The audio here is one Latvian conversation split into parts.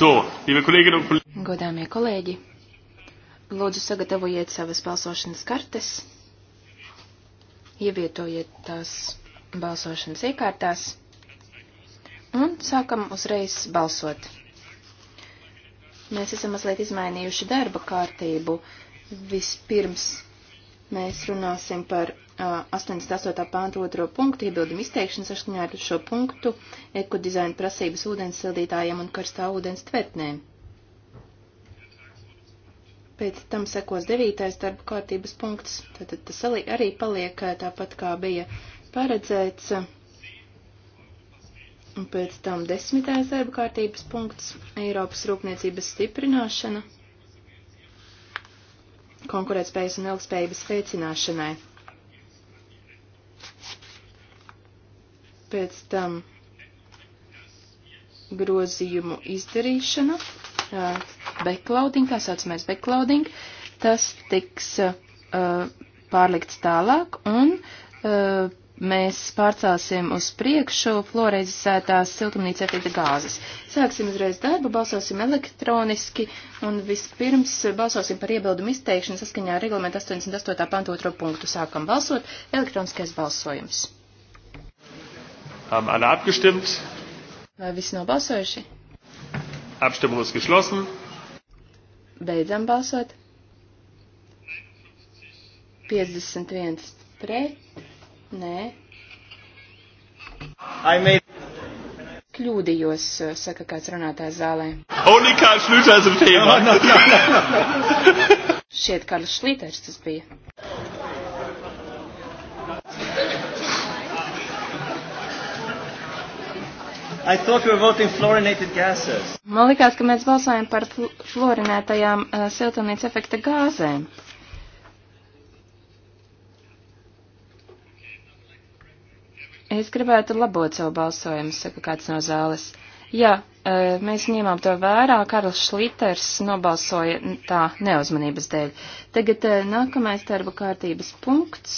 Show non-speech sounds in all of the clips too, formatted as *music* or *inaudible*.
So, liebe Kolleginnen und Kollegen. Godāmie kolēģi, lūdzu sagatavojiet savas balsošanas kartes, ievietojiet tās balsošanas iekārtās un sākam uzreiz balsot. Mēs esam mazliet izmainījuši darba kārtību. Vispirms Mēs runāsim par 88. pānta otro punktu, iebildumu izteikšanas saskaņā ar šo punktu, ekodizaina prasības ūdens sildītājiem un karstā ūdens tvertnēm. Pēc tam sekos devītais darba kārtības punkts, tad tas arī paliek tāpat kā bija paredzēts. Un pēc tam desmitais darba kārtības punkts - Eiropas rūpniecības stiprināšana konkurētspējas un ilgspējības veicināšanai. Pēc tam grozījumu izdarīšana, backloading, tā saucamais backloading, tas tiks uh, pārlikts tālāk un uh, mēs pārcelsim uz priekšu floreizētās siltumnīca efekta gāzes. Sāksim uzreiz darbu, balsosim elektroniski un vispirms balsosim par iebildumu izteikšanu saskaņā ar reglamentu 88. pantu 2. punktu. Sākam balsot. Elektroniskais balsojums. Haben alle abgestimmt? Vai visi nobalsojuši? Abstimmung ist geschlossen. Beidzam balsot. 51 pret, Nē. Made... Kļūdījos, eh, saka kāds runātājs zālē. Only Karls Šlīters ir tēmā. No, no, no, Šiet Karls Šlīters tas bija. I thought we were voting fluorinated gases. Man likās, ka mēs balsājam par fl fluorinētajām uh, siltumnīca efekta gāzēm. Es gribētu labot savu balsojumu, saka kāds no zāles. Jā, e, mēs ņēmām to vērā, Karls Šliters nobalsoja tā neuzmanības dēļ. Tagad e, nākamais darba kārtības punkts.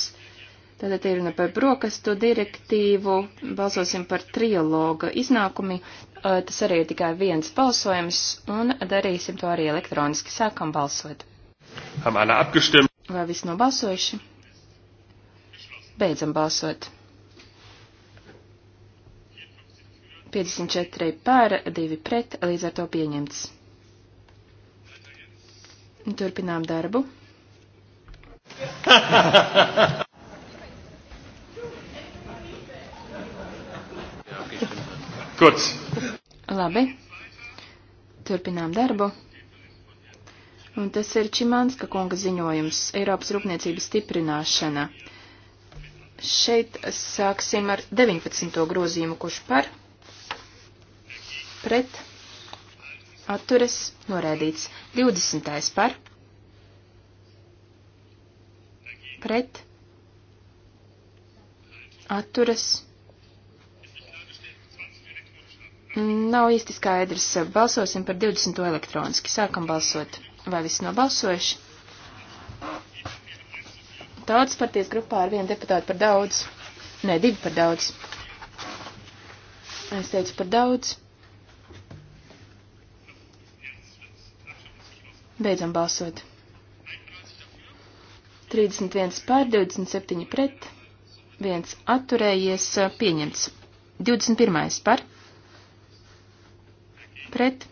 Tātad ir runa par brokastu direktīvu, balsosim par trialoga iznākumi, e, tas arī ir tikai viens balsojums, un darīsim to arī elektroniski, sākam balsot. Vai viss nobalsojuši? Beidzam balsot. 54 pār, 2 pret, līdz ar to pieņemts. Turpinām darbu. Kurz. *laughs* Labi. Turpinām darbu. Un tas ir Čimanska kunga ziņojums - Eiropas rūpniecības stiprināšana. Šeit sāksim ar 19. grozījumu, kurš par pret, atturas, noraidīts. 20. par, pret, atturas. Nav īsti skaidrs. Balsosim par 20. elektroniski. Sākam balsot. Vai visi nobalsojuši? Tautas partijas grupā ar vienu deputātu par daudz. Nē, divi par daudz. Es teicu par daudz. Beidzam balsot. 31 pār 27 pret, 1 atturējies, pieņemts. 21 par, pret,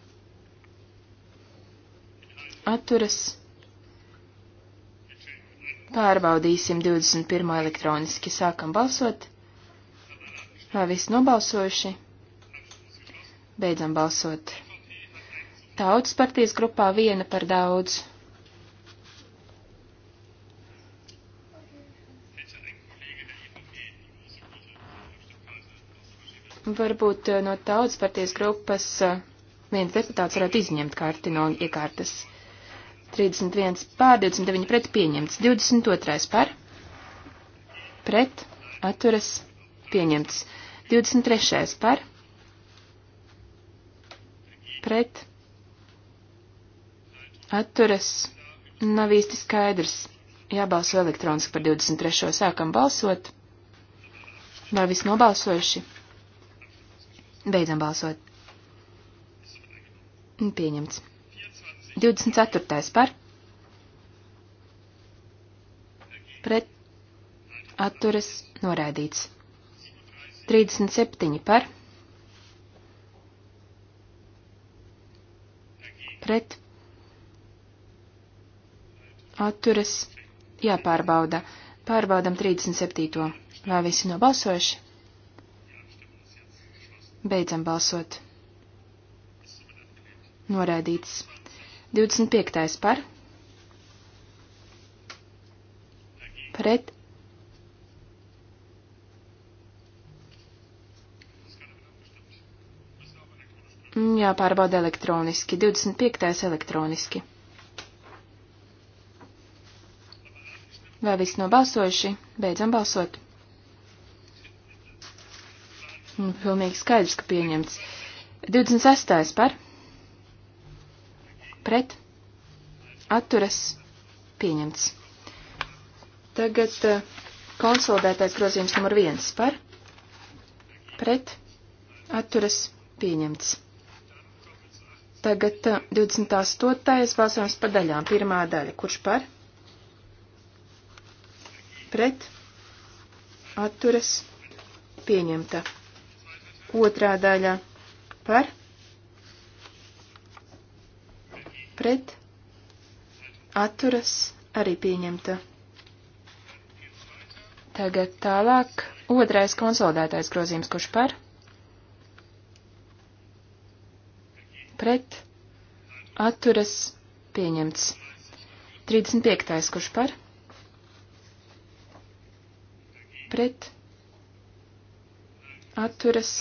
atturas, pārbaudīsim 21 elektroniski, sākam balsot, vai viss nobalsojuši, beidzam balsot tautas partijas grupā viena par daudz. Varbūt eh, no tautas partijas grupas eh, viens deputāts varētu izņemt karti no iekārtas. 31 pār, 29 pret pieņemts, 22 par, pret, atturas, pieņemts, 23 par, pret, atturas nav īsti skaidrs. Jābalso elektroniski par 23. sākam balsot. Vai viss nobalsojuši? Beidzam balsot. Pieņemts. 24. par. Pret. Atturas noraidīts. 37 par. Pret atturas jāpārbauda. Pārbaudam 37. Vai visi nobalsojuši? Beidzam balsot. Noraidīts. 25. par. Pret. Jāpārbauda elektroniski. 25. elektroniski. Vai visi nobalsojuši? Beidzam balsot. Nu, pilnīgi skaidrs, ka pieņemts. 26. par. Pret. Atturas. Pieņemts. Tagad eh, konsolidētais grozījums numur 1 par. Pret. Atturas. Pieņemts. Tagad 28. Eh, balsojums par daļām. Pirmā daļa. Kurš par? pret, atturas, pieņemta. Otrā daļa par, pret, atturas, arī pieņemta. Tagad tālāk otrais konsolidētais grozījums, kurš par, pret, atturas, pieņemts. 35. kurš par, pret, pret atturas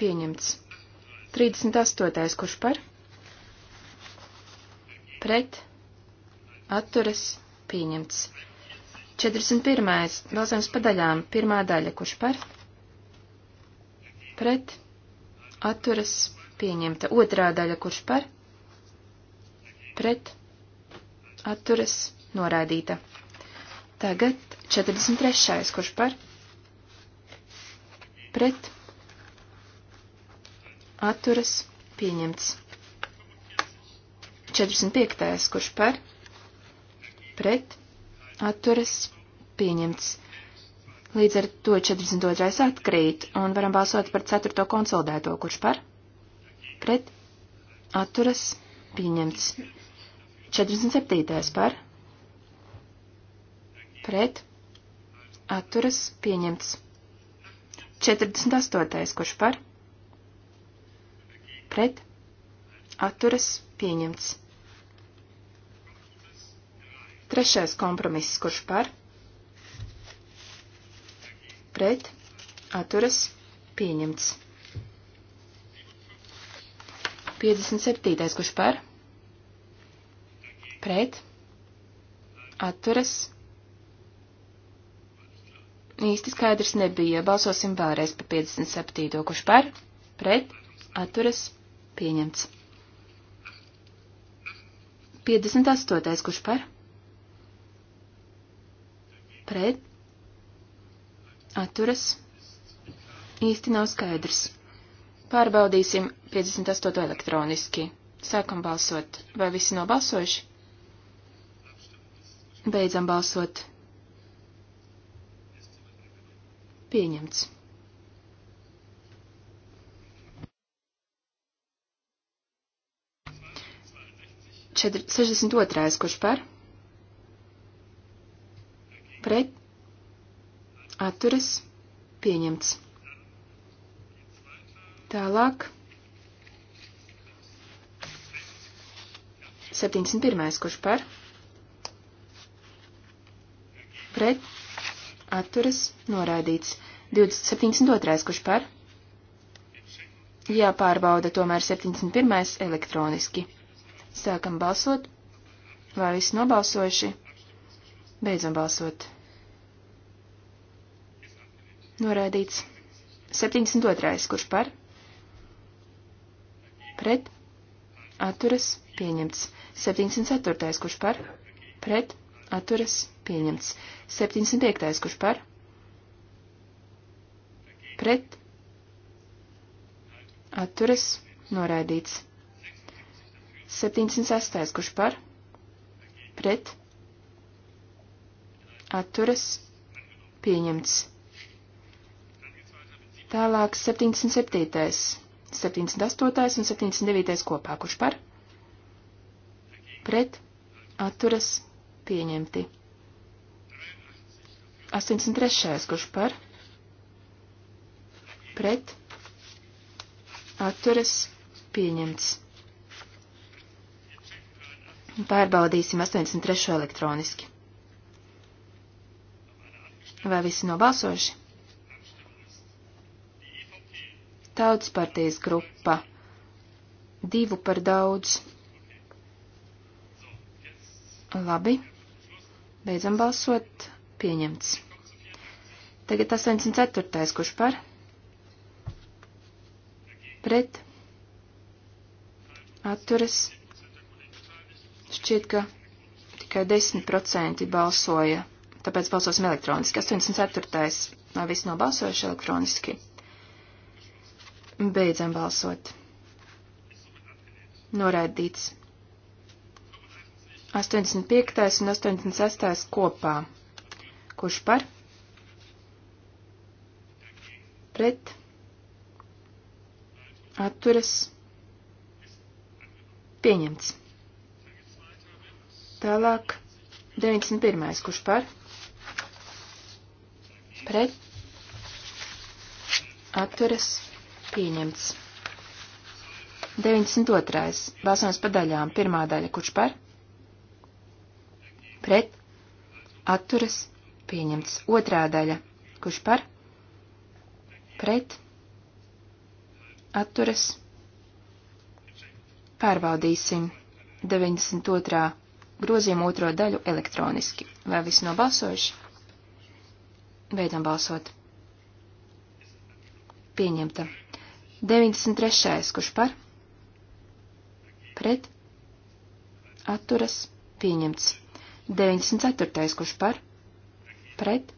pieņemts. 38. kurš par pret atturas pieņemts. 41. balsojums padaļām. Pirmā daļa kurš par pret atturas pieņemta. Otrā daļa kurš par pret atturas noraidīta. Tagad 43. kurš par pret atturas pieņemts. 45. kurš par pret atturas pieņemts. Līdz ar to 42. atkrīt un varam balsot par 4. konsolidēto, kurš par pret atturas pieņemts. 47. par pret atturas pieņemts. 48. kurš par, pret, atturas pieņemts. Trešais kompromiss, kurš par, pret, atturas pieņemts. 57. kurš par, pret, atturas pieņemts īsti skaidrs nebija. Balsosim vēlreiz par 57. kurš par, pret, atturas, pieņemts. 58. kurš par, pret, atturas, īsti nav skaidrs. Pārbaudīsim 58. elektroniski. Sākam balsot. Vai visi nobalsojuši? Beidzam balsot. Pieņemts. Četri, 62. kurš par? Pret. Atturas. Pieņemts. Tālāk. 71. kurš par? Pret atturas noraidīts. 272. kurš par? Jāpārbauda tomēr 71. elektroniski. Sākam balsot. Vai visi nobalsojuši? Beidzam balsot. Noraidīts. 72. kurš par? Pret. Atturas. Pieņemts. 74. kurš par? Pret atturas pieņemts. 75. kurš par? Pret atturas noraidīts. 76. kurš par? Pret atturas pieņemts. Tālāk 77. 78. un 79. kopā, kurš par? Pret atturas pieņemti. 83. kurš par, pret, atturas, pieņemts. Pārbaudīsim 83. elektroniski. Vai visi nobalsojuši? Tautas partijas grupa. Divu par daudz. Labi. Beidzam balsot. Pieņemts. Tagad 84. Kurš par? Pret. Atturas. Šķiet, ka tikai 10% balsoja. Tāpēc balsosim elektroniski. 84. Vai visi nobalsojuši elektroniski? Beidzam balsot. Noraidīts. 85. un 86. kopā. Kurš par? Pret. Atturas. Pieņemts. Tālāk. 91. Kurš par? Pret. Atturas. Pieņemts. 92. Balsojums pa daļām. Pirmā daļa. Kurš par? pret, atturas, pieņemts. Otrā daļa, kurš par, pret, atturas, pārbaudīsim 92. grozījumu otro daļu elektroniski. Vai visi nobalsojuši? Beidzam balsot. Pieņemta. 93. kurš par? Pret? Atturas. Pieņemts. 94. kurš par, pret,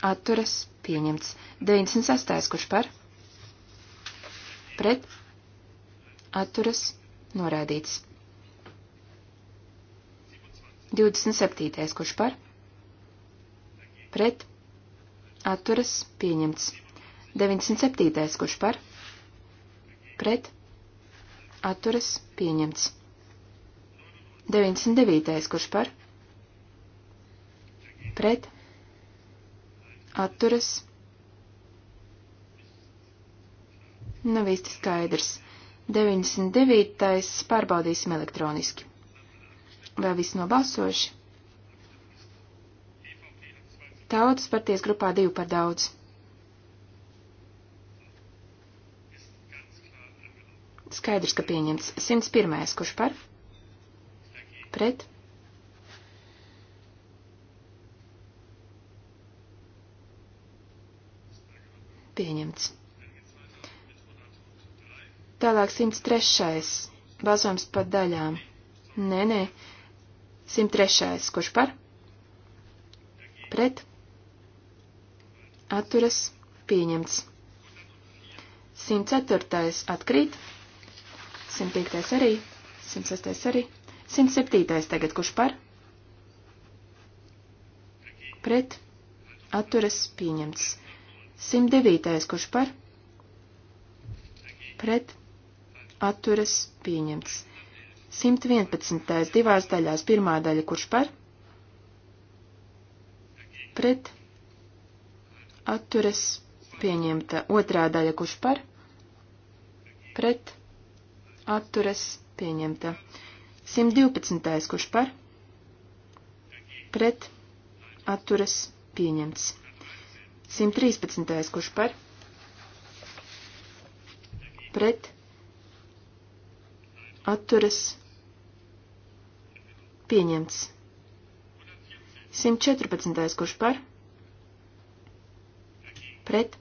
atturas, pieņemts. 96. kurš par, pret, atturas, norādīts. 27. kurš par, pret, atturas, pieņemts. 97. kurš par, pret, atturas, pieņemts. 99. kurš par, pret, atturas, nav īsti skaidrs. 99. pārbaudīsim elektroniski. Vai viss nobalsoši? Tautas parties grupā divi par daudz. Skaidrs, ka pieņemts 101. kurš par? Pret? pieņemts. Tālāk 103. Balsojums par daļām. Nē, nē. 103. Kurš par? Pret. Atturas. Pieņemts. 104. Atkrīt. 105. arī. 106. arī. 107. tagad kurš par? Pret. Atturas. Pieņemts. 109. kurš par? Pret. Atturas pieņemts. 111. divās daļās. Pirmā daļa kurš par? Pret. Atturas pieņemta. Otrā daļa kurš par? Pret. Atturas pieņemta. 112. kurš par? Pret. Atturas pieņemts. 113. kurš par? Pret. Atturas. Pieņemts. 114. kurš par? Pret.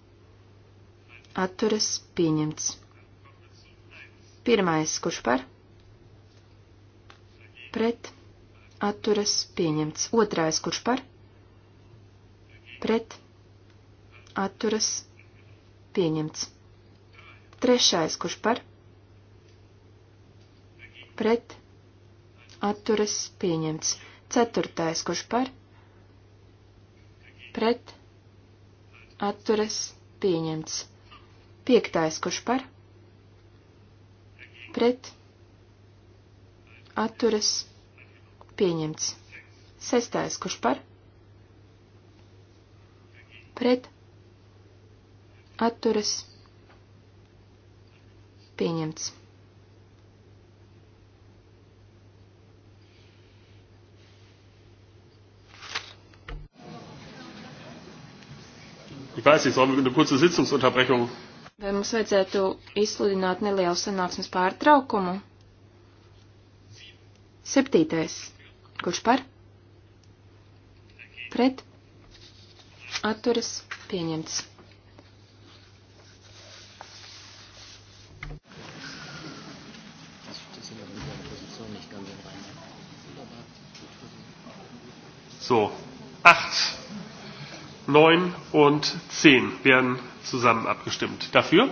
Atturas. Pieņemts. Pirmais, kurš par? Pret. Atturas. Pieņemts. Otrais, kurš par? Pret atturas pieņemts. Trešais, kurš par pret atturas pieņemts. Ceturtais, kurš par pret atturas pieņemts. Piektais, kurš par pret atturas pieņemts. Sestais, kurš par pret atturas pieņemts. Ich weiß nicht, sollen wir eine kurze Sitzungsunterbrechung? Vai mums vajadzētu izsludināt nelielu sanāksmes pārtraukumu? Septītais. Kurš par? Pret? Atturas pieņemts. So, 8, 9 und 10 werden zusammen abgestimmt. Dafür?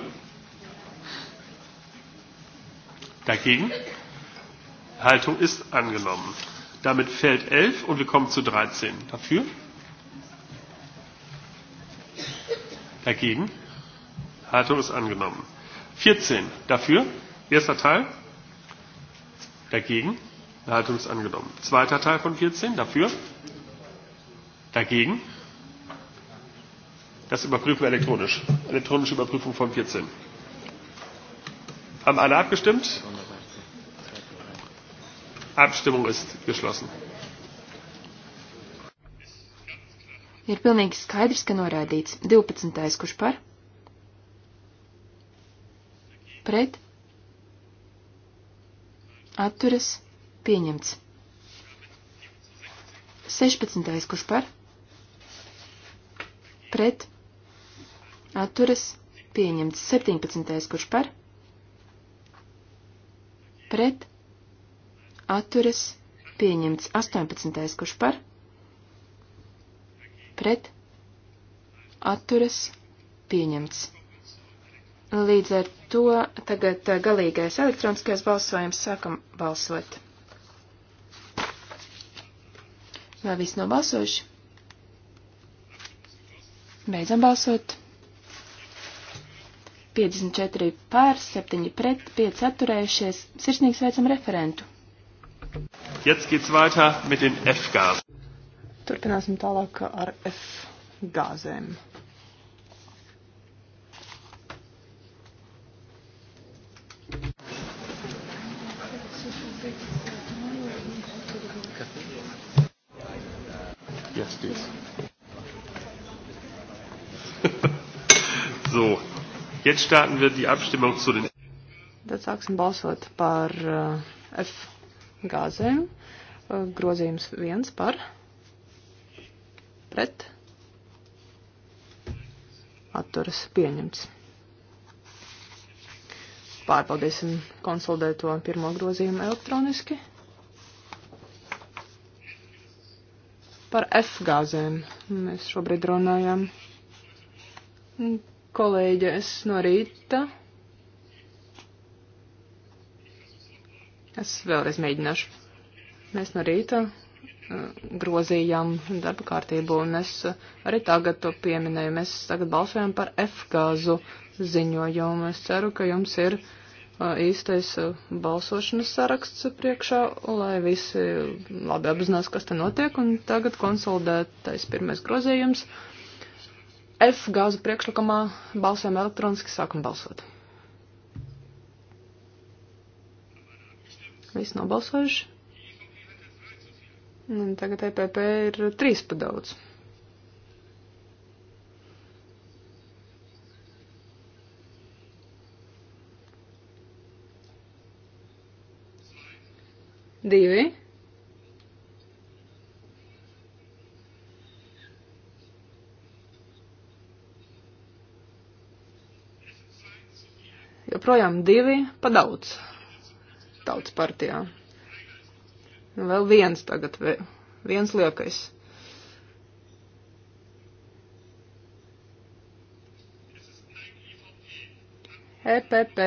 Dagegen? Haltung ist angenommen. Damit fällt 11 und wir kommen zu 13. Dafür? Dagegen? Haltung ist angenommen. 14. Dafür? Erster Teil? Dagegen? Haltung ist angenommen. Zweiter Teil von 14. Dafür? Dagegen? Das überprüfen wir elektronisch. Elektronische Überprüfung von 14. Haben alle abgestimmt? Abstimmung ist geschlossen. Ir pilnīgi skaidrs, ka norādīts 12. kurš par? Pret? Atturas? Pieņemts. 16. kurš par? pret, atturas, pieņemts 17. kurš par, pret, atturas, pieņemts 18. kurš par, pret, atturas, pieņemts. Līdz ar to tagad uh, galīgais elektroniskais balsojums sākam balsot. Vai viss nobalsojuši? Beidzam balsot. 54 pār, 7 pret, 5 atturējušies. Sirsnīgi sveicam referentu. Jetzt geht's weiter mit den F-gāzēm. Turpināsim tālāk ar F-gāzēm. So, jetzt starten wir die Abstimmung zu den. Tad sāksim balsot par uh, F gāzēm. Uh, grozījums viens par pret atturas pieņemts. Pārbaudīsim konsolidēto pirmo grozījumu elektroniski. Par F gāzēm mēs šobrīd runājam kolēģes no rīta. Es vēlreiz mēģināšu. Mēs no rīta uh, grozījām darba kārtību, un es uh, arī tagad to pieminēju. Mēs tagad balsojam par F-gāzu ziņojumu. Es ceru, ka jums ir uh, īstais balsošanas saraksts priekšā, lai visi labi apzinās, kas te notiek, un tagad konsolidētais pirmais grozījums. Uh, F gāzu priekšlikumā balsojam elektroniski, sākam balsot. Viss nobalsojuši. Nu, un tagad EPP ir trīs pa daudz. Divi. joprojām divi pa daudz tautas partijā. Nu, vēl viens tagad, viens liekais. EPP.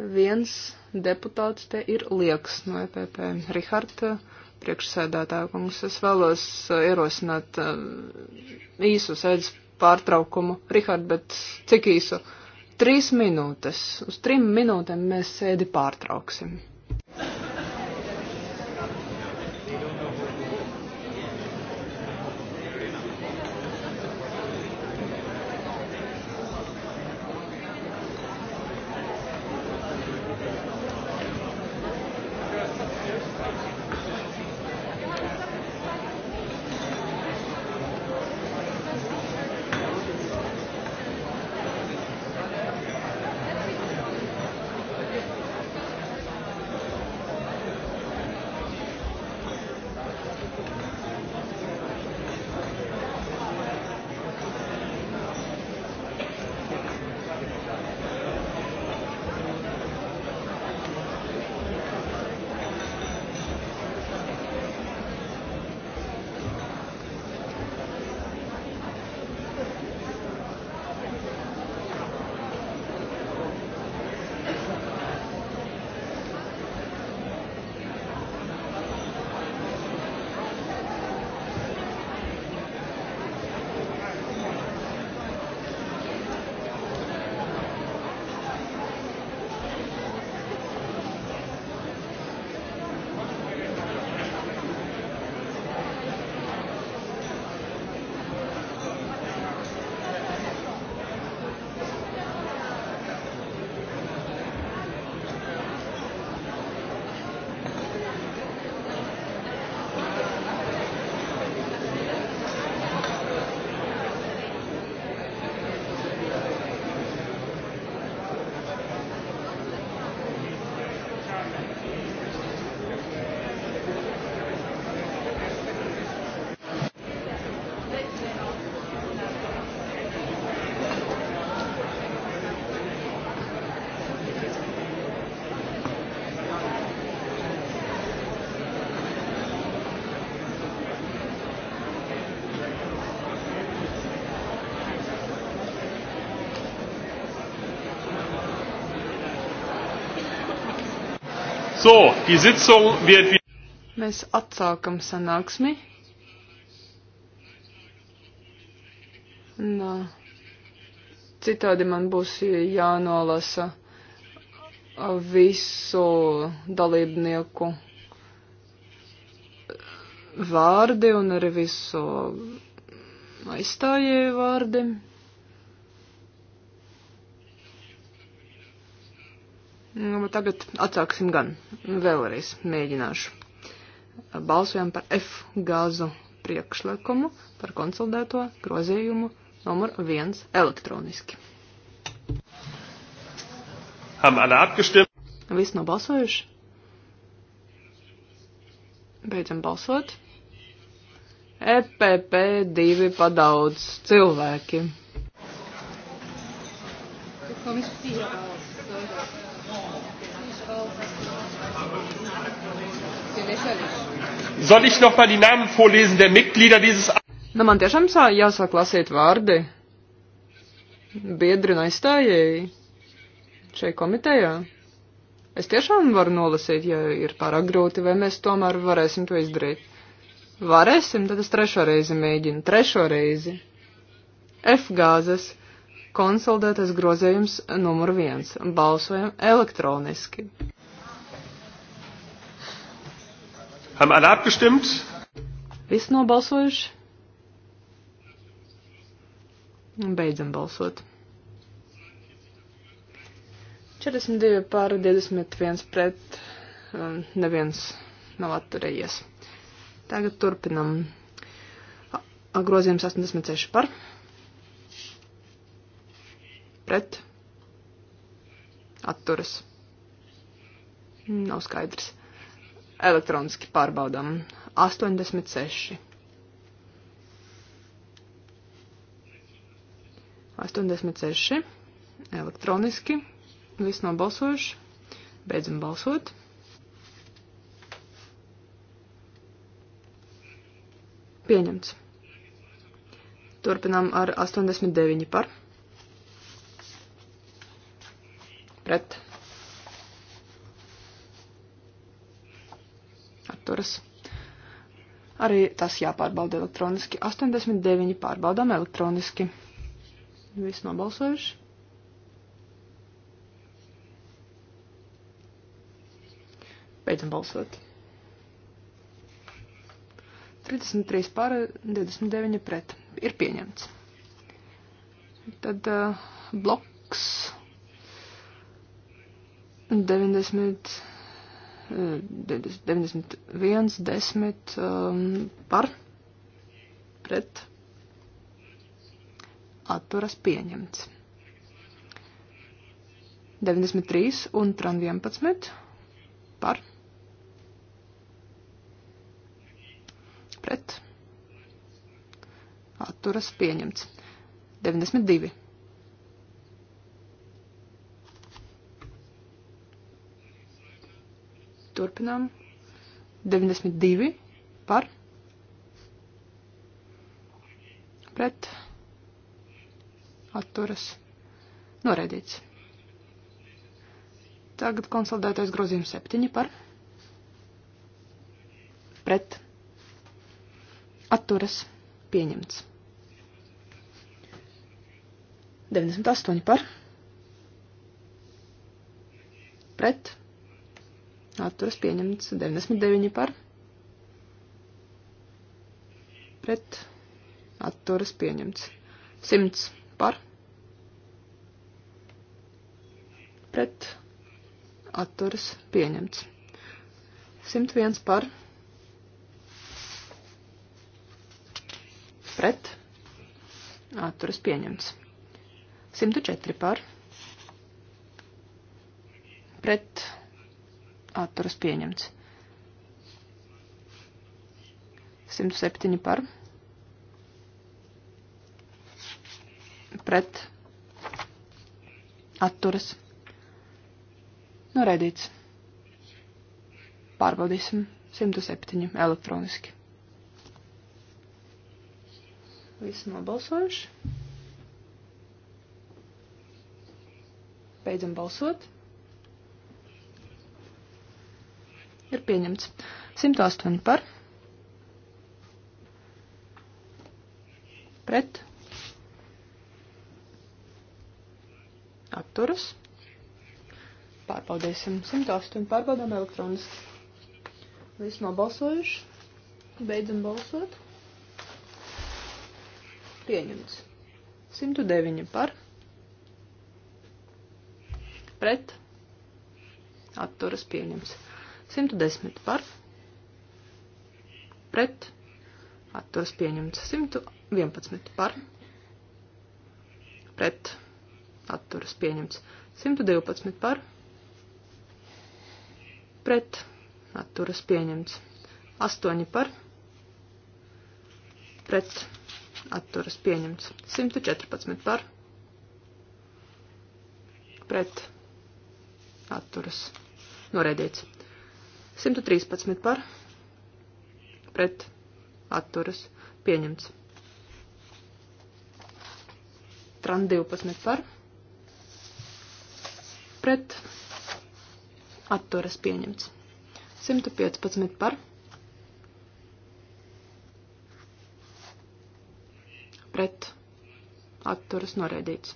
Viens deputāts te ir lieks no EPP. Riharta priekšsēdētākums. Es vēlos uh, ierosināt uh, īsu sēdes pārtraukumu. Rihard, bet cik īsu? Uh, trīs minūtes. Uz trim minūtēm mēs sēdi pārtrauksim. So, die Sitzung wird wieder. Mēs atsākam sanāksmi. Nā. Citādi man būs jānolasa visu dalībnieku vārdi un arī visu aizstājēju vārdi. Nu, tagad atsāksim gan. Vēlreiz mēģināšu. Balsojam par F gāzu priekšlikumu par konsolidēto grozījumu numur 1 elektroniski. Viss nobalsojuši? Beidzam balsot. EPP divi padaudz cilvēki. Komisija. Soll ich noch mal die Namen vorlesen der Mitglieder dieses Nu, man tiešām jāsāk lasīt vārdi biedri un aizstājēji šai komitejā. Es tiešām varu nolasīt, ja ir pārāk grūti, vai mēs tomēr varēsim to izdarīt. Varēsim, tad es trešo reizi mēģinu. Trešo reizi. F gāzes konsolidētais grozējums numur viens. Balsojam elektroniski. Haben alle abgestimmt? Viss nobalsojuši? Un beidzam balsot. 42 pār 21 pret, neviens nav atturējies. Tagad turpinam. Grozījums 86 par. Pret. Atturas. Nav skaidrs. Elektroniski pārbaudām. 86. 86. Elektroniski. Viss nobalsojuši. Beidzam balsot. Pieņemts. Turpinām ar 89 par. Pret. atturas. Arī tas jāpārbauda elektroniski. 89 pārbaudām elektroniski. Visi nobalsojuši. Beidzam balsot. 33 pār 29 pret. Ir pieņemts. Tad uh, bloks 90. 91, 10 eh, um, par pret atturas pieņemts. 93 un tran 11 par pret atturas pieņemts. 92 Turpinām. 92 par. Pret. Atturas. Noraidīts. Tagad konsolidētais grozījums 7 par. Pret. Atturas. Pieņemts. 98 par. Pret Atturas pieņemts 99 par. Pret. Atturas pieņemts 100 par. Pret. Atturas pieņemts 101 par. Pret. Atturas pieņemts 104 par. Pret atturas pieņemts. 107 par. Pret. Atturas. Noraidīts. Pārbaudīsim 107 elektroniski. Visi nobalsojuši. Beidzam balsot. ir pieņemts. 108 par. Pret. Atturas. Pārbaudīsim 108, pārbaudām elektroniski. Visi nobalsojuši. Beidzam balsot. Pieņemts. 109 par. Pret. Atturas pieņemts. 110 par, pret, atturas pieņemts 111 par, pret, atturas pieņemts 112 par, pret, atturas pieņemts 8 par, pret, atturas pieņemts 114 par, pret, atturas noraidīts 113 par pret atturas pieņemts. Tran 12 par pret atturas pieņemts. 115 par pret atturas noraidīts.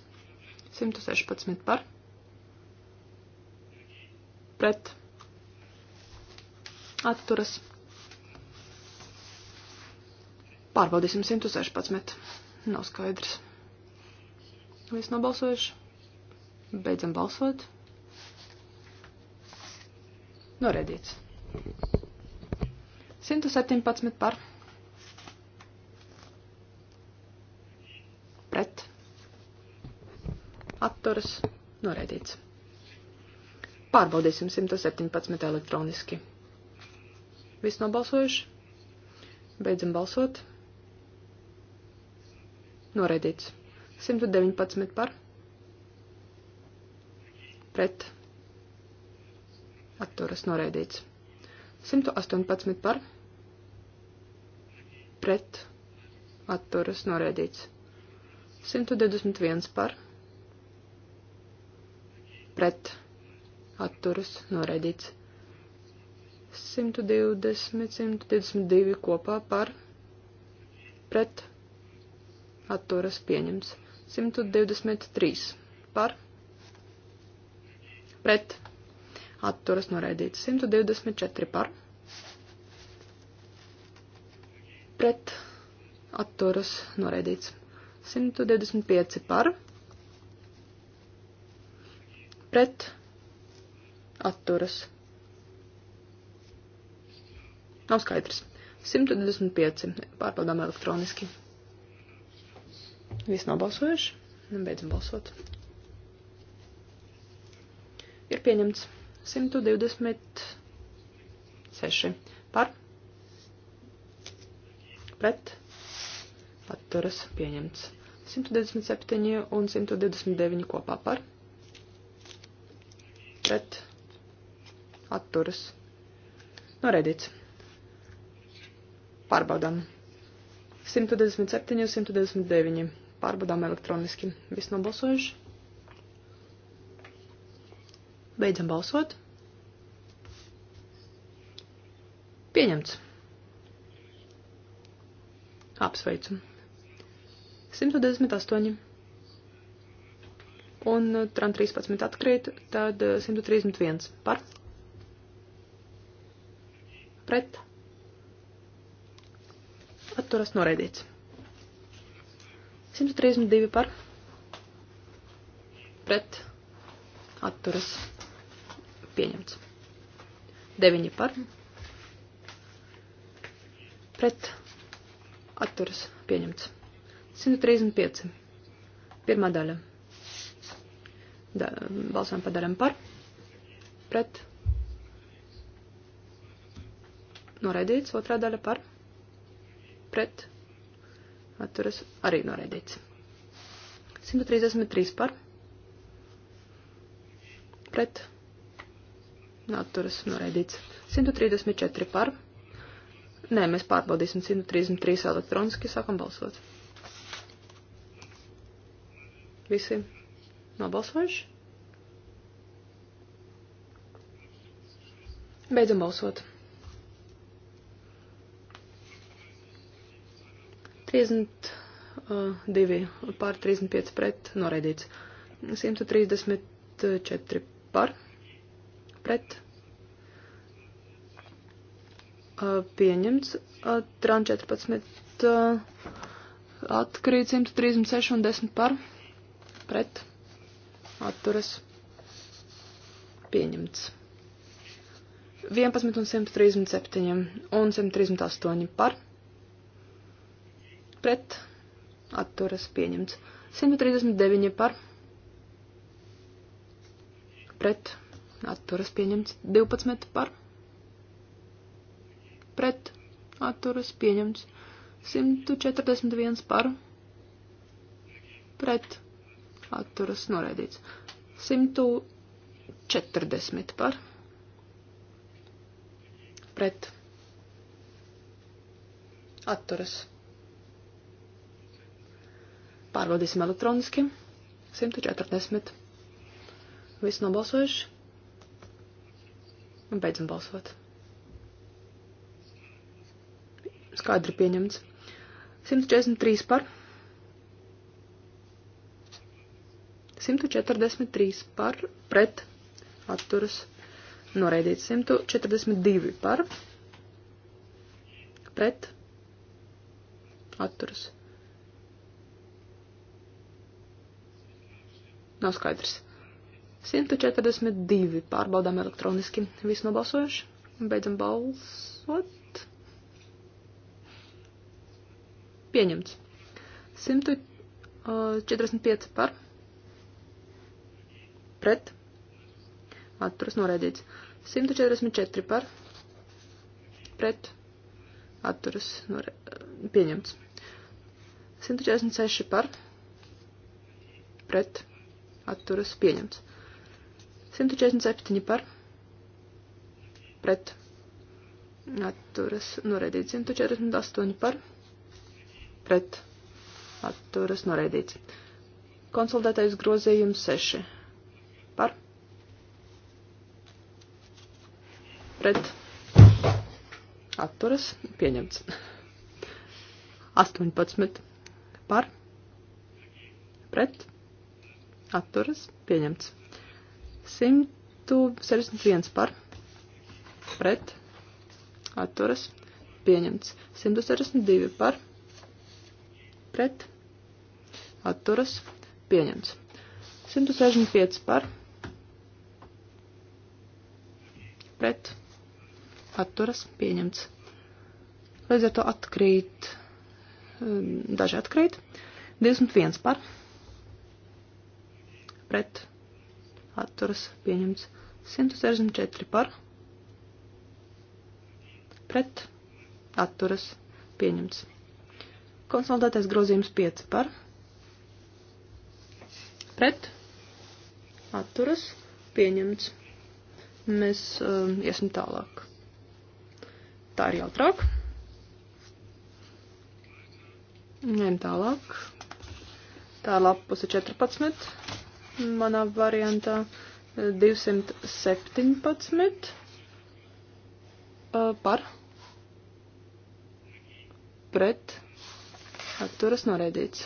116 par pret atturas. Pārbaudīsim 116. Nav skaidrs. Viss nobalsojuši. Beidzam balsot. Noredīts. 117 par. Pret. Atturas. Noredīts. Pārbaudīsim 117 elektroniski. Viss nobalsojuši. Beidzam balsot. Noraidīts. 119 par. Pret. Atturas noraidīts. 118 par. Pret. Atturas noraidīts. 121 par. Pret. Atturas noraidīts. 120, 122 kopā par pret atturas pieņems. 123 par pret atturas noraidīts. 124 par pret atturas noraidīts. 125 par pret atturas noraidīts Nav skaidrs. 125. Pārbaudām elektroniski. Viss nobalsojuši. Nu, beidzam balsot. Ir pieņemts 126 par pret atturas pieņemts 127 un 129 kopā par pret atturas noraidīts. Pārbaudām. 127, 129. Pārbaudām elektroniski. Viss nobalsojuši. Beidzam balsot. Pieņemts. Apsveicu. 128. Un uh, tran 13 atkrīt, tad 131 uh, par. Pret atturas noraidīts. 132 par pret atturas pieņemts. 9 par pret atturas pieņemts. 135. Pirmā daļa. Da, balsām padaram par pret noraidīts, otrā daļa par pret pret atturas arī noraidīts. 133 par pret atturas noraidīts. 134 par. Nē, mēs pārbaudīsim 133 elektroniski, sākam balsot. Visi nobalsojuši? Beidzam balsot. 32 uh, pār 35 pret noraidīts. 134 par pret uh, pieņemts. Uh, tran 14 atkrīt 136 un 10 par pret atturas pieņemts. 11 un 137 un 138 par pret atturas pieņemts. 139 par pret atturas pieņemts. 12 par pret atturas pieņemts. 141 par pret atturas noraidīts. 140 par pret atturas pieņemts atturas. Pārbaudīsim elektroniski. 140. Visi nobalsojuši. Un beidzam balsot. Skaidri pieņemts. 143 par. 143 par pret atturas noraidīts. 142 par pret atturas noraidīts Nav skaidrs. 142 pārbaudām elektroniski. Visi nobalsojuši. Beidzam balsot. Pieņemts. 145 par. Pret. Atturas norēdīts. 144 par. Pret. Atturas norē... pieņemts. 146 par. Pret atturas pieņemts. 147 par pret atturas noraidīts. 148 par pret atturas noraidīts. Konsolidētais grozījums 6 par pret atturas pieņemts. 18 par pret atturas pieņemts. 161 par pret atturas pieņemts. 162 par pret atturas pieņemts. 165 par pret atturas pieņemts. Līdz ar to atkrīt, eh, daži atkrīt, 21 par pret pret atturas pieņemts 164 par pret atturas pieņemts. Konsolidētais grozījums 5 par pret atturas pieņemts. Mēs uh, iesim tālāk. Tā ir jautrāk. Ņem tālāk. Tā ir lapuse 14 manā variantā 217 eh, eh, par pret atturas noraidīts.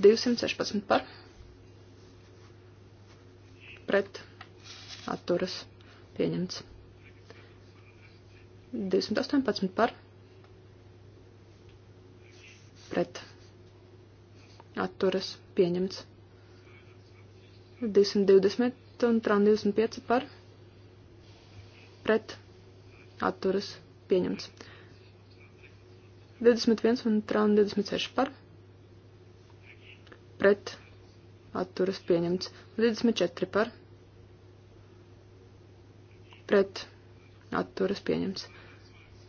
216 par pret atturas pieņemts. 218 par pret atturas pieņemts. 220 un tran 25 par pret atturas pieņemts. 21 un tran 26 par pret atturas pieņemts. 24 par pret atturas pieņemts.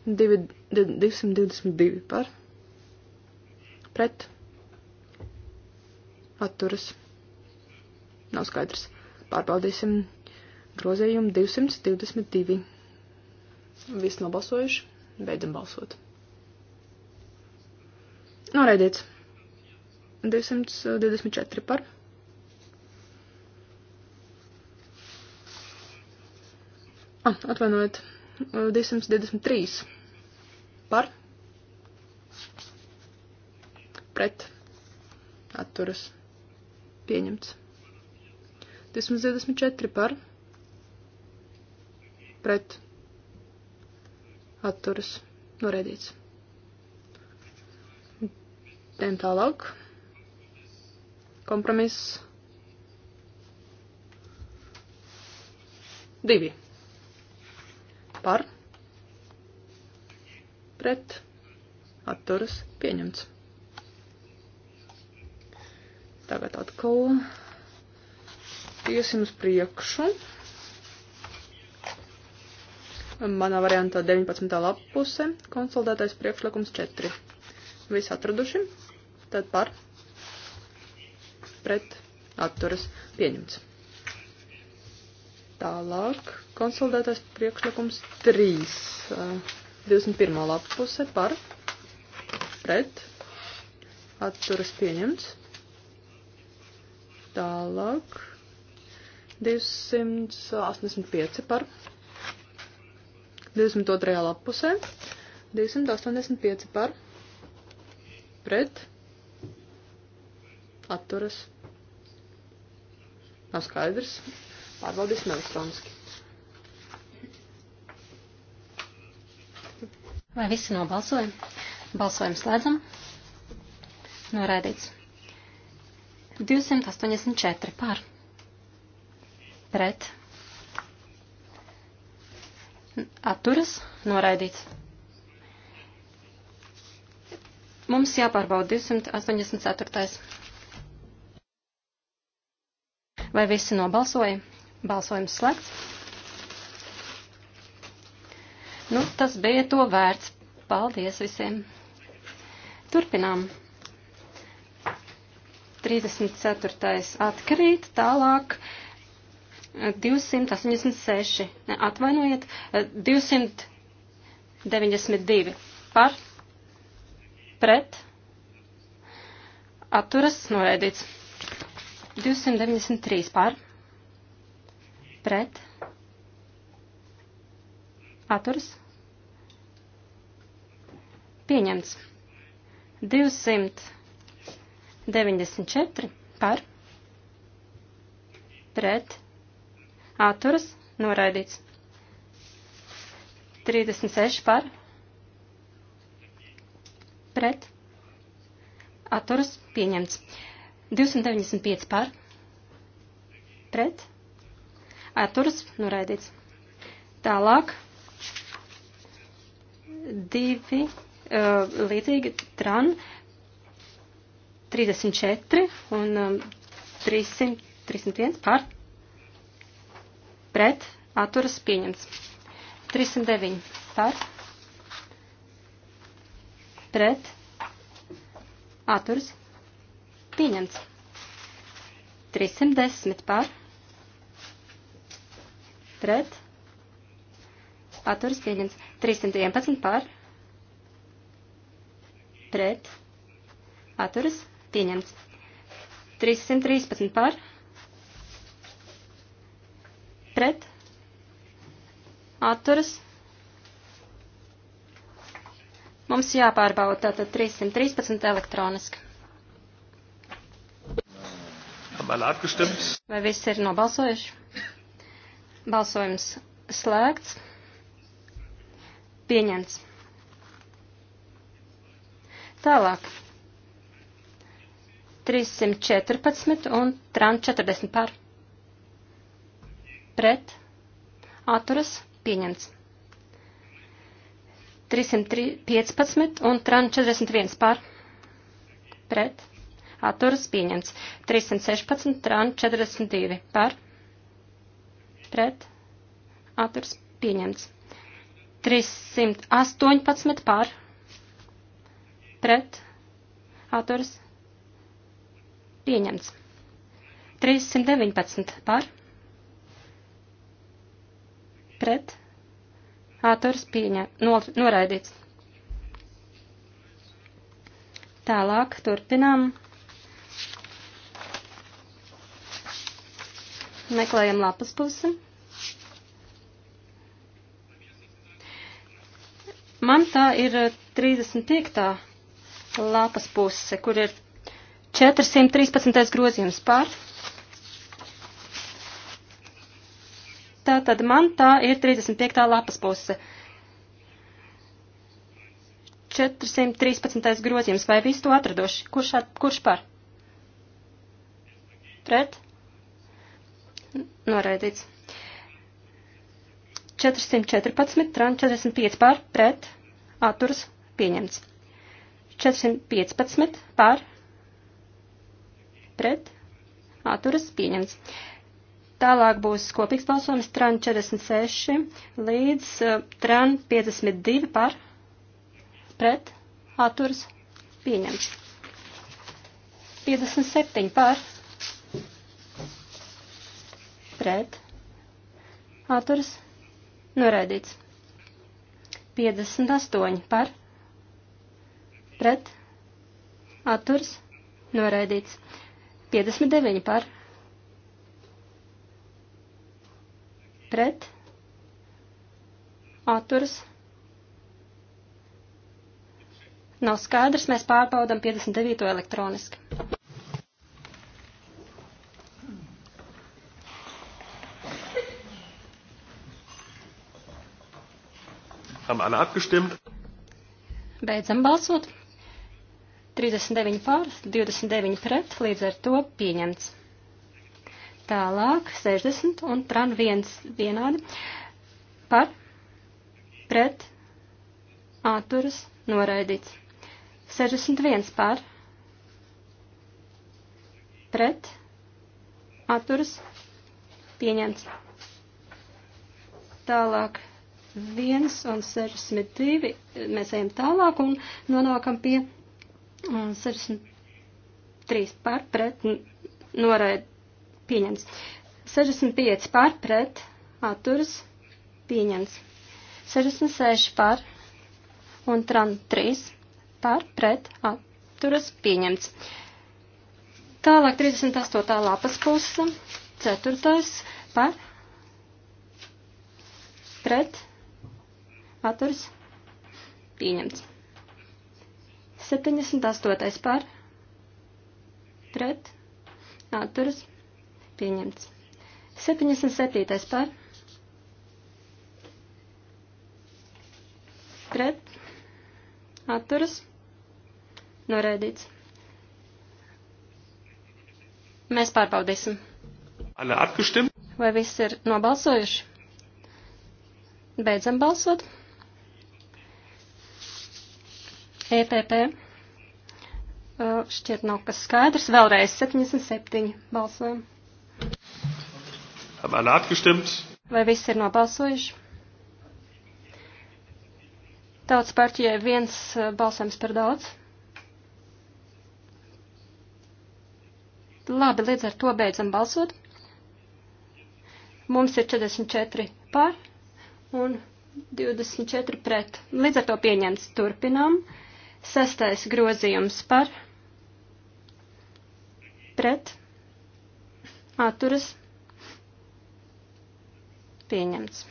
2, 222 par pret atturas pieņemts atturas Nav skaidrs. Pārbaudīsim grozījumu 222. Viss nobalsojuši. Beidzam balsot. Noraidīts. 224 par. Ah, atvainojiet. 223 par. Pret. Atturas. Pieņemts. 224 par pret atturas norēdīts. Tiem tālāk. Kompromiss. Divi. Par. Pret. Atturas pieņemts. Tagad atkal iesim uz priekšu. Manā variantā 19. lapuse konsolidētais priekšlikums 4. Visi atraduši, tad par, pret, atturas, pieņemts. Tālāk konsolidētais priekšlikums 3. 21. Eh, lapuse par, pret, atturas, pieņemts. Tālāk 285 par 22. lapusē, 285 par pret atturas. Nav skaidrs. Pārbaudīsim elektroniski. Vai visi nobalsoja? Balsojumu slēdzam. Noraidīts. 284 par pret atturas noraidīts. Mums jāpārbauda 284. Vai visi nobalsoja? Balsojums slēgts. Nu, tas bija to vērts. Paldies visiem. Turpinām. 34. atkrīt, tālāk 286, ne, atvainojiet, 292 par pret atturas noraidīts. 293 par pret atturas pieņemts. 294 par pret atturas atturas noraidīts. 36 par pret atturas pieņemts. 295 par pret atturas noraidīts. Tālāk divi uh, līdzīgi tran 34 un um, 300, 301 par pret pret atturas pieņemts. 309 par pret atturas pieņemts. 310 par pret atturas pieņemts. 311 par pret atturas pieņemts. 313 par pret pret, atturas. Mums jāpārbauda tātad 313 elektroniski. Vai viss ir nobalsojuši? Balsojums slēgts. Pieņemts. Tālāk. 314 un tran 40 par pret, atturas, pieņemts. 315 un tran 41 par, pret, atturas, pieņemts. 316, tran 42 par, pret, atturas, pieņemts. 318 par, pret, atturas, pieņemts. 319 par, pret pret atturs pieņem, nor, noraidīts. Tālāk turpinām. Meklējam lapas pusi. Man tā ir 35. lapas puse, kur ir 413. grozījums pār Tā tad man tā ir 35. lapas puse. 413. grozījums. Vai visu to atradoši? Kurš, at, kurš par? Pret? Noraidīts. 414, tran 45 pār, pret, atturas, pieņemts. 415 pār, pret, atturas, pieņemts. Tālāk būs kopīgs balsojums TRAN 46 līdz uh, TRAN 52 par pret atturs pieņemts. 57 par pret atturs noraidīts. 58 par pret atturs noraidīts. 59 par pret pret, atturas. Nav skaidrs, mēs pārbaudam 59. elektroniski. Haben alle abgestimmt? Beidzam balsot. 39 pār, 29 pret, līdz ar to pieņemts. Tālāk 60 un tran 1 vienādi par pret atturas noraidīts. 61 par pret atturas pieņemts. Tālāk 1 un 62 mēs ejam tālāk un nonākam pie 63 par pret noraid, pieņems. 65 par pret atturas pieņems. 66 par un tran 3 par pret atturas pieņemts. Tālāk 38. lapas puse, 4. par pret atturas pieņemts. 78. par pret atturas pieņemts pieņemts. 77. par pret atturas noraidīts. Mēs pārbaudīsim. Vai viss ir nobalsojuši? Beidzam balsot. EPP. Šķiet nav kas skaidrs. Vēlreiz 77 balsojam. Haben alle abgestimmt? Vai viss ir nobalsojuši? Tautas partijai viens eh, balsojums par daudz. Labi, līdz ar to beidzam balsot. Mums ir 44 par un 24 pret. Līdz ar to pieņemts turpinām. Sestais grozījums par pret atturas Pieņemts.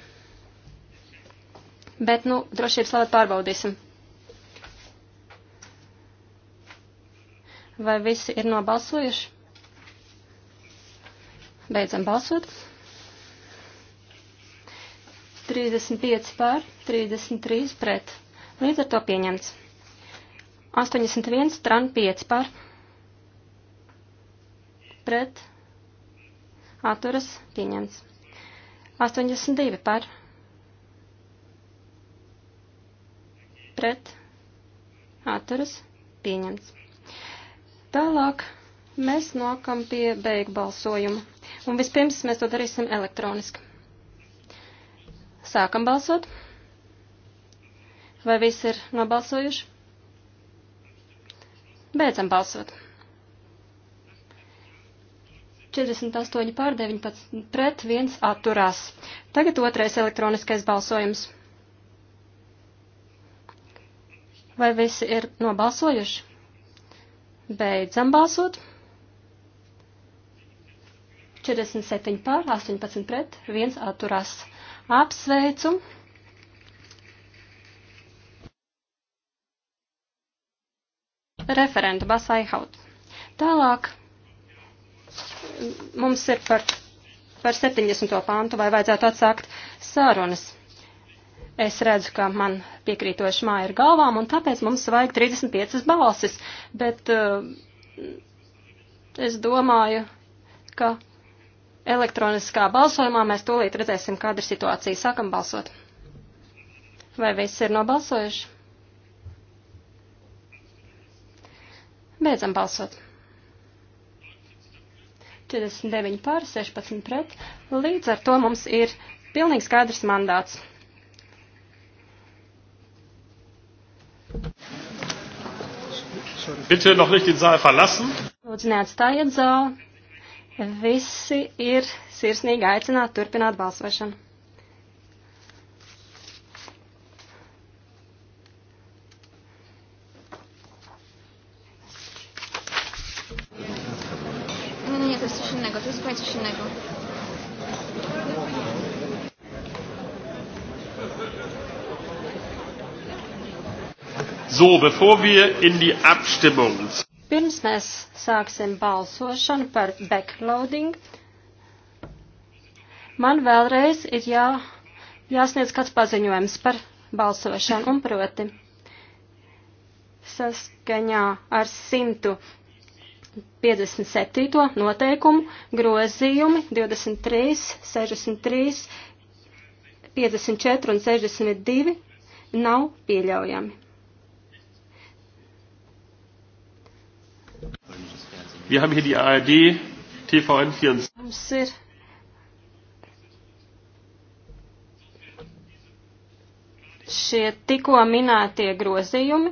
Bet, nu, drošības labāk pārbaudīsim. Vai visi ir nobalsojuši? Beidzam balsot. 35 pār, 33 pret. Līdz ar to pieņemts. 81, tran 5 pār. Pret. Atturas pieņemts. 82 par pret atturas pieņemts. Tālāk mēs nokam pie beigu balsojuma. Un vispirms mēs to darīsim elektroniski. Sākam balsot. Vai visi ir nobalsojuši? Beidzam balsot. 48 pār 19 pret 1 atturās. Tagad otrais elektroniskais balsojums. Vai visi ir nobalsojuši? Beidzam balsot. 47 pār 18 pret 1 atturās. Apsveicu! Referenta Basai Haut. Tālāk mums ir par, par 70. pantu, vai vajadzētu atsākt sārunas. Es redzu, ka man piekrītoši māja ir galvām, un tāpēc mums vajag 35 balsis, bet uh, es domāju, ka elektroniskā balsojumā mēs tūlīt redzēsim, kāda ir situācija. Sākam balsot. Vai visi ir nobalsojuši? Beidzam balsot. 49 pār 16 pret. Līdz ar to mums ir pilnīgi skaidrs mandāts. Bitte noch nicht den Saal verlassen. Lūdzu, neatstājiet zāli. Visi ir sirsnīgi aicināti turpināt balsošanu. So, bevor wir in die Abstimmung. Pirms mēs sāksim balsošanu par backloading, man vēlreiz ir jā, jāsniedz kāds paziņojums par balsošanu, un proti saskaņā ar 157. noteikumu grozījumi 23, 63, 54 un 62 nav pieļaujami. Wir haben hier die ARD, TVN 24. Mums ir šie tikko minētie grozījumi,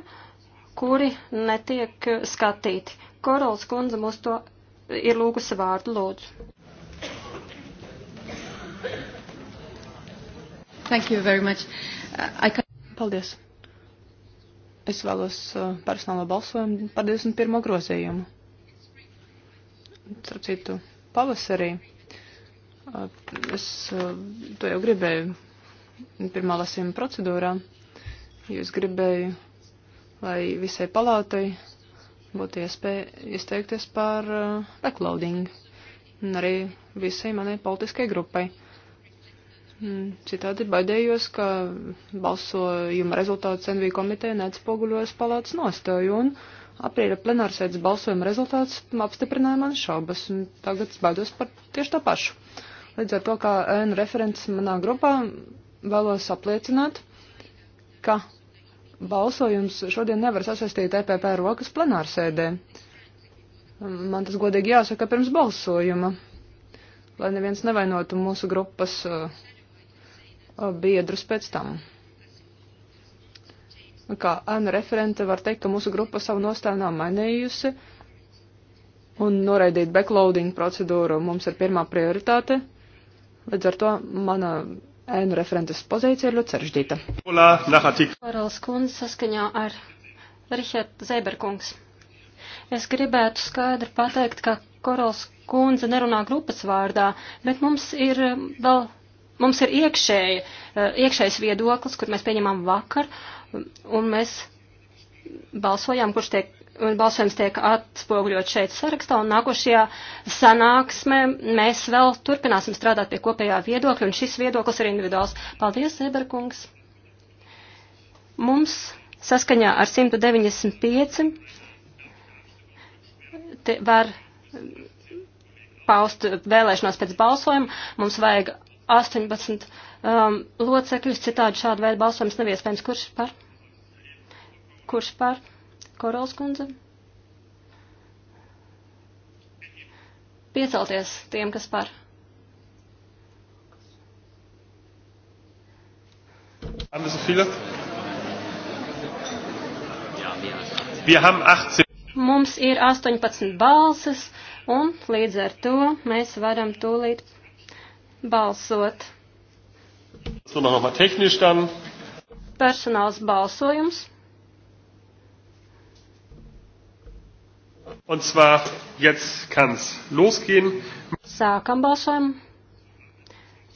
kuri netiek skatīti. Korols kundze mums to ir lūgusi vārdu lūdzu. Thank you very much. Uh, I can... Paldies. Es vēlos uh, personālo balsojumu par 21. grozījumu starp citu, pavasarī. Es to jau gribēju pirmā lasījuma procedūrā, jo es gribēju, lai visai palātai būtu iespēja izteikties par backloading un arī visai manai politiskai grupai. Hm, citādi baidējos, ka balsojuma rezultāts NV komiteja neatspoguļos palātas nostāju un uh, aprīļa plenārsēdes balsojuma rezultāts apstiprināja man šaubas, un tagad es baidos par tieši to pašu. Līdz ar to, kā ēnu referents manā grupā, vēlos apliecināt, ka balsojums šodien nevar sasaistīt EPP rokas plenārsēdē. Man tas godīgi jāsaka pirms balsojuma, lai neviens nevainotu mūsu grupas uh, biedrus pēc tam kā Anna referente var teikt, ka mūsu grupa savu nostāju nav mainījusi un noraidīt backloading procedūru mums ir pirmā prioritāte. Līdz ar to mana ēnu referentes pozīcija ir ļoti sarežģīta. Karls Kunz saskaņā ar Richard Zēberkungs. Es gribētu skaidri pateikt, ka Korals Kunze nerunā grupas vārdā, bet mums ir vēl, mums ir iekšēji, iekšējs viedoklis, kur mēs pieņemam vakar, uh, un mēs balsojām, kurš tiek, balsojums tiek atspoguļot šeit sarakstā, un nākošajā sanāksmē mēs vēl turpināsim strādāt pie kopējā viedokļa, un šis viedoklis ir individuāls. Paldies, Eberkungs! Mums saskaņā ar 195 var paust vēlēšanos pēc balsojuma, mums vajag 18 um, locekļus, citādi šādu veidu balsojums nav iespējams. Kurš par? Kurš par? Korols kundze? Piecelties tiem, kas par. Haben Sie viele? Wir haben 18. Mums ir 18 balses, un līdz ar to mēs varam tūlīt balsot müssen wir nochmal technisch dann. Personāls balsojums. Und zwar jetzt kann's losgehen. Sākam balsojumu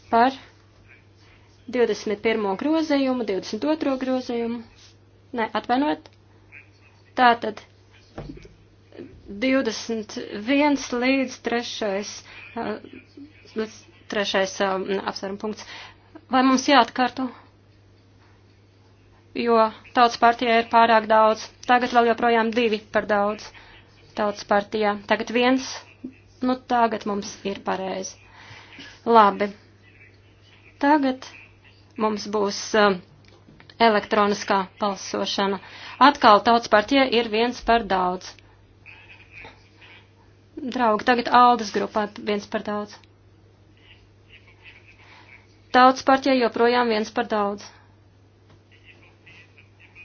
par 21. grozījumu, 22. grozījumu. Nē, atvainojiet. Tātad 21 līdz 3. Uh, eh, līdz 3. Uh, eh, apsvērumu punkts. Vai mums jāatkārto? Jo tautas partijā ir pārāk daudz. Tagad vēl joprojām divi par daudz tautas partijā. Tagad viens, nu tagad mums ir pareizi. Labi. Tagad mums būs uh, elektroniskā balsošana. Atkal tautas partija ir viens par daudz. Draugi, tagad Aldas grupā viens par daudz. Tautas partijai joprojām viens par daudz.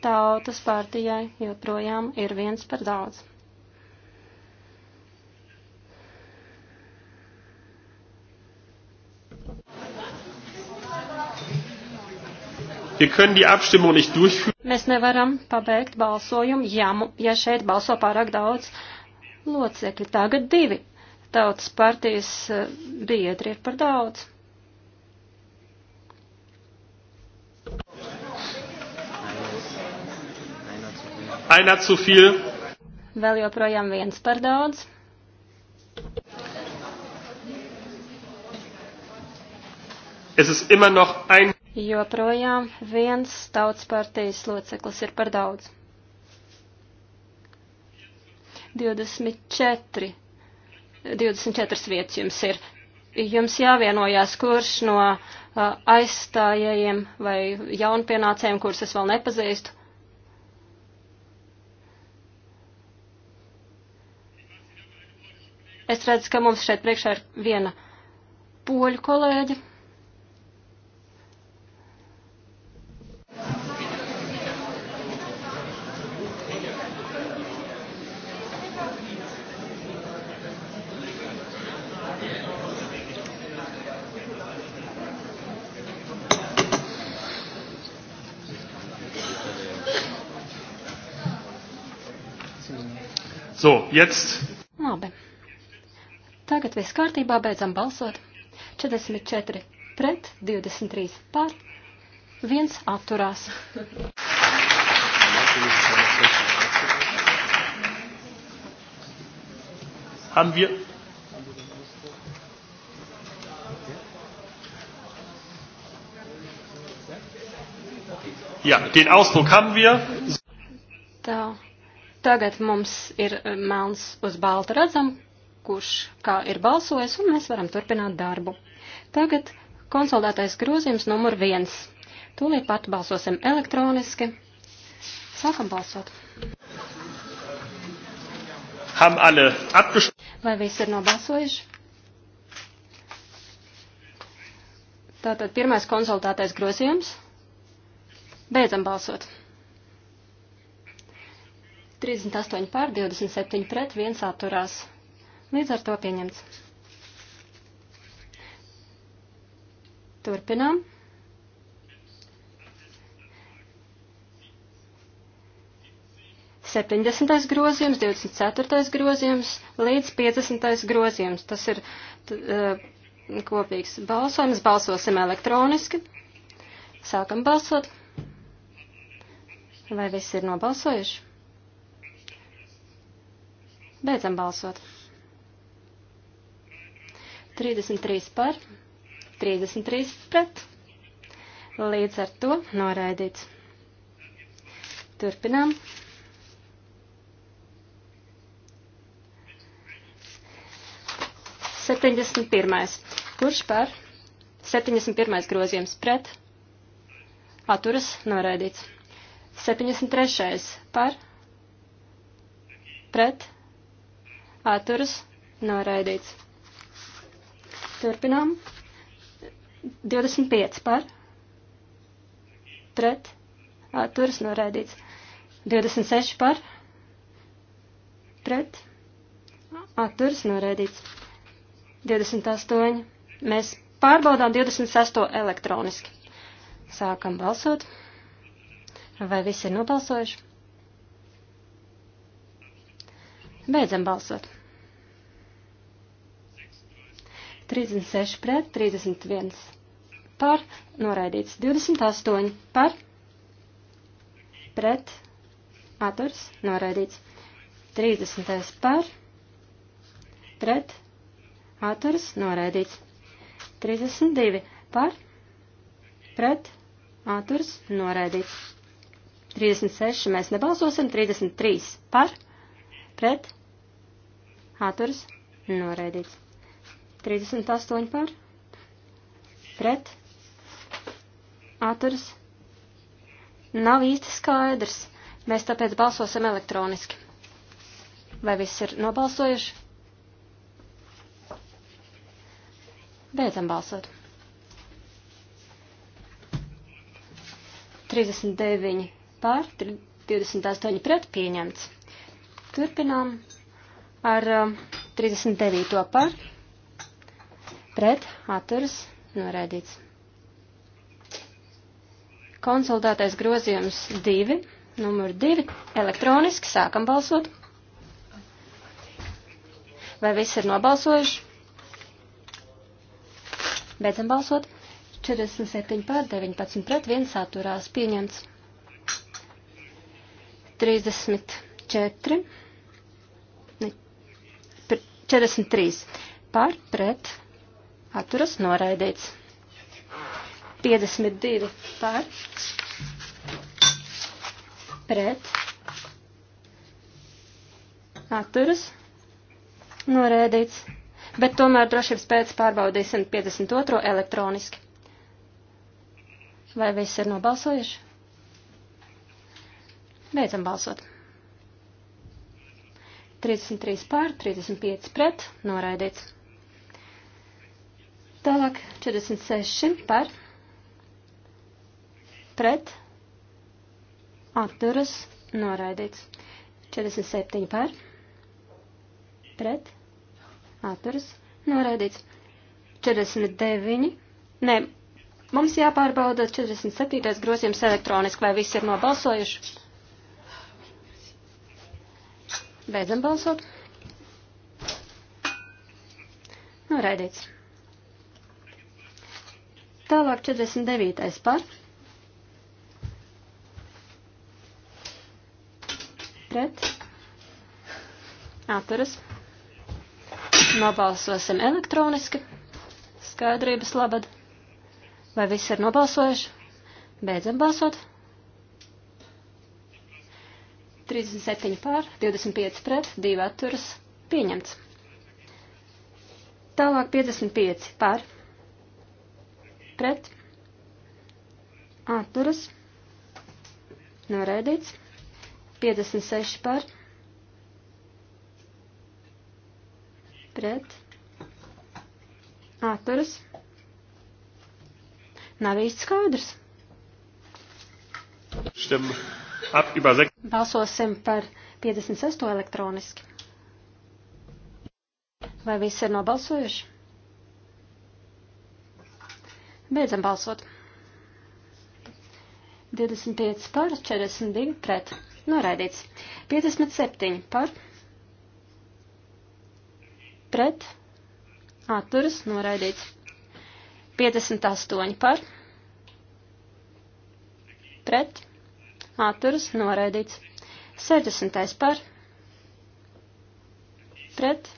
Tautas partijai joprojām ir viens par daudz. Wir können die Abstimmung nicht durchführen. Mēs nevaram pabeigt balsojumu, ja, ja šeit balso pārāk daudz locekļu. Tagad divi tautas partijas eh, biedri ir par daudz. Einer zu viel. Vēl joprojām viens par daudz. Es ist immer noch ein. Joprojām viens tautas partijas loceklis ir par daudz. 24. 24 vietas jums ir. Jums jāvienojās, kurš no uh, aizstājējiem vai jaunpienācējiem, kurus es vēl nepazīstu, Es redzu, ka mums šeit priekšā ir viena poļu kolēģe. So, jetzt. Labi. Tagad viss kārtībā, beidzam balsot. 44 pret, 23 pār, viens atturās. Haben wir Ja, den Ausdruck haben wir. Tā. Tagad mums ir eh, melns uz balta redzam, kurš kā ir balsojis, un mēs varam turpināt darbu. Tagad konsolidētais grozījums numur viens. Tūlīt pat balsosim elektroniski. Sākam balsot. Vai visi ir nobalsojuši? Tātad pirmais konsultētais grozījums. Beidzam balsot. 38 pār 27 pret 1 atturās. Līdz ar to pieņemts. Turpinām. Septiņdesmitais grozījums, 24. grozījums līdz 50. grozījums. Tas ir t, eh, kopīgs balsojums. Balsosim elektroniski. Sākam balsot. Vai visi ir nobalsojuši? Beidzam balsot. 33 par, 33 pret. Līdz ar to noraidīts. Turpinām. Septiņdesmit pirmais. Kurš par? Septiņdesmit pirmais grozījums pret. Aturas noraidīts. Septiņdesmit trešais par. Pret. Aturas noraidīts. Turpinām. 25 par. Pret. Atturas noraidīts. 26 par. Pret. Atturas noraidīts. 28. Mēs pārbaudām 26 elektroniski. Sākam balsot. Vai visi ir nobalsojuši? Beidzam balsot. 36 pret, 31 par, noraidīts 28 par, pret, atturs, noraidīts 30 par, pret, atturs, noraidīts 32 par, pret, atturs, noraidīts 36 mēs nebalsosim, 33 par, pret, atturs, noraidīts. 38 par, pret, atturas, nav īsti skaidrs. Mēs tāpēc balsosim elektroniski. Vai viss ir nobalsojuši? Beidzam balsot. 39 pār, 28 pret pieņemts. Turpinām ar 39 um, par pret atturas noraidīts. Konsultētais grozījums 2, numur 2, elektroniski sākam balsot. Vai viss ir nobalsojuši? Beidzam balsot. 47 pār 19 pret 1 saturās pieņemts. 34. Ne, 43 pār pret atturas noraidīts. 52 par pret atturas noraidīts, bet tomēr drošības pēc pārbaudīsim 52 elektroniski. Vai visi ir nobalsojuši? Beidzam balsot. 33 pār, 35 pret, noraidīts. Tālāk 46 par pret atturas noraidīts. 47 par pret atturas noraidīts. 49. Nē, mums jāpārbauda 47. grozījums elektroniski, vai visi ir nobalsojuši. Beidzam balsot. Noraidīts. Tālāk 49. par. Pret. Atturas. Nobalsosim elektroniski. Skaidrības labad. Vai viss ir nobalsojuši? Beidzam balsot. 37 pār, 25 pret, 2 atturas. Pieņemts. Tālāk 55 pār pret atturas noraidīts 56 par pret atturas nav īsti skaidrs. Stim, ap, Balsosim par 56 elektroniski. Vai visi ir nobalsojuši? Beidzam balsot. 25 par, 42 pret. Noraidīts. 57 par. Pret. Atturas. Noraidīts. 58 par. Pret. Atturas. Noraidīts. 60 par. Pret.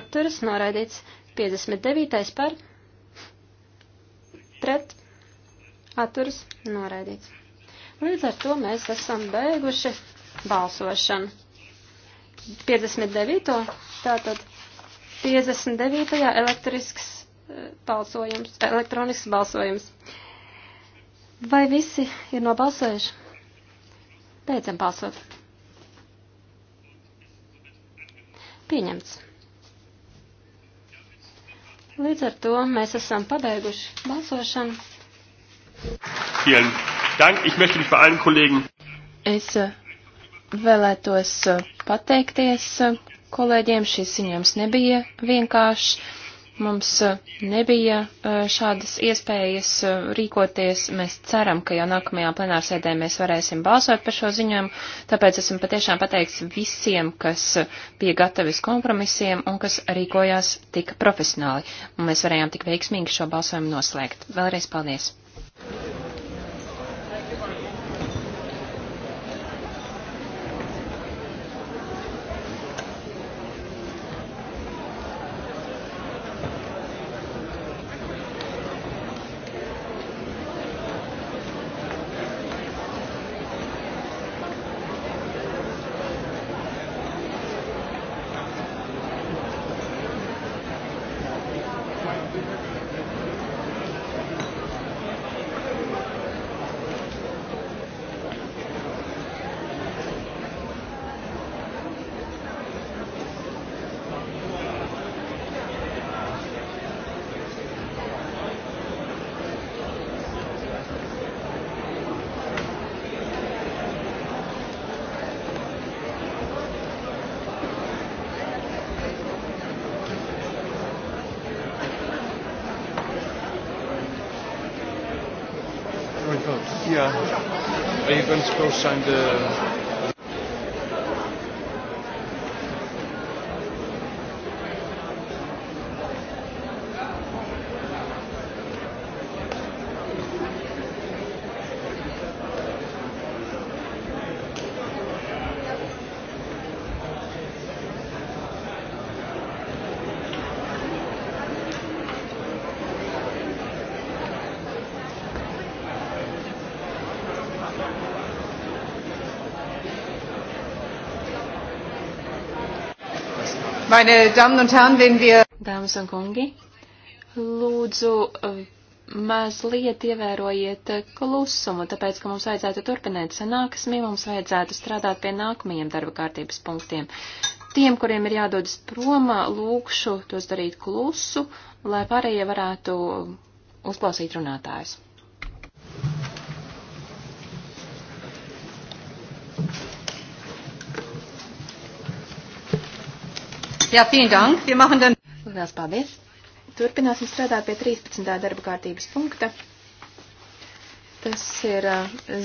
Atturas. Noraidīts. 59 par pret atturas noraidīts. Līdz ar to mēs esam beiguši balsošanu. 59. tātad 59. elektrisks eh, balsojums, elektronisks balsojums. Vai visi ir nobalsojuši? Beidzam balsot. Pieņemts. Līdz ar to mēs esam pabeiguši balsošanu. Es eh, vēlētos eh, pateikties eh, kolēģiem. Šis ziņojums nebija vienkāršs. Mums eh, nebija eh, šādas iespējas eh, rīkoties. Mēs ceram, ka jau nākamajā plenārsēdē mēs varēsim balsot par šo ziņojumu, tāpēc esmu patiešām pateiks visiem, kas bija gatavis kompromisiem un kas rīkojās tik profesionāli. Un mēs varējām tik veiksmīgi šo balsojumu noslēgt. Vēlreiz paldies! those signed the Meine Damen und Herren, wenn wir. Dāmas un kungi, lūdzu eh, mazliet ievērojiet eh, klusumu, tāpēc, ka mums vajadzētu turpināt sanāksmi, mums vajadzētu strādāt pie nākamajiem darba kārtības punktiem. Tiem, kuriem ir jādodas prom, eh, lūkšu tos darīt klusu, lai pārējie varētu uzklausīt runātājus. Jā, pīndāk. Lielas paldies. Turpināsim strādāt pie 13. darba kārtības punkta. Tas ir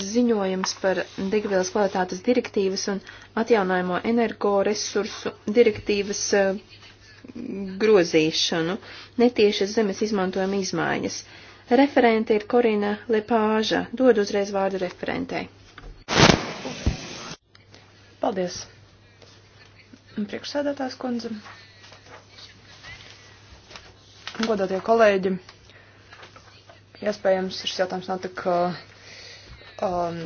ziņojums par degvielas kvalitātes direktīvas un atjaunojamo energoresursu direktīvas grozīšanu, netiešas zemes izmantojuma izmaiņas. Referente ir Korina Lepāža. Dod uzreiz vārdu referentei. Paldies! Priekšsēdētājs kundze. Godātie kolēģi, iespējams šis jautājums nav tik uh, um,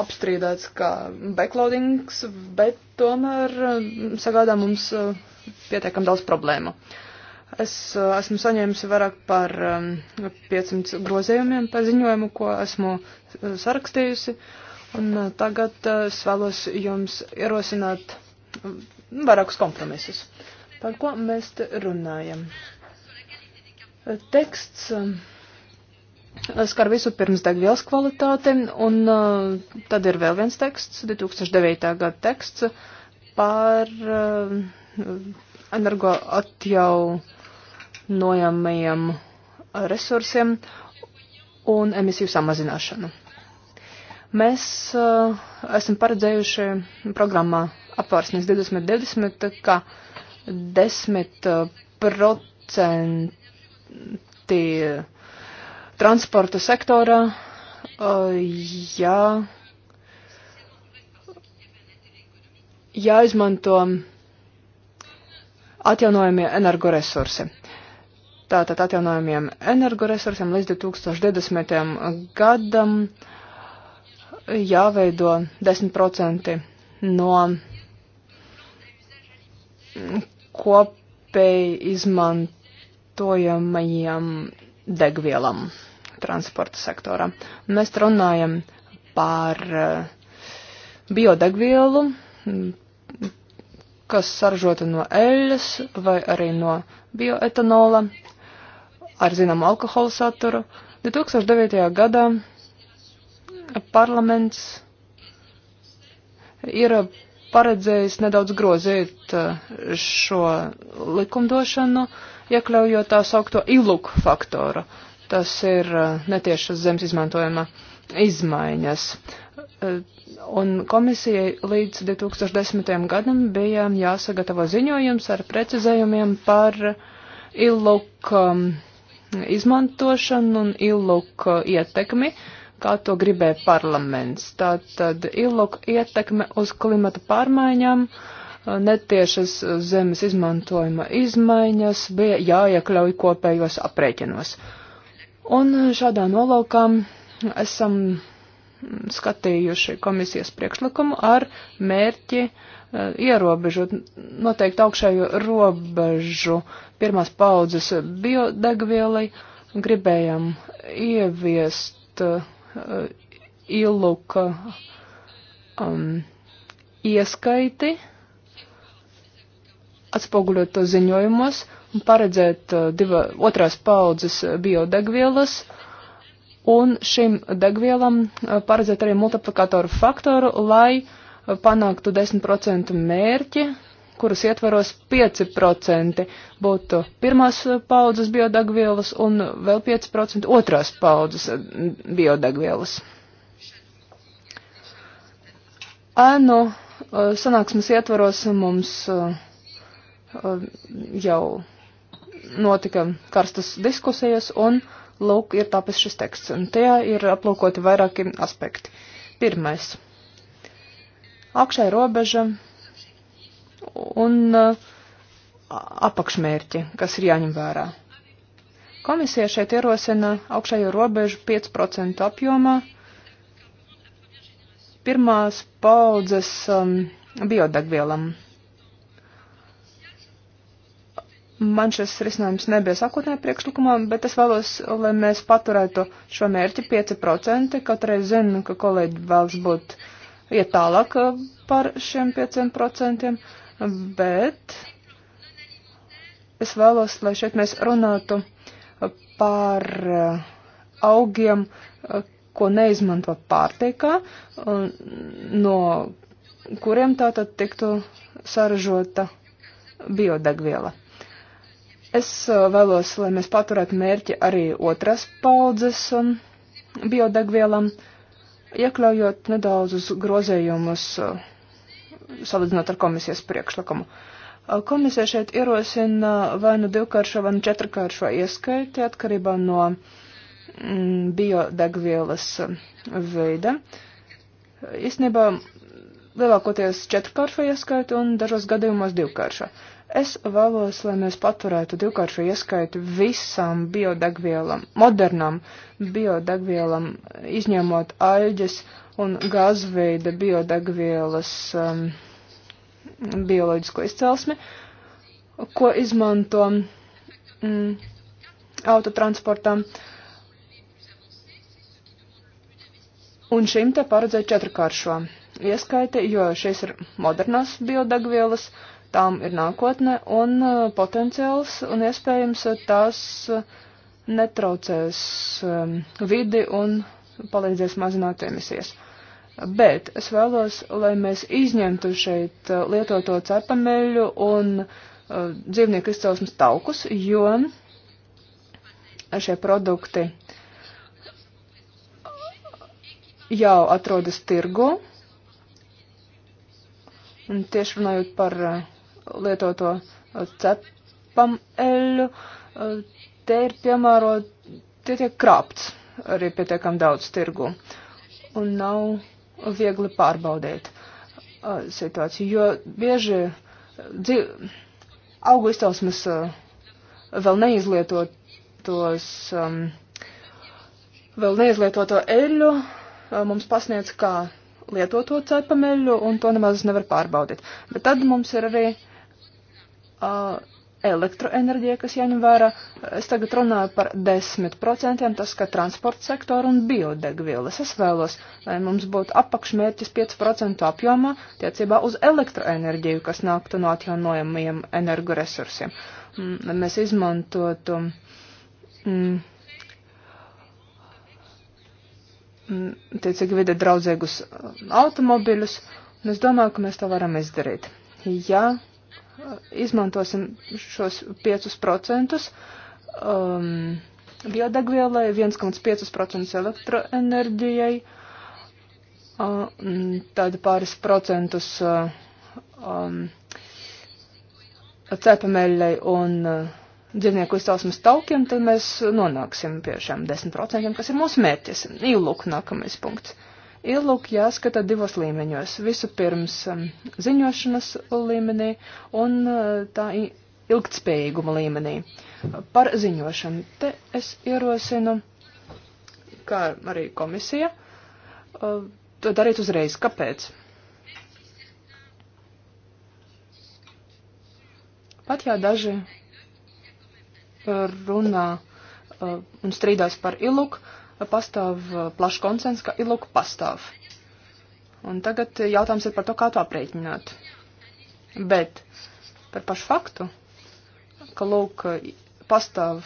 apstrīdēts kā backloadings, bet tomēr uh, sagādā mums uh, pietiekam daudz problēmu. Es esmu saņēmusi vairāk par 500 um, grozējumiem par ziņojumu, ko esmu sarakstījusi, un tagad es vēlos jums ierosināt um, vairākus kompromisus. Par ko mēs te runājam? Teksts eh, skar visu pirms degvielas kvalitāti, un uh, tad ir vēl viens teksts, 2009. gada teksts par uh, energoatjaunojamajiem resursiem un emisiju samazināšanu. Mēs uh, esam paredzējuši programmā apvārsnes 2020, ka 10% transporta sektorā, uh, jā, jāizmanto atjaunojamie energoresursi. Tātad atjaunojamiem energoresursiem līdz 2020. gadam jāveido 10% no kopēji izmantojamajām degvielām transporta sektorā. Mēs runājam par eh, biodegvielu, kas saržota no eļļas vai arī no bioetanola ar zināmu alkohola saturu. 2009. gadā parlaments ir paredzējis nedaudz grozīt eh, šo likumdošanu, iekļaujot tā saukto iluk faktoru. Tas ir eh, netiešas zemes izmantojuma izmaiņas. Eh, un komisijai līdz 2010. gadam bija jāsagatavo ziņojums ar precizējumiem par iluk mm, izmantošanu un iluk ietekmi. Uh, kā to gribēja parlaments. Tātad ilūk ietekme uz klimata pārmaiņām, eh, netiešas zemes izmantojuma izmaiņas bija jāiekļauj kopējos aprēķinos. Un šādā nolaukā esam skatījuši komisijas priekšlikumu ar mērķi eh, ierobežot noteikti augšējo robežu pirmās paudzes biodegvielai. Gribējām ieviest eh, Uh, iluka um, ieskaiti atspoguļot to ziņojumos un paredzēt uh, diva, otrās paudzes biodegvielas un šim degvielam uh, paredzēt arī multiplikatoru faktoru, lai panāktu 10% mērķi kuras ietvaros 5% būtu pirmās paudzes biodegvielas un vēl 5% otrās paudzes biodegvielas. Ēnu sanāksmes ietvaros mums jau notika karstas diskusijas un lūk ir tāpēc šis teksts. Un tajā ir aplūkoti vairāki aspekti. Pirmais. Akšai robeža un uh, apakšmērķi, kas ir jāņem vērā. Komisija šeit ierosina augšējo robežu 5% apjomā pirmās paudzes um, biodegvielam. Man šis risinājums nebija sakotnē priekšlikumā, bet es vēlos, lai mēs paturētu šo mērķi 5%, kaut arī zinu, ka kolēģi vēlas būt iet tālāk uh, par šiem 5% bet es vēlos, lai šeit mēs runātu par uh, augiem, uh, ko neizmanto pārtiekā, no kuriem tātad tiktu saražota biodegviela. Es uh, vēlos, lai mēs paturētu mērķi arī otras paudzes um, biodegvielam, iekļaujot nedaudzus grozējumus uh, salīdzinot ar komisijas priekšlikumu. Komisija šeit ierosina vai nu divkāršo, vai nu četrkāršo ieskaiti atkarībā no mm, biodegvielas veida. Īstenībā lielākoties četrkāršo ieskaitu un dažos gadījumos divkāršo. Es vēlos, lai mēs paturētu divkāršu ieskaitu visām biodegvielam, modernām biodegvielam, izņemot aļģes, uh, un gāzveida biodegvielas um, bioloģisko izcelsmi, ko izmanto mm, autotransportam. Un šim te paredzēja četrkāršo ieskaiti, jo šīs ir modernās biodegvielas, tām ir nākotne un uh, potenciāls, un iespējams uh, tās uh, netraucēs um, vidi un palīdzēs mazināt emisijas. Bet es vēlos, lai mēs izņemtu šeit uh, lietoto cepameļu un uh, dzīvnieku izcelsmes taukus, jo šie produkti jau atrodas tirgu. Un tieši runājot par uh, lietoto uh, cepameļu, uh, te ir piemērot, tie tiek krāpts arī pietiekam daudz tirgu. Un nav viegli pārbaudīt uh, situāciju, jo bieži uh, dzīv, augu izcelsmes uh, vēl neizlietotos, um, vēl neizlietoto eļļu uh, mums pasniedz kā lietoto cepameļu, un to nemaz nevar pārbaudīt. Bet tad mums ir arī uh, elektroenerģija, kas jāņem vērā. Es tagad runāju par 10%, tas, ka transporta sektoru un biodegvielas. Es vēlos, lai mums būtu apakšmērķis 5% apjomā tiecībā uz elektroenerģiju, kas nāktu no atjaunojamajiem energoresursiem. Mm, mēs izmantotu. Mm, mm, tiecīgi vide draudzīgus uh, automobiļus, un es domāju, ka mēs to varam izdarīt. Ja izmantosim šos 5% um, biodegvielai, 1,5% elektroenerģijai, uh, tad pāris procentus uh, um, cepameļai un uh, dzīvnieku izcelsmes taukiem, tad mēs nonāksim pie šiem 10%, kas ir mūsu mērķis. Ilūk, nākamais punkts. Uh, ir lūk jāskata divos līmeņos. Vispirms um, ziņošanas līmenī un uh, tā ilgtspējīguma līmenī. Par ziņošanu te es ierosinu, kā arī komisija, uh, to darīt uzreiz. Kāpēc? Pat jā, daži runā uh, un strīdās par iluku pastāv plašs konsens, ka ilūk pastāv. Un tagad jautājums ir par to, kā to aprēķināt. Bet par pašu faktu, ka lūk pastāv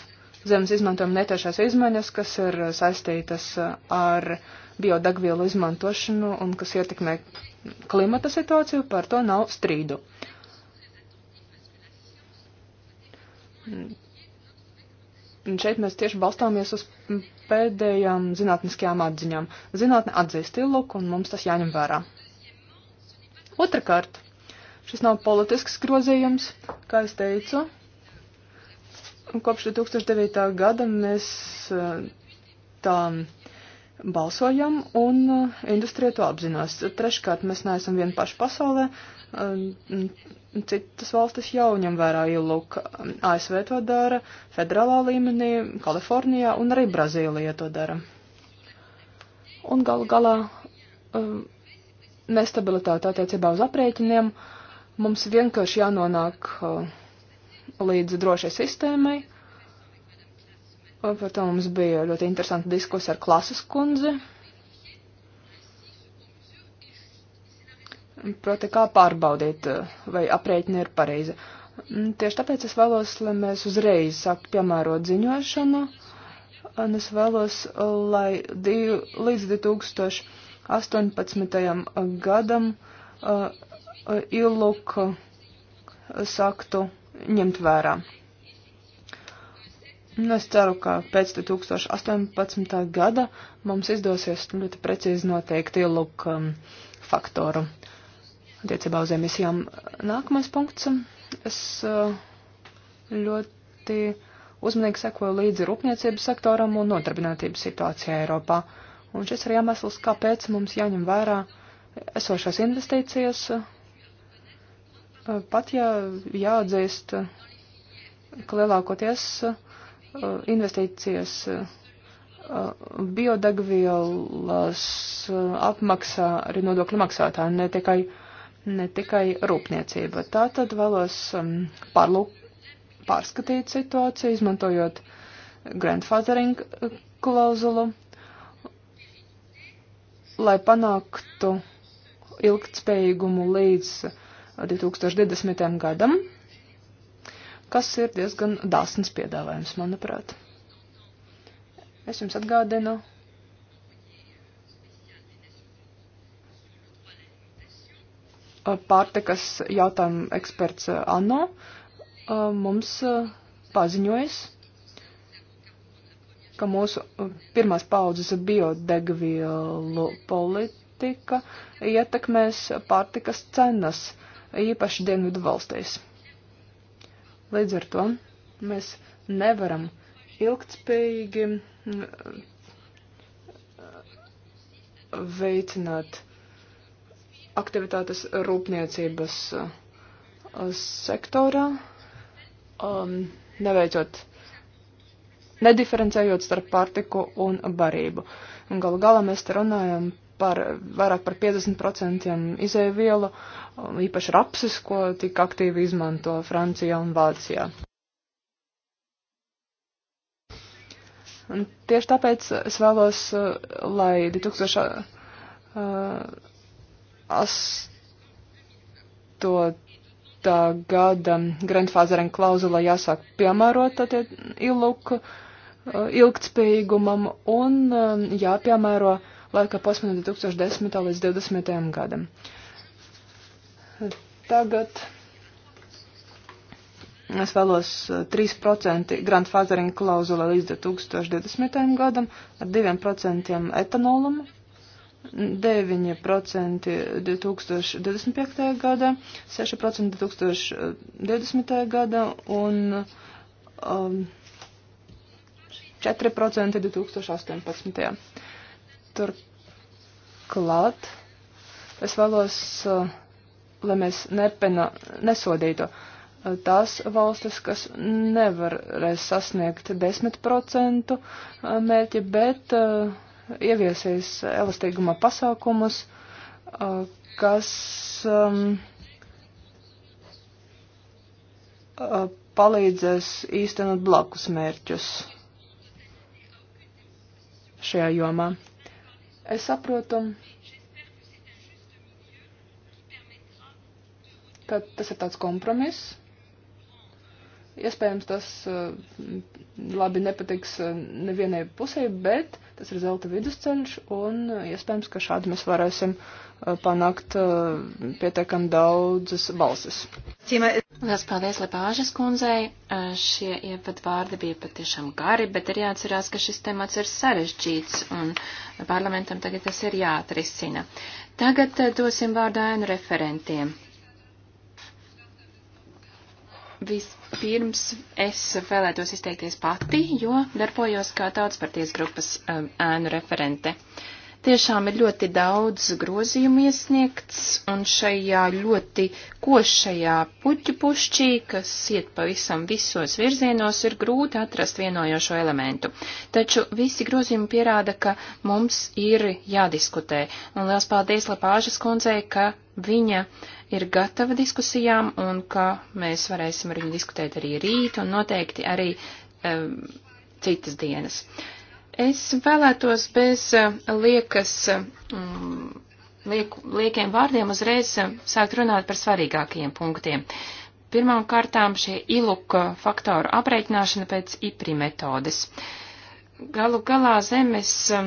zemes izmantojuma netiešās izmaiņas, kas ir saistītas ar biodegvielu izmantošanu un kas ietekmē klimata situāciju, par to nav strīdu šeit mēs tieši balstāmies uz pēdējām zinātniskajām atziņām. Zinātne atzīst illuku, un mums tas jāņem vērā. Otrakārt, šis nav politisks grozījums, kā es teicu. Kopš 2009. gada mēs eh, tā balsojam, un eh, industrija to apzinās. Treškārt, mēs neesam vien paši pasaulē, Citas valstis jau ņem vērā ilūk. ASV to dara, federālā līmenī, Kalifornijā un arī Brazīlija to dara. Un gal galā um, nestabilitāte attiecībā uz aprēķiniem mums vienkārši jānonāk uh, līdz drošai sistēmai. Par to mums bija ļoti interesanta diskusija ar klases kundzi. Proti, kā pārbaudīt, eh, vai aprēķina ir pareiza. Tieši tāpēc es vēlos, lai mēs uzreiz sāktu piemērot ziņošanu, un es vēlos, lai div, līdz 2018. gadam uh, iluk saktu ņemt vērā. Un es ceru, ka pēc 2018. gada mums izdosies ļoti precīzi noteikt iluk um, faktoru. Attiecībā uz emisijām nākamais punkts. Es uh, ļoti uzmanīgi sekoju līdzi rūpniecības sektoram un nodarbinātības situācijai Eiropā. Un šis ir iemesls, kāpēc mums jāņem vērā esošās investīcijas, pat ja jāatzīst, ka lielākoties uh, investīcijas uh, biodegvielas apmaksā arī nodokļu maksātāji, ne tikai uh, ne tikai rūpniecība. Tā tad vēlos um, pārlūk, pārskatīt situāciju, izmantojot grandfathering uh, klauzulu, lai panāktu ilgtspējīgumu līdz 2020. gadam, kas ir diezgan dāsns piedāvājums, manuprāt. Es jums atgādinu pārtikas jautājumu eksperts eh, Anno eh, mums eh, paziņojis, ka mūsu pirmās paudzes biodegvielu politika ietekmēs pārtikas cenas, īpaši dienvidu valstīs. Līdz ar to mēs nevaram ilgtspējīgi mm, veicināt aktivitātes rūpniecības uh, sektorā, um, neveicot, nediferencējot starp pārtiku un barību. Galu galā mēs te runājam par vairāk par 50% izēvielu, um, īpaši rapsis, ko tik aktīvi izmanto Francijā un Vācijā. Un tieši tāpēc es vēlos, uh, lai 2000. Uh, astotā gada Grandfāzeren klauzula jāsāk piemērot ilūku uh, ilgtspējīgumam un um, jāpiemēro laika posmā no 2010. līdz 2020. gadam. Tagad es vēlos 3% uh, grandfāzeringa klauzula līdz 2020. gadam ar 2% etanolam 9% 2025. gada, 6% 2020. gada un um, 4% 2018. Turklāt es vēlos, uh, lai mēs nepena, nesodītu uh, tās valstis, kas nevarēs sasniegt 10% uh, mērķi, bet uh, ieviesīs elastīguma pasākumus, kas um, palīdzēs īstenot blakus mērķus šajā jomā. Es saprotu, ka tas ir tāds kompromiss. Iespējams, tas labi nepatiks nevienai pusē, bet Tas ir zelta vidusceļš, un uh, iespējams, ka šādi mēs varēsim uh, panākt uh, pietiekami daudzas balsis. Lielas paldies Lepāžas kundzei. Šie ievadvārdi bija patiešām gari, bet ir jāatcerās, ka šis temats ir sarežģīts, un parlamentam tagad tas ir jāatrisina. Tagad dosim vārdu ēnu referentiem. Vispirms es vēlētos izteikties pati, jo darbojos kā tautspartijas grupas um, ēnu referente. Uh, Tiešām ir ļoti daudz grozījumu iesniegts, un šajā ļoti košajā puķu pušķī, kas iet pavisam visos virzienos, ir grūti atrast vienojošo elementu. Taču visi grozījumi pierāda, ka mums ir jādiskutē, un liels paldies Lapāžas kundzei, ka viņa ir gatava diskusijām un ka mēs varēsim ar viņu diskutēt arī rīt un noteikti arī um, citas dienas. Es vēlētos bez eh, liekas, mm, liek, liekiem vārdiem uzreiz eh, sākt runāt par svarīgākajiem punktiem. Pirmām kārtām šie iluka faktoru aprēķināšana pēc IPRI metodes. Galu galā zemes eh,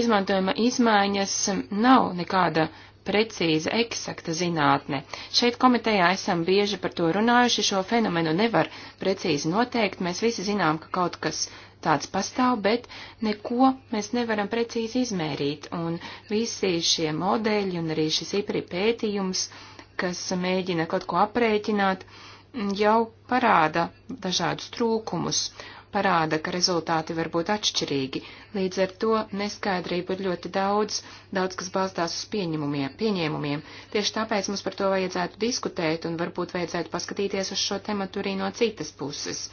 izmantojuma izmaiņas nav nekāda precīza, eksakta zinātne. Šeit komitejā esam bieži par to runājuši, šo fenomenu nevar precīzi noteikt, mēs visi zinām, ka kaut kas tāds pastāv, bet neko mēs nevaram precīzi izmērīt. Un visi šie modeļi un arī šis IPRI pētījums, kas mēģina kaut ko aprēķināt, jau parāda dažādus trūkumus, parāda, ka rezultāti var būt atšķirīgi. Līdz ar to neskaidrību ir ļoti daudz, daudz kas balstās uz pieņemumiem, pieņēmumiem. Tieši tāpēc mums par to vajadzētu diskutēt un varbūt vajadzētu paskatīties uz šo tematu arī no citas puses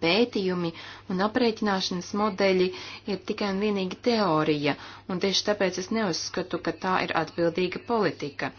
pētījumi un aprēķināšanas modeļi ir tikai un vienīgi teorija, un tieši tāpēc es neuzskatu, ka tā ir atbildīga politika.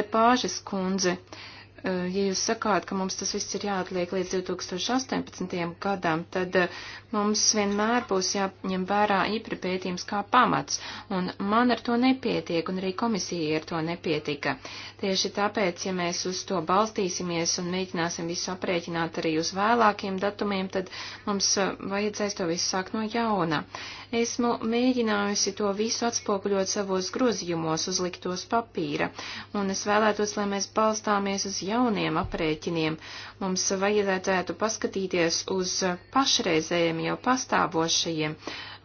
Lepāžas kundze, uh, Eh, ja jūs sakāt, ka mums tas viss ir jāatliek līdz 2018. gadam, tad eh, mums vienmēr būs jāņem vērā īpri pētījums kā pamats, un man ar to nepietiek, un arī komisija ar to nepietika. Tieši tāpēc, ja mēs uz to balstīsimies un mēģināsim visu aprēķināt arī uz vēlākiem datumiem, tad mums eh, vajadzēs to visu sākt no jauna. Esmu mēģinājusi to visu atspoguļot savos grozījumos uzliktos papīra, un es vēlētos, lai mēs balstāmies uz jauniem aprēķiniem, mums vajadzētu paskatīties uz pašreizējiem jau pastāvošajiem,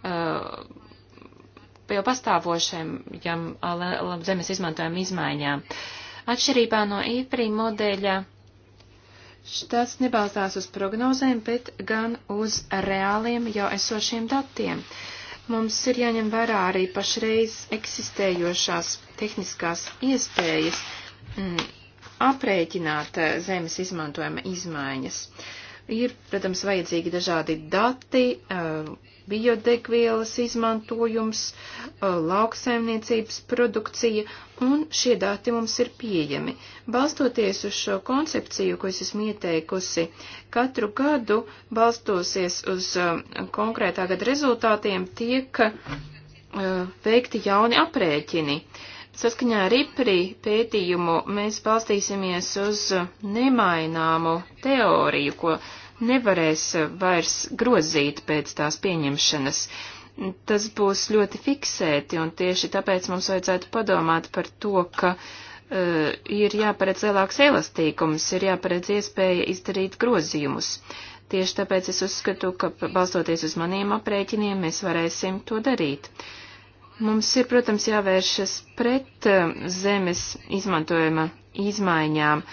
uh, jau pastāvošajiem zemes izmantojuma izmaiņām. Atšķirībā no īprī modeļa tas nebalstās uz prognozēm, bet gan uz reāliem jau esošiem datiem. Mums ir jāņem vērā arī pašreiz eksistējošās tehniskās iespējas, mm aprēķināt eh, zemes izmantojuma izmaiņas. Ir, protams, vajadzīgi dažādi dati, eh, biodegvielas izmantojums, eh, lauksaimniecības produkcija, un šie dati mums ir pieejami. Balstoties uz šo koncepciju, ko es esmu ieteikusi, katru gadu balstosies uz konkrētā gada rezultātiem tiek veikti jauni aprēķini. Uh, Saskaņā ar IPRI pētījumu mēs balstīsimies uz nemaināmu teoriju, ko nevarēs vairs grozīt pēc tās pieņemšanas. Tas būs ļoti fiksēti, un tieši tāpēc mums vajadzētu padomāt par to, ka uh, ir jāparedz lielāks elastīkums, ir jāparedz iespēja izdarīt grozījumus. Tieši tāpēc es uzskatu, ka balstoties uz maniem aprēķiniem, mēs varēsim to darīt. Uh, Mums ir, protams, jāvēršas pret eh, zemes izmantojuma izmaiņām.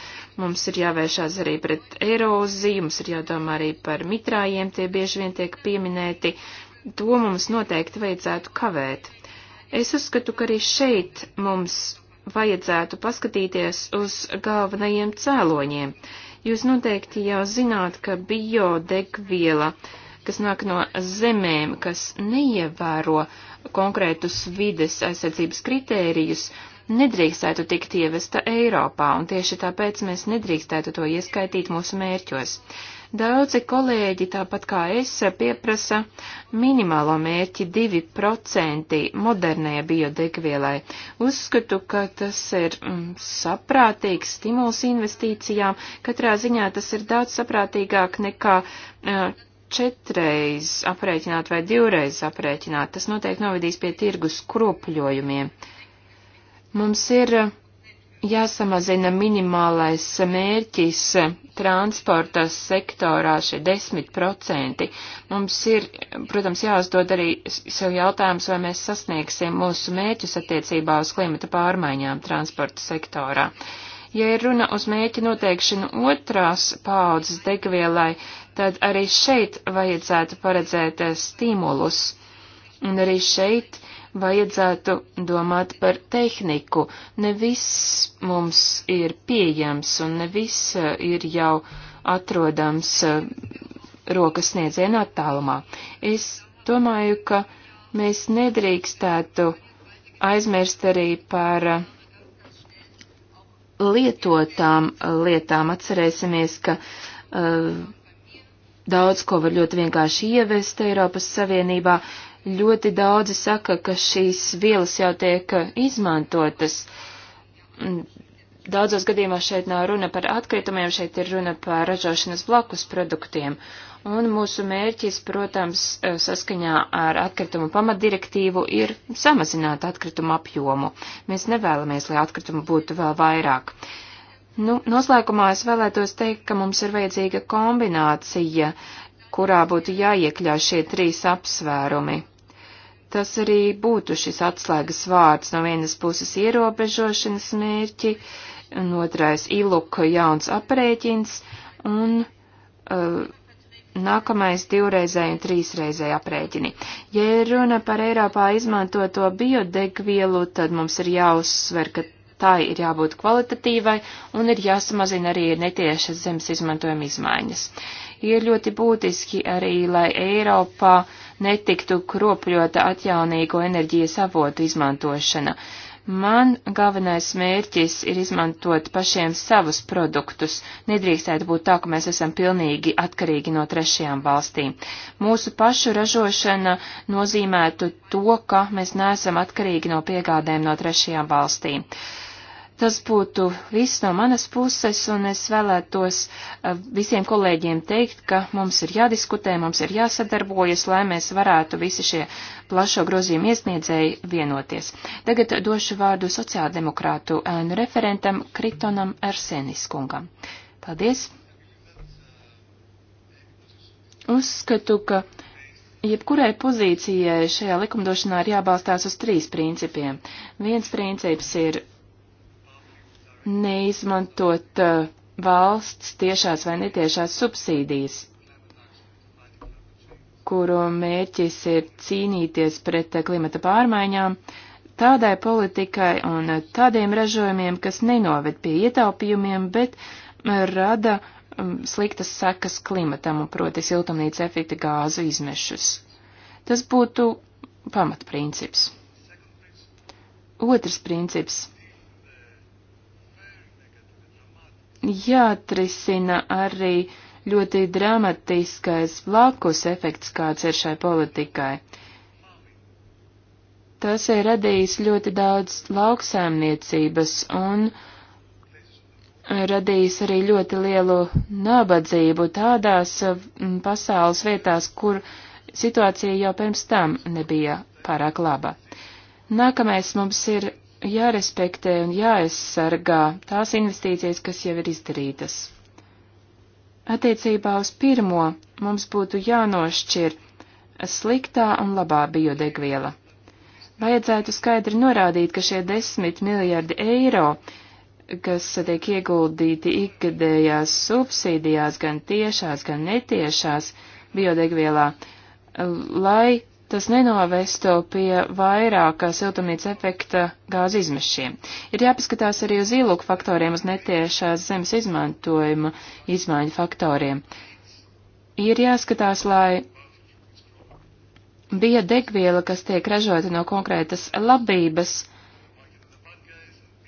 Mums ir jāvēršās arī pret eroziju, mums ir jādomā arī par mitrājiem, tie bieži vien tiek pieminēti. To mums noteikti vajadzētu kavēt. Es uzskatu, ka arī šeit mums vajadzētu paskatīties uz galvenajiem cēloņiem. Jūs noteikti jau zināt, ka biodegviela, kas nāk no zemēm, kas neievēro uh, konkrētus vides aizsardzības kritērijus, nedrīkstētu tikt ievesta Eiropā, un tieši tāpēc mēs nedrīkstētu to ieskaitīt mūsu mērķos. Daudzi kolēģi, tāpat kā es, pieprasa minimālo mērķi 2% modernajai biodegvielai. Uzskatu, ka tas ir mm, saprātīgs stimuls investīcijām. Katrā ziņā tas ir daudz saprātīgāk nekā mm, četreiz aprēķināt vai divreiz aprēķināt, tas noteikti novedīs pie tirgus kropļojumiem. Mums ir jāsamazina minimālais mērķis transporta sektorā šie 10%. Mums ir, protams, jāuzdod arī sev jautājums, vai mēs sasniegsim mūsu mērķus attiecībā uz klimata pārmaiņām transporta sektorā. Ja ir runa uz mērķi noteikšanu otrās paudzes degvielai, tad arī šeit vajadzētu paredzēt eh, stimulus. Un arī šeit vajadzētu domāt par tehniku. Ne viss mums ir pieejams un ne viss eh, ir jau atrodams eh, rokas sniedzienā attālumā. Es domāju, ka mēs nedrīkstētu aizmirst arī par lietotām lietām. Atcerēsimies, ka uh, Daudz ko var ļoti vienkārši ievest Eiropas Savienībā. Ļoti daudzi saka, ka šīs vielas jau tiek eh, izmantotas. Mm, daudzos gadījumos šeit nav runa par atkritumiem, šeit ir runa par ražošanas blakus produktiem. Un mūsu mērķis, protams, eh, saskaņā ar atkritumu pamatdirektīvu ir samazināt atkritumu apjomu. Mēs nevēlamies, lai atkritumu būtu vēl vairāk. Uh, Nu, noslēgumā es vēlētos teikt, ka mums ir vajadzīga kombinācija, kurā būtu jāiekļauj šie trīs apsvērumi. Tas arī būtu šis atslēgas vārds no vienas puses ierobežošanas mērķi, un otrais iluka jauns aprēķins, un uh, nākamais divreizēji un trīsreizēji aprēķini. Ja ir runa par Eiropā izmantoto biodegvielu, tad mums ir jāuzsver, ka tā ir jābūt kvalitatīvai un ir jāsamazina arī netiešas zemes izmantojuma izmaiņas. Ir ļoti būtiski arī, lai Eiropā netiktu kropļota atjaunīgo enerģijas avotu izmantošana. Man galvenais mērķis ir izmantot pašiem savus produktus. Nedrīkstētu būt tā, ka mēs esam pilnīgi atkarīgi no trešajām valstīm. Mūsu pašu ražošana nozīmētu to, ka mēs neesam atkarīgi no piegādēm no trešajām valstīm. Uh, Tas būtu viss no manas puses, un es vēlētos eh, visiem kolēģiem teikt, ka mums ir jādiskutē, mums ir jāsadarbojas, lai mēs varētu visi šie plašo grozījumu iesniedzēji vienoties. Tagad došu vārdu sociāldemokrātu ēnu referentam Kritonam Arseniskungam. Paldies! Uzskatu, ka jebkurai pozīcijai šajā likumdošanā ir jābalstās uz trīs principiem. Viens princips ir neizmantot eh, valsts tiešās vai netiešās subsīdijas, kuru mērķis ir cīnīties pret eh, klimata pārmaiņām, tādai politikai un eh, tādiem ražojumiem, kas nenoved pie ietaupījumiem, bet rada mm, sliktas sekas klimatam un proti siltumnīca efekta gāzu izmešus. Tas būtu pamatprincips. Otrs princips jāatrisina arī ļoti dramatiskais blakus efekts, kāds ir šai politikai. Tas ir radījis ļoti daudz lauksēmniecības un radījis arī ļoti lielu nabadzību tādās mm, pasaules vietās, kur situācija jau pirms tam nebija pārāk laba. Nākamais mums ir jārespektē un jāaizsargā tās investīcijas, kas jau ir izdarītas. Attiecībā uz pirmo mums būtu jānošķir sliktā un labā biodegviela. Vajadzētu skaidri norādīt, ka šie desmit miljardi eiro, kas tiek ieguldīti ikgadējās subsīdijās, gan tiešās, gan netiešās biodegvielā, lai tas nenovestu pie vairāk siltumnīca efekta gāzu izmešiem. Ir jāpaskatās arī uz ielūku faktoriem, uz netiešās zemes izmantojuma izmaiņu faktoriem. Ir jāskatās, lai bija degviela, kas tiek ražota no konkrētas labības,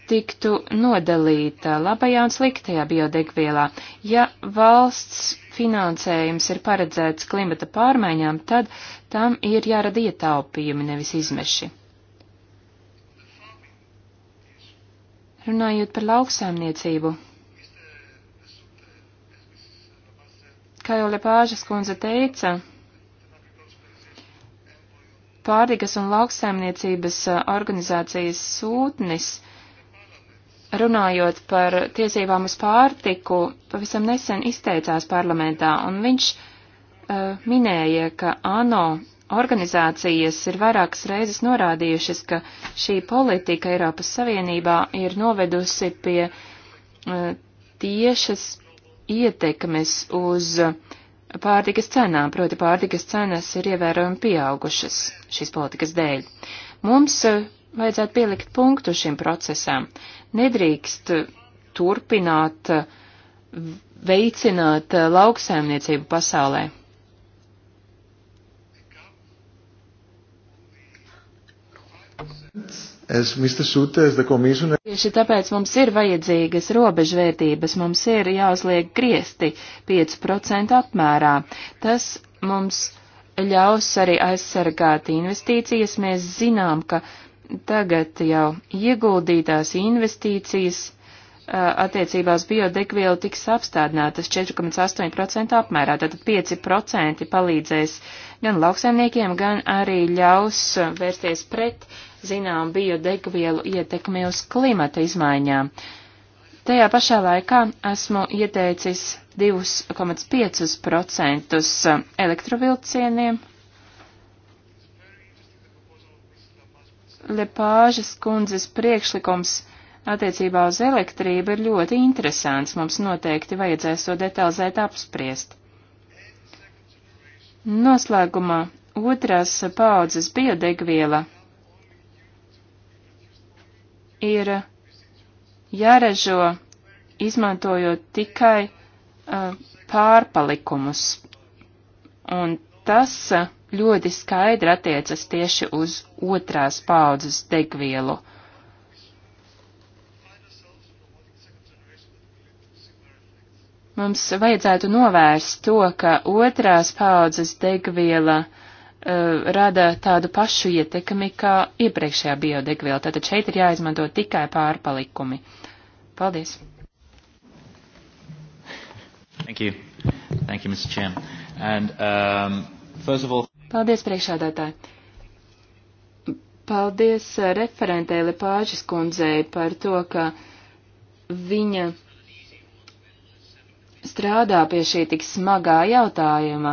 tiktu nodalīta labajā un sliktajā biodegvielā. Ja valsts finansējums ir paredzēts klimata pārmaiņām, tad tam ir jārada ietaupījumi, nevis izmeši. Runājot par lauksēmniecību, kā jau Lepāžas kundze teica, pārtikas un lauksēmniecības organizācijas sūtnis – runājot par tiesībām uz pārtiku, pavisam nesen izteicās parlamentā, un viņš uh, minēja, ka ANO organizācijas ir vairākas reizes norādījušas, ka šī politika Eiropas Savienībā ir novedusi pie uh, tiešas ietekmes uz pārtikas cenām, proti pārtikas cenas ir ievērojami pieaugušas šīs politikas dēļ. Mums uh, vajadzētu pielikt punktu šim procesam nedrīkst turpināt veicināt lauksaimniecību pasaulē. Tieši tāpēc mums ir vajadzīgas robežvērtības, mums ir jāuzliek griesti 5% apmērā. Tas mums ļaus arī aizsargāt investīcijas. Mēs zinām, ka tagad jau ieguldītās investīcijas attiecībās biodegvielu tiks apstādinātas 4,8% apmērā, tātad 5% palīdzēs gan lauksaimniekiem, gan arī ļaus vērsties pret zinām biodegvielu ietekmi uz klimata izmaiņām. Tajā pašā laikā esmu ieteicis 2,5% elektrovilcieniem Lepāžas kundzes priekšlikums attiecībā uz elektrību ir ļoti interesants, mums noteikti vajadzēs to detalizēt apspriest. Noslēgumā otrās paudzes biodegviela ir jāražo izmantojot tikai uh, pārpalikumus, un tas uh, ļoti skaidri attiecas tieši uz otrās paudzes degvielu. Mums vajadzētu novērst to, ka otrās paudzes degviela uh, rada tādu pašu ietekmi kā iepriekšējā biodegviela, tātad šeit ir jāizmanto tikai pārpalikumi. Paldies! Thank you. Thank you, Mr. Chairman. And um, first of all, Paldies, priekšādātāji! Paldies eh, referentē Lepāžas kundzei par to, ka viņa strādā pie šī tik smagā jautājuma.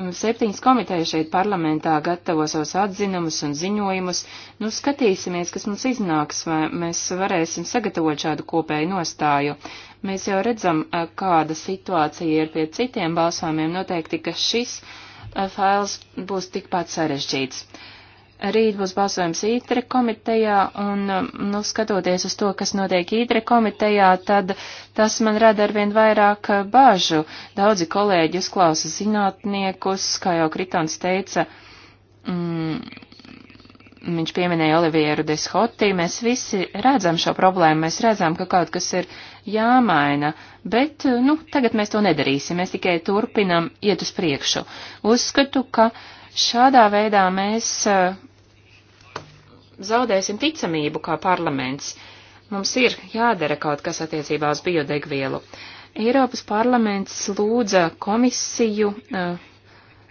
Mm, Septiņas komiteja šeit parlamentā gatavo savus atzinumus un ziņojumus. Nu, skatīsimies, kas mums iznāks, vai mēs varēsim sagatavot šādu kopēju nostāju. Mēs jau redzam, eh, kāda situācija ir pie citiem balsojumiem. Noteikti, ka šis fails būs tikpat sarežģīts. Rīt būs balsojums ītre komitejā, un, nu, skatoties uz to, kas notiek ītre komitejā, tad tas man rada arvien vairāk bāžu. Daudzi kolēģi uzklausa zinātniekus, kā jau Kritons teica, mm, viņš pieminēja Olivieru Deshoti, mēs visi redzam šo problēmu, mēs redzam, ka kaut kas ir jāmaina, bet, nu, tagad mēs to nedarīsim, mēs tikai turpinam iet uz priekšu. Uzskatu, ka šādā veidā mēs eh, zaudēsim ticamību kā parlaments. Mums ir jādara kaut kas attiecībā uz biodegvielu. Eiropas parlaments lūdza komisiju uh,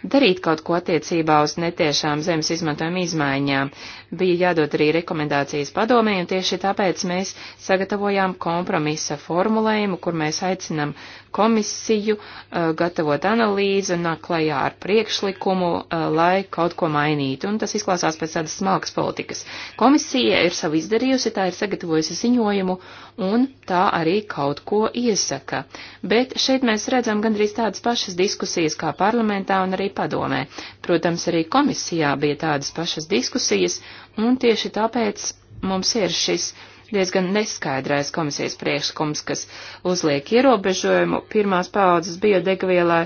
darīt kaut ko attiecībā uz netiešām zemes izmantojuma izmaiņām. Bija jādod arī rekomendācijas padomē, un tieši tāpēc mēs sagatavojām kompromisa formulējumu, kur mēs aicinam komisiju uh, gatavot analīzi un nāk klajā ar priekšlikumu, uh, lai kaut ko mainītu, un tas izklausās pēc tādas smalkas politikas. Komisija ir savu izdarījusi, tā ir sagatavojusi ziņojumu, un tā arī kaut ko iesaka. Bet šeit mēs redzam gandrīz tādas pašas diskusijas kā parlamentā un arī arī padomē. Protams, arī komisijā bija tādas pašas diskusijas, un tieši tāpēc mums ir šis diezgan neskaidrais komisijas priekšlikums, kas uzliek ierobežojumu pirmās paudzes biodegvielai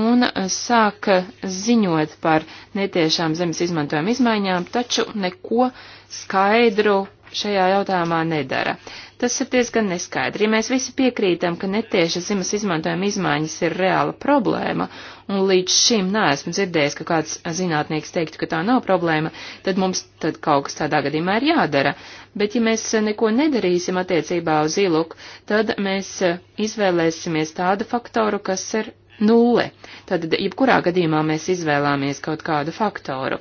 un sāk ziņot par netiešām zemes izmantojuma izmaiņām, taču neko skaidru šajā jautājumā nedara. Tas ir diezgan neskaidri. Ja mēs visi piekrītam, ka netieša zemes izmantojuma izmaiņas ir reāla problēma un līdz šim neesmu dzirdējis, ka kāds zinātnieks teiktu, ka tā nav problēma, tad mums tad kaut kas tādā gadījumā ir jādara. Bet ja mēs neko nedarīsim attiecībā uz iluku, tad mēs eh, izvēlēsimies tādu faktoru, kas ir nulle. Tad jebkurā gadījumā mēs izvēlāmies kaut kādu faktoru.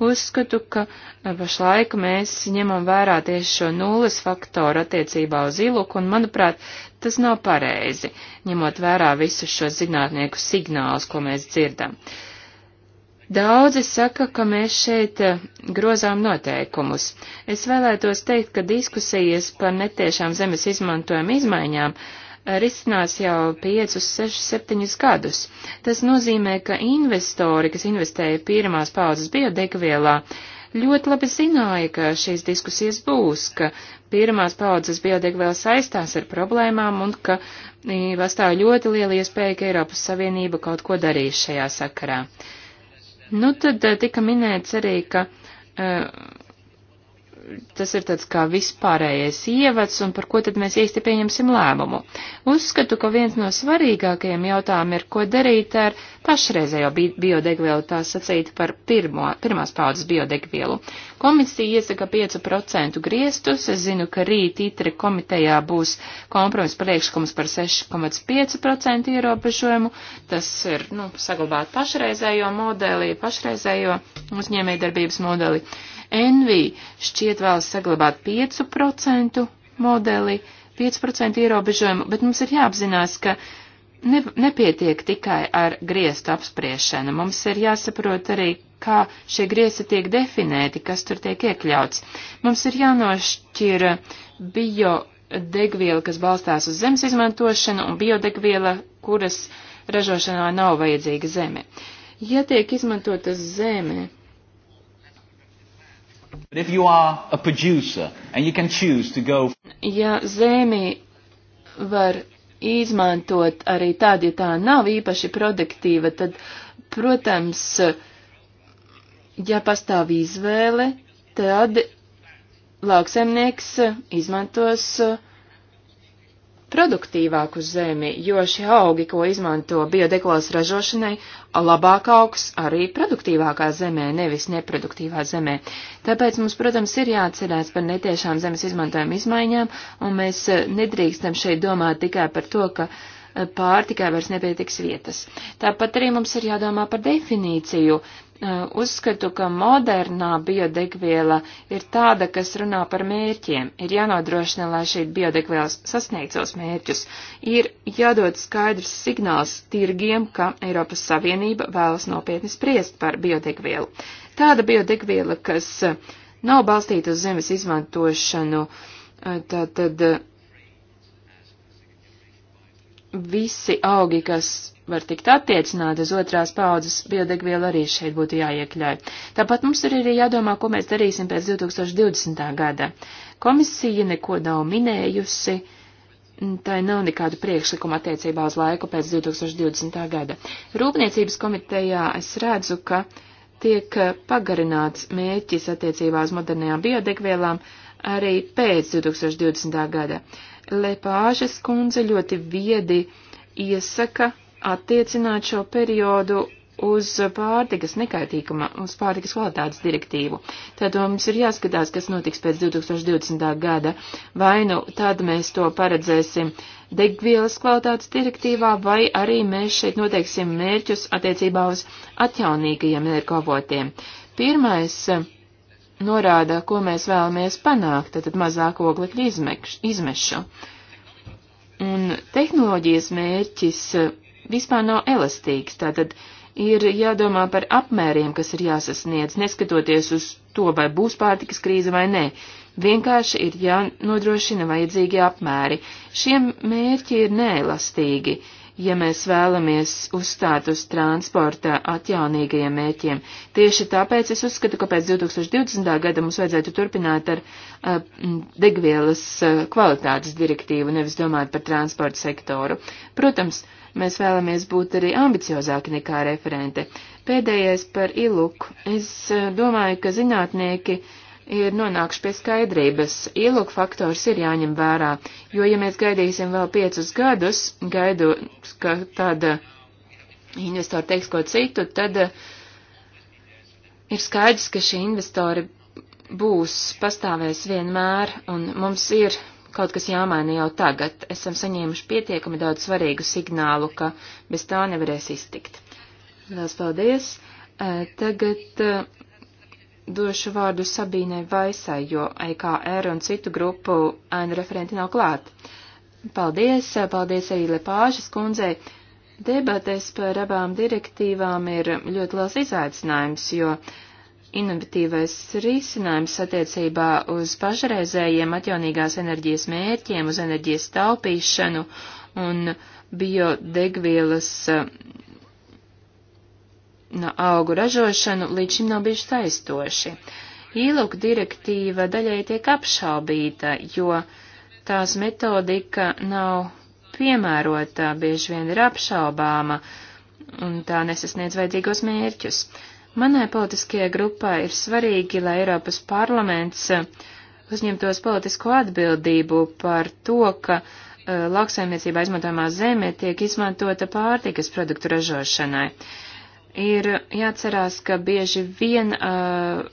Uzskatu, ka eh, pašlaik mēs ņemam vērā tieši šo nulles faktoru attiecībā uz iluku, un, manuprāt, tas nav pareizi, ņemot vērā visus šos zinātnieku signālus, ko mēs dzirdam. Daudzi saka, ka mēs šeit eh, grozām noteikumus. Es vēlētos teikt, ka diskusijas par netiešām zemes izmantojuma izmaiņām uh, risinās jau 5, 6, 7 gadus. Tas nozīmē, ka investori, kas investēja pirmās paudzes biodegvielā, ļoti labi zināja, ka šīs diskusijas būs, ka pirmās paudzes biodegviela saistās ar problēmām un ka pastāv ļoti liela iespēja, ka Eiropas Savienība kaut ko darīs šajā sakarā. Nu tad tika minēts arī, ka uh, tas ir tāds kā vispārējais ievads un par ko tad mēs īsti pieņemsim lēmumu. Uzskatu, ka viens no svarīgākajiem jautājumiem ir, ko darīt ar pašreizējo bi biodegvielu, tā sacīt par pirmo, pirmās paudzes biodegvielu. Komisija iesaka 5% griestus, es zinu, ka rīt itre komitejā būs kompromis priekšlikums par 6,5% ierobežojumu, tas ir, nu, saglabāt pašreizējo modeli, pašreizējo uzņēmējdarbības modeli. Uh, Envi šķiet vēlas saglabāt 5% modeli, 5% ierobežojumu, bet mums ir jāapzinās, ka ne, nepietiek tikai ar griestu apspriešanu. Mums ir jāsaprot arī, kā šie griesti tiek definēti, kas tur tiek iekļauts. Mums ir jānošķir bio degviela, kas balstās uz zemes izmantošanu, un biodegviela, kuras ražošanā nav vajadzīga zeme. Ja tiek izmantota zeme, Go... Ja zemi var izmantot arī tad, ja tā nav īpaši produktīva, tad, protams, ja pastāv izvēle, tad lauksemnieks izmantos uh, produktīvāk uz zemi, jo šie augi, ko izmanto biodegvielas ražošanai, labāk augs arī produktīvākā zemē, nevis neproduktīvā zemē. Tāpēc mums, protams, ir jāatcerās par netiešām zemes izmantojuma izmaiņām, un mēs eh, nedrīkstam šeit domāt tikai par to, ka eh, pārtikai vairs nepietiks vietas. Tāpat arī mums ir jādomā par definīciju, Uh, uzskatu, ka modernā biodegviela ir tāda, kas runā par mērķiem. Ir jānodrošina, lai šī biodegviela sasniegtu savus mērķus. Ir jādod skaidrs signāls tirgiem, ka Eiropas Savienība vēlas nopietni spriest par biodegvielu. Tāda biodegviela, kas uh, nav balstīta uz zemes izmantošanu, tātad uh, visi augi, kas var tikt attiecināta uz otrās paudzes biodegvielu arī šeit būtu jāiekļauj. Tāpat mums ir arī jādomā, ko mēs darīsim pēc 2020. gada. Komisija neko nav minējusi, tā nav nekādu priekšlikumu attiecībā uz laiku pēc 2020. gada. Rūpniecības komitejā es redzu, ka tiek pagarināts mērķis attiecībā uz modernajām biodegvielām arī pēc 2020. gada. Lepāžas kundze ļoti viedi iesaka attiecināt šo periodu uz pārtikas nekaitīguma, uz pārtikas kvalitātes direktīvu. Tad mums ir jāskatās, kas notiks pēc 2020. gada. Vai nu tad mēs to paredzēsim degvielas kvalitātes direktīvā, vai arī mēs šeit noteiksim mērķus attiecībā uz atjaunīgajiem energoavotiem. Pirmais eh, norāda, ko mēs vēlamies panākt, tad mazāk oglekļa izmešu. Un tehnoloģijas mērķis eh, vispār nav elastīgs, tātad ir jādomā par apmēriem, kas ir jāsasniedz, neskatoties uz to, vai būs pārtikas krīze vai nē. Vienkārši ir jānodrošina vajadzīgi apmēri. Šiem mērķi ir neelastīgi, ja mēs vēlamies uzstāt uz transporta atjaunīgajiem mērķiem. Tieši tāpēc es uzskatu, ka pēc 2020. gada mums vajadzētu turpināt ar uh, degvielas uh, kvalitātes direktīvu, nevis domāt par transporta sektoru. Protams, uh, Mēs vēlamies būt arī ambiciozāki nekā referente. Pēdējais par iluku. Es eh, domāju, ka zinātnieki ir nonākuši pie skaidrības. Ielūk faktors ir jāņem vērā, jo, ja mēs gaidīsim vēl piecus gadus, gaidu, ka tāda eh, investori teiks ko citu, tad eh, ir skaidrs, ka šie investori būs pastāvēs vienmēr, un mums ir kaut kas jāmaina jau tagad. Esam saņēmuši pietiekami daudz svarīgu signālu, ka bez tā nevarēs iztikt. Lielas paldies! Tagad došu vārdu Sabīnai Vaisai, jo EKR un citu grupu ēnu referenti nav klāt. Paldies, paldies arī Lepāžas kundzei. Debatēs par abām direktīvām ir ļoti liels izaicinājums, jo uh, inovatīvais risinājums attiecībā uz pašreizējiem atjaunīgās enerģijas mērķiem, uz enerģijas taupīšanu un biodegvielas eh, no augu ražošanu līdz šim nav bijuši saistoši. Īlūk direktīva daļai tiek apšaubīta, jo tās metodika nav piemērota, bieži vien ir apšaubāma un tā nesasniedz vajadzīgos mērķus. Uh, Manai politiskajai grupai ir svarīgi, lai Eiropas parlaments eh, uzņemtos politisko atbildību par to, ka uh, lauksaimniecībā izmantojamā zeme tiek izmantota pārtikas produktu ražošanai. Ir jāatcerās, ka bieži vien uh,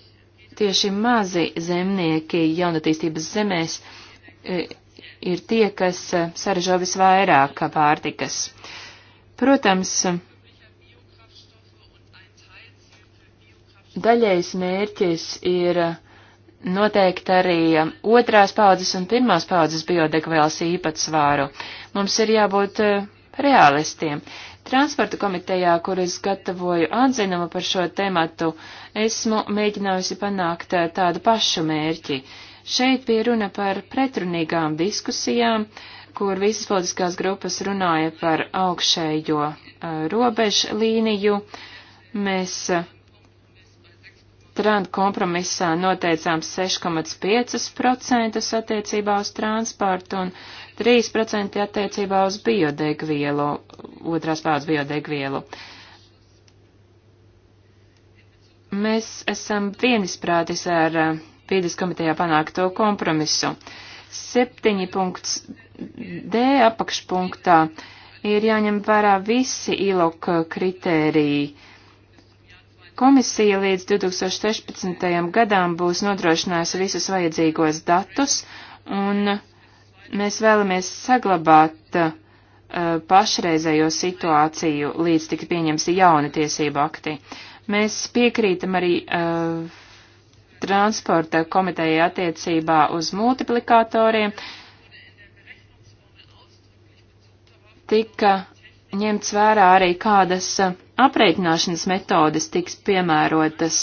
tieši mazi zemnieki jaunatīstības zemēs uh, ir tie, kas uh, saražo visvairāk pārtikas. Protams, uh, daļējs mērķis ir noteikti arī otrās paudzes un pirmās paudzes biodegvielas īpatsvāru. Mums ir jābūt eh, realistiem. Transporta komitejā, kur es gatavoju atzinumu par šo tematu, esmu mēģinājusi panākt eh, tādu pašu mērķi. Šeit bija runa par pretrunīgām diskusijām, kur visas politiskās grupas runāja par augšējo eh, robežu līniju. Mēs uh, Trend kompromisā noteicām 6,5% attiecībā uz transportu un 3% attiecībā uz biodegvielu, otrās paudzes biodegvielu. Mēs esam vienisprātis ar eh, Pīdas komitejā panākto kompromisu. 7.d apakšpunktā ir jāņem vērā visi ILOK kritēriji Komisija līdz 2016. gadām būs nodrošinājusi visus vajadzīgos datus, un mēs vēlamies saglabāt uh, pašreizējo situāciju, līdz tiks pieņemti jauni tiesību akti. Mēs piekrītam arī uh, transporta komitejai attiecībā uz multiplikatoriem. Tika ņemts vērā arī kādas eh, aprēķināšanas metodes tiks piemērotas.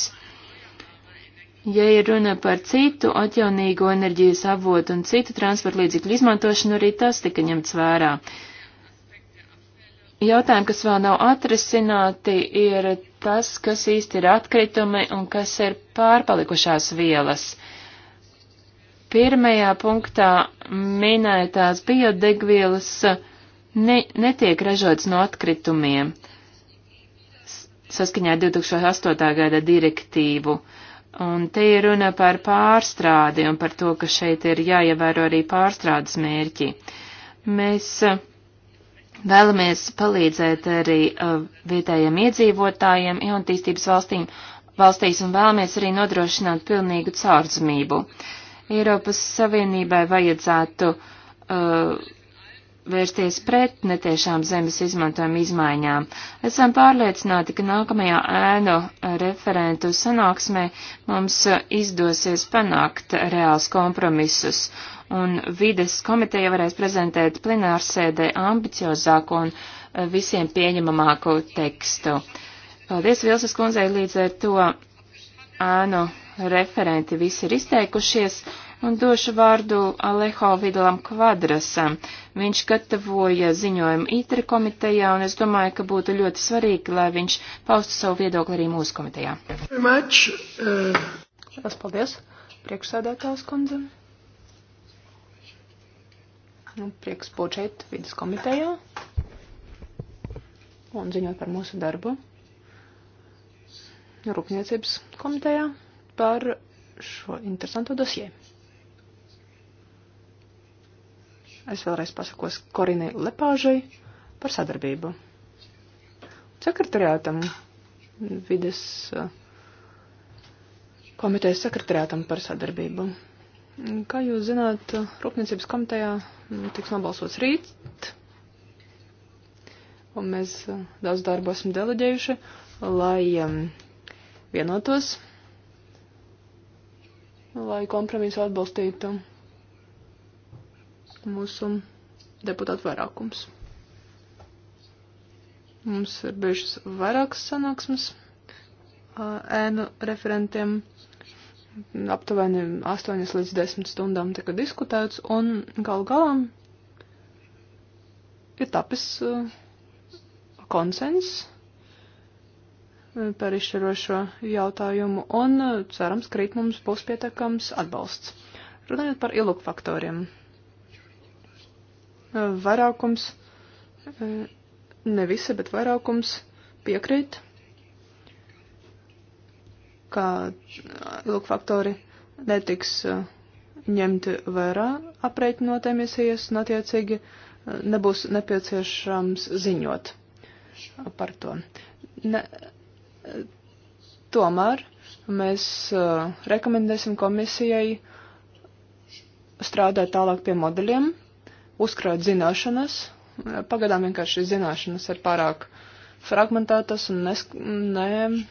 Ja ir runa par citu atjaunīgo enerģijas avotu un citu transporta līdzekļu izmantošanu, arī tas tika ņemts vērā. Jautājumi, kas vēl nav atrisināti, ir tas, kas īsti ir atkritumi un kas ir pārpalikušās vielas. Pirmajā punktā minētās biodegvielas uh, ne, netiek ražots no atkritumiem saskaņā 2008. gada direktīvu. Un te ir runa par pārstrādi un par to, ka šeit ir jāievēro arī pārstrādes mērķi. Mēs eh, vēlamies palīdzēt arī eh, vietējiem iedzīvotājiem, jaunatīstības valstīm, valstīs un vēlamies arī nodrošināt pilnīgu caurzmību. Eiropas Savienībai vajadzētu uh, vērsties pret netiešām zemes izmantojuma izmaiņām. Esam pārliecināti, ka nākamajā ēnu referentu sanāksmē mums izdosies panākt reāls kompromisus, un vides komiteja varēs prezentēt plenārsēdē ambiciozāku un visiem pieņemamāku tekstu. Paldies Vilsas kundzei līdz ar to ēnu referenti visi ir izteikušies un došu vārdu Alejo Vidalam Kvadrasam. Viņš gatavoja ziņojumu ITRE komitejā, un es domāju, ka būtu ļoti svarīgi, lai viņš paustu savu viedokli arī mūsu komitejā. Much, uh... Lielas paldies, priekšsēdētājs kundze. Nu, prieks būt šeit vidas komitejā un ziņot par mūsu darbu Rūpniecības komitejā par šo interesantu dosieru. Es vēlreiz pasakos Korinai Lepāžai par sadarbību. Sekretariātam, vides eh, komitejas sekretariātam par sadarbību. Kā jūs zināt, Rūpniecības komitejā mm, tiks nobalsots rīt, un mēs eh, daudz darbu esam deleģējuši, lai um, vienotos, lai kompromisu atbalstītu mūsu deputātu vairākums. Mums ir bijušas vairākas sanāksmes ēnu referentiem. Aptuveni 8 līdz 10 stundām tika diskutēts, un gal galā ir tapis konsens par izšķirošo jautājumu, un cerams, krīt mums būs pietiekams atbalsts. Runājot par ilgu faktoriem vairākums, e, ne visi, bet vairākums piekrīt, ka lūk faktori netiks e, ņemti vērā aprēķinot emisijas un attiecīgi e, nebūs nepieciešams ziņot par to. Ne, tomēr mēs rekomendēsim komisijai strādāt tālāk pie modeļiem uzkrāt zināšanas. Pagadām vienkārši zināšanas ir pārāk fragmentētas un nes, ne,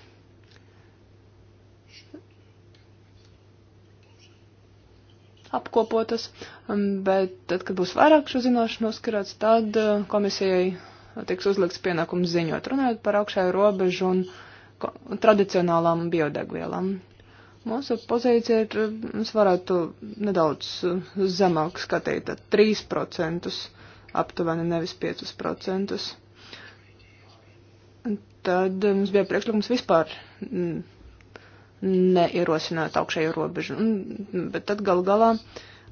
apkopotas, bet tad, kad būs vairāk šo zināšanu uzkarāts, tad uh, komisijai tiks uzlikts pienākums ziņot, runājot par augšēju robežu un tradicionālām biodegvielām. Mūsu pozīcija ir, mums varētu nedaudz uh, zemāk skatīt, tad 3% aptuveni, nevis 5%. Tad uh, mums bija priekšlikums vispār mm, neierosināt augšējo robežu, mm, bet tad galu galā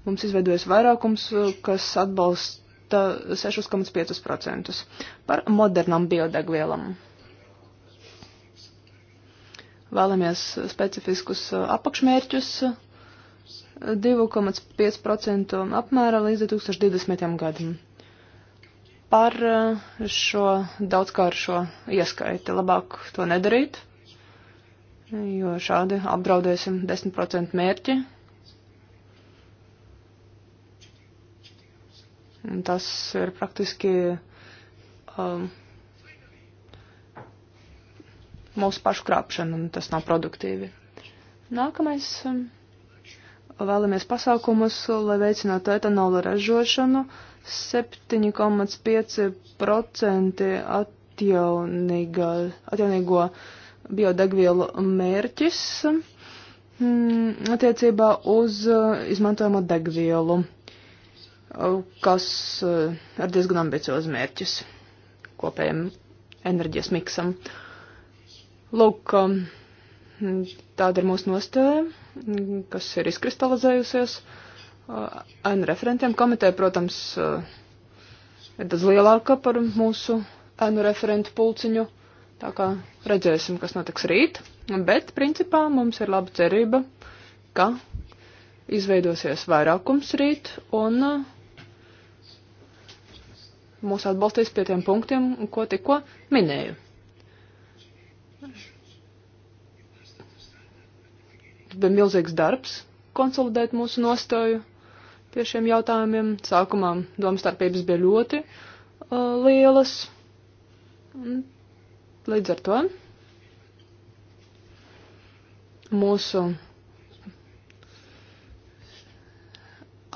mums izveidojas vairākums, uh, kas atbalsta 6,5% par modernām biodegvielām vēlamies specifiskus uh, apakšmērķus 2,5% uh, apmērā līdz 2020. gadam. Par uh, šo daudzkāršo ieskaiti labāk to nedarīt, jo šādi apdraudēsim 10% mērķi. Un tas ir praktiski um, mūsu pašu krāpšana, un tas nav produktīvi. Nākamais um, vēlamies pasākumus, lai veicinātu etanola ražošanu. 7,5% atjaunīgo biodegvielu mērķis mm, attiecībā uz uh, izmantojamo degvielu, uh, kas uh, ir diezgan ambiciozs mērķis kopējiem enerģijas miksam. Uh, Lūk, um, tāda ir mūsu nostāja, kas ir izkristalizējusies. Uh, N referentiem komiteja, protams, uh, ir daudz lielāka par mūsu N referentu pulciņu, tā kā redzēsim, kas notiks rīt, bet principā mums ir laba cerība, ka izveidosies vairākums rīt un uh, mūs atbalstīs pie tiem punktiem, ko tikko minēju. Tas bija milzīgs darbs konsolidēt mūsu nostāju pie šiem jautājumiem. Sākumā domstarpības bija ļoti uh, lielas. Līdz ar to mūsu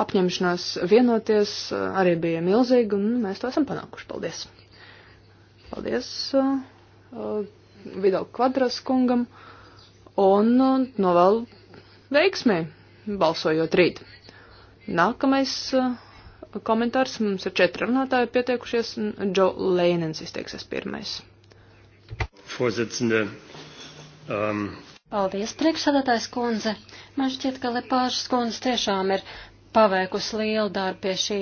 apņemšanās vienoties uh, arī bija milzīga, un mēs to esam panākuši. Paldies! Paldies! Uh, uh, Vidal Kvadras kungam un nu, novēlu veiksmē balsojot rīt. Nākamais uh, komentārs mums ir četri runātāji pietiekušies. Džo Leinens izteiksies pirmais. Vorsitzende, um... Paldies, priekšsādātājs kundze. Man šķiet, ka Lepāžas kundze tiešām ir paveikusi lielu darbu pie šī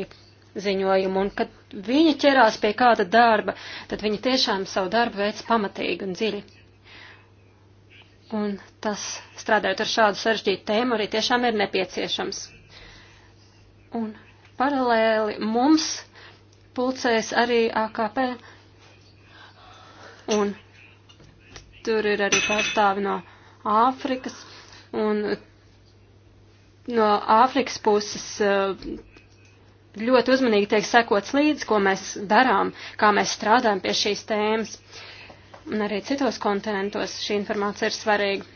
ziņojumu, un kad viņi ķerās pie kāda darba, tad viņi tiešām savu darbu veic pamatīgi un dziļi. Un tas, strādājot ar šādu sarežģītu tēmu, arī tiešām ir nepieciešams. Un paralēli mums pulcēs arī AKP, un tur ir arī pārstāvi no Āfrikas, un no Āfrikas puses uh, ļoti uzmanīgi tiek sekots līdzi, ko mēs darām, kā mēs strādājam pie šīs tēmas. Un arī citos kontinentos šī informācija ir svarīga.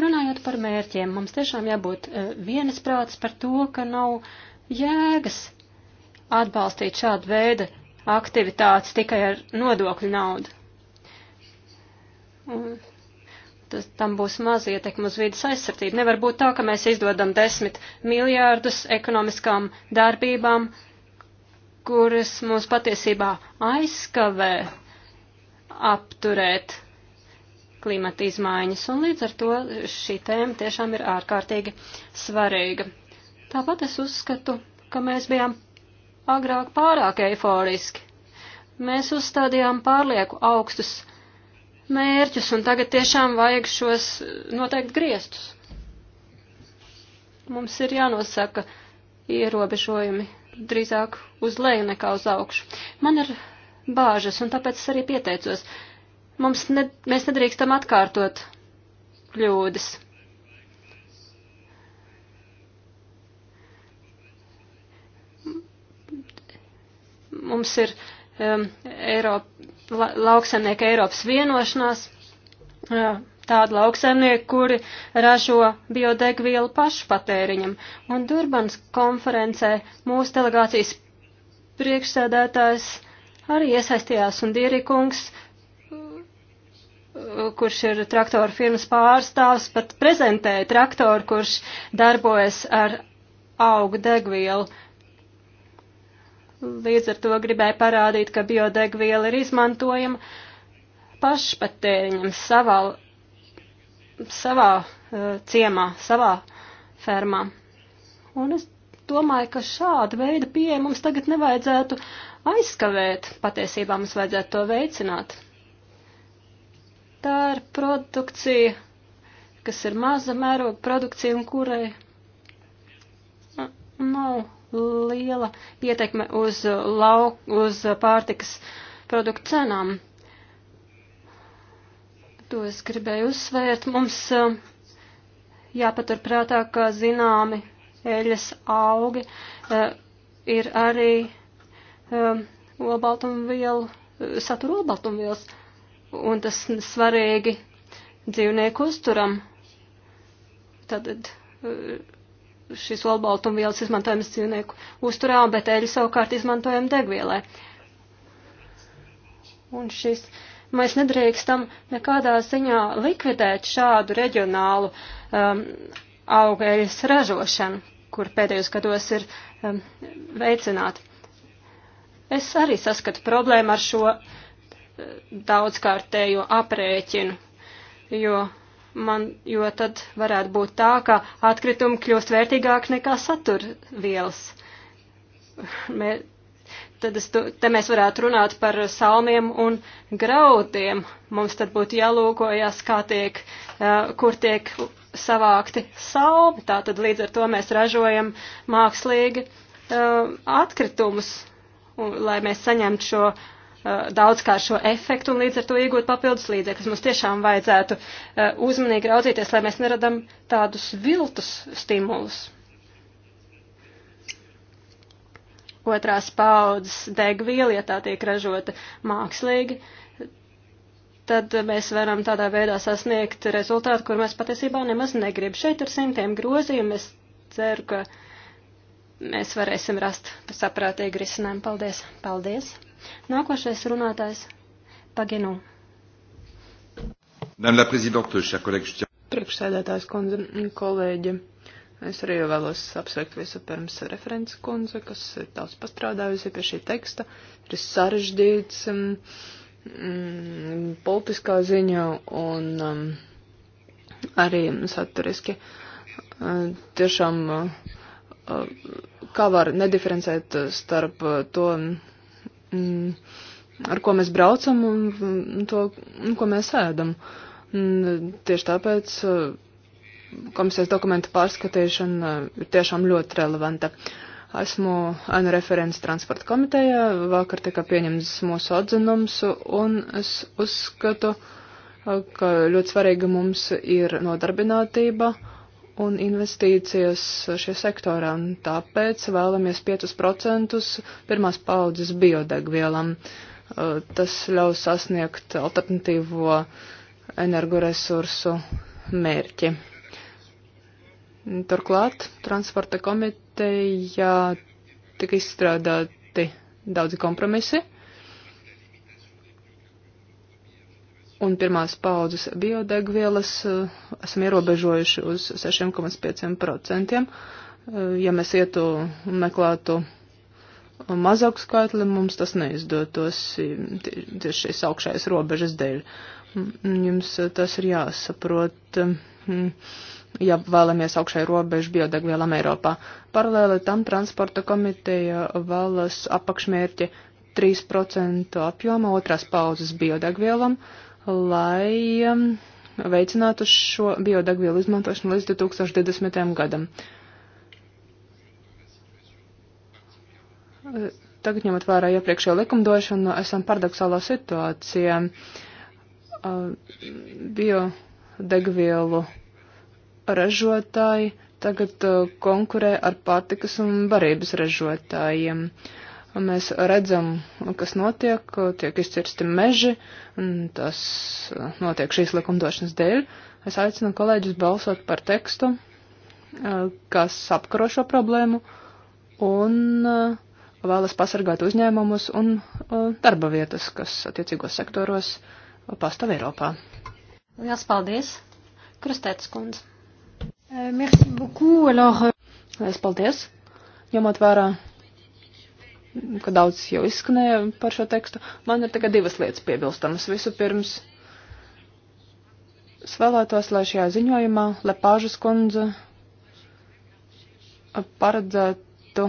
Runājot par mērķiem, mums tiešām jābūt eh, vienas prātas par to, ka nav jēgas atbalstīt šādu veidu aktivitātes tikai ar nodokļu naudu. Un tas, tam būs maz ietekme uz vidas aizsardzību. Nevar būt tā, ka mēs izdodam desmit miljārdus ekonomiskām darbībām, kuras mūs patiesībā aizskavē apturēt klimata izmaiņas, un līdz ar to šī tēma tiešām ir ārkārtīgi svarīga. Tāpat es uzskatu, ka mēs bijām agrāk pārāk eiforiski. Mēs uzstādījām pārlieku augstus mērķus, un tagad tiešām vajag šos eh, noteikt griestus. Mums ir jānosaka ierobežojumi drīzāk uz leju nekā uz augšu. Man ir bāžas, un tāpēc es arī pieteicos. Mums ne, mēs nedrīkstam atkārtot kļūdas. Mums ir um, Eiropa la, lauksaimnieku Eiropas vienošanās, tādu lauksaimnieku, kuri ražo biodegvielu pašpatēriņam. Un Durbans konferencē mūsu delegācijas priekšsēdētājs arī iesaistījās un Dierikungs, kurš ir traktoru firmas pārstāvs, pat prezentēja traktoru, kurš darbojas ar augu degvielu Līdz ar to gribēju parādīt, ka biodegviela ir izmantojama pašpatēriņam savā, savā uh, ciemā, savā fermā. Un es domāju, ka šāda veida pieeja mums tagad nevajadzētu aizskavēt, patiesībā mums vajadzētu to veicināt. Tā ir produkcija, kas ir maza mēroga produkcija un kurai nav nu, liela ietekme uz, lau, uz pārtikas produktu cenām. To es gribēju uzsvērt. Mums eh, jāpaturprātā, ka zināmi eļas augi eh, ir arī eh, olbaltumvielu, satura olbaltumvielas, un tas svarīgi dzīvnieku uzturam. Tad šīs olbaltumvielas izmantojams dzīvnieku uzturā, bet eļļu savukārt izmantojam degvielai. Un šis, mēs nedrīkstam nekādā ziņā likvidēt šādu reģionālu um, augēļas ražošanu, kur pēdējos gados ir um, veicināta. Es arī saskatu problēmu ar šo uh, daudzkārtējo aprēķinu, jo man, jo tad varētu būt tā, ka atkritumi kļūst vērtīgāk nekā satura vielas. Mē, tad es, te mēs varētu runāt par salmiem un graudiem. Mums tad būtu jālūkojas, kā tiek, eh, kur tiek savākti salmi. Tātad līdz ar to mēs ražojam mākslīgi eh, atkritumus, lai mēs saņemtu šo Eh, daudzkāršo efektu un līdz ar to iegūt papildus līdzekļus. Mums tiešām vajadzētu eh, uzmanīgi raudzīties, lai mēs neradam tādus viltus stimulus. Otrās paudzes degviela, ja tā tiek ražota mākslīgi, tad mēs varam tādā veidā sasniegt rezultātu, kur mēs patiesībā nemaz negrib. Šeit ir simtiem grozījumu, es ceru, ka mēs varēsim rast saprātīgu risinājumu. Paldies! Paldies! Nākošais runātājs Pagenu. Priekšsēdētājs kundze, kolēģi, es arī vēlos apsveikt visu pirms referents kundze, kas ir daudz pastrādājusi pie šī teksta, ir sarežģīts um, politiskā ziņa un um, arī saturiski. Uh, tiešām, uh, kā var nediferencēt starp to. Um, Mm, ar ko mēs braucam un to, un ko mēs ēdam. Un tieši tāpēc uh, komisijas dokumentu pārskatīšana uh, ir tiešām ļoti relevanta. Esmu ēnu referents transporta komitejā, vakar tika pieņemts mūsu atzinums, un es uzskatu, uh, ka ļoti svarīga mums ir nodarbinātība un investīcijas šajā sektorā, un tāpēc vēlamies 5% pirmās paudzes biodegvielam. Uh, tas ļaus sasniegt alternatīvo energoresursu mērķi. Turklāt transporta komitejā tika izstrādāti daudzi kompromisi. Uh, un pirmās paudzes biodegvielas eh, esam ierobežojuši uz 6,5%. Eh, ja mēs ietu un meklētu mazāku skaitli, mums tas neizdotos tieši šīs augšējas robežas dēļ. Jums tas ir jāsaprot, ja vēlamies augšēju robežu biodegvielām Eiropā. Paralēli tam transporta komiteja vēlas apakšmērķi 3% apjoma otrās paudzes biodegvielam. Uh, lai um, veicinātu šo biodegvielu izmantošanu līdz 2020. gadam. Uh, tagad ņemot vērā iepriekšējo likumdošanu, esam paradoxālā situācijā. Uh, biodegvielu ražotāji tagad uh, konkurē ar pārtikas un barības ražotājiem. Uh, Mēs redzam, kas notiek, tiek izcirsti meži, un tas uh, notiek šīs likumdošanas dēļ. Es aicinu kolēģus balsot par tekstu, uh, kas apkaro šo problēmu un uh, vēlas pasargāt uzņēmumus un darba vietas, kas attiecīgos sektoros pastāv Eiropā. Lielas paldies! Krustētas kundze! Euh, merci beaucoup. Alors, es euh, paldies. Ņemot vērā ka daudz jau izskanēja par šo tekstu. Man ir tikai divas lietas piebilstamas. Vispirms, es vēlētos, lai šajā ziņojumā Lepāžas kundze paredzētu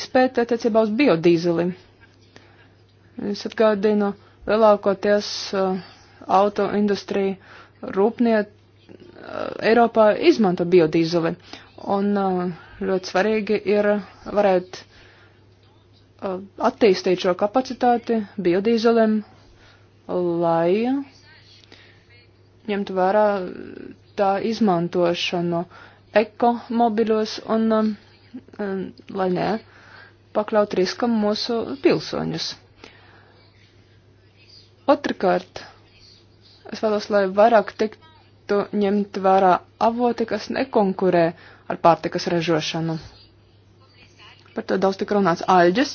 izpēti attiecībā uz biodīzeli. Es atgādinu, lielākoties uh, auto industrija rūpniet uh, Eiropā izmanto biodīzeli. Un uh, ļoti svarīgi ir varēt uh, attīstīt šo kapacitāti biodīzeliem, lai ņemtu vērā tā izmantošanu ekomobiļos un um, um, lai nē, pakļaut riskam mūsu pilsoņus. Otrakārt, es vēlos, lai vairāk tiktu ņemt vērā avoti, kas nekonkurē ar pārtikas ražošanu. Par to daudz tika runāts aļģes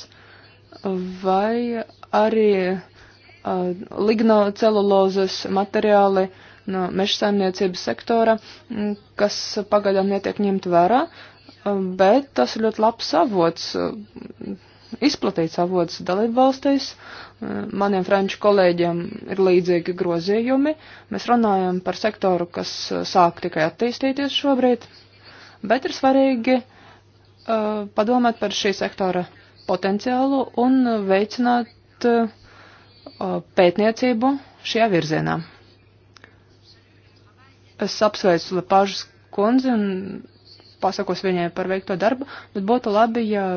vai arī uh, lignocelulozes materiāli no meža saimniecības sektora, kas pagaidām netiek ņemt vērā, bet tas ir ļoti labs avots, izplatīts avots dalību valstīs. Maniem franču kolēģiem ir līdzīgi grozījumi. Mēs runājam par sektoru, kas sāk tikai attīstīties šobrīd bet ir svarīgi uh, padomāt par šī sektora potenciālu un veicināt uh, pētniecību šajā virzienā. Es apsveicu Lepāžas kundzi un pasakos viņai par veikto darbu, bet būtu labi, ja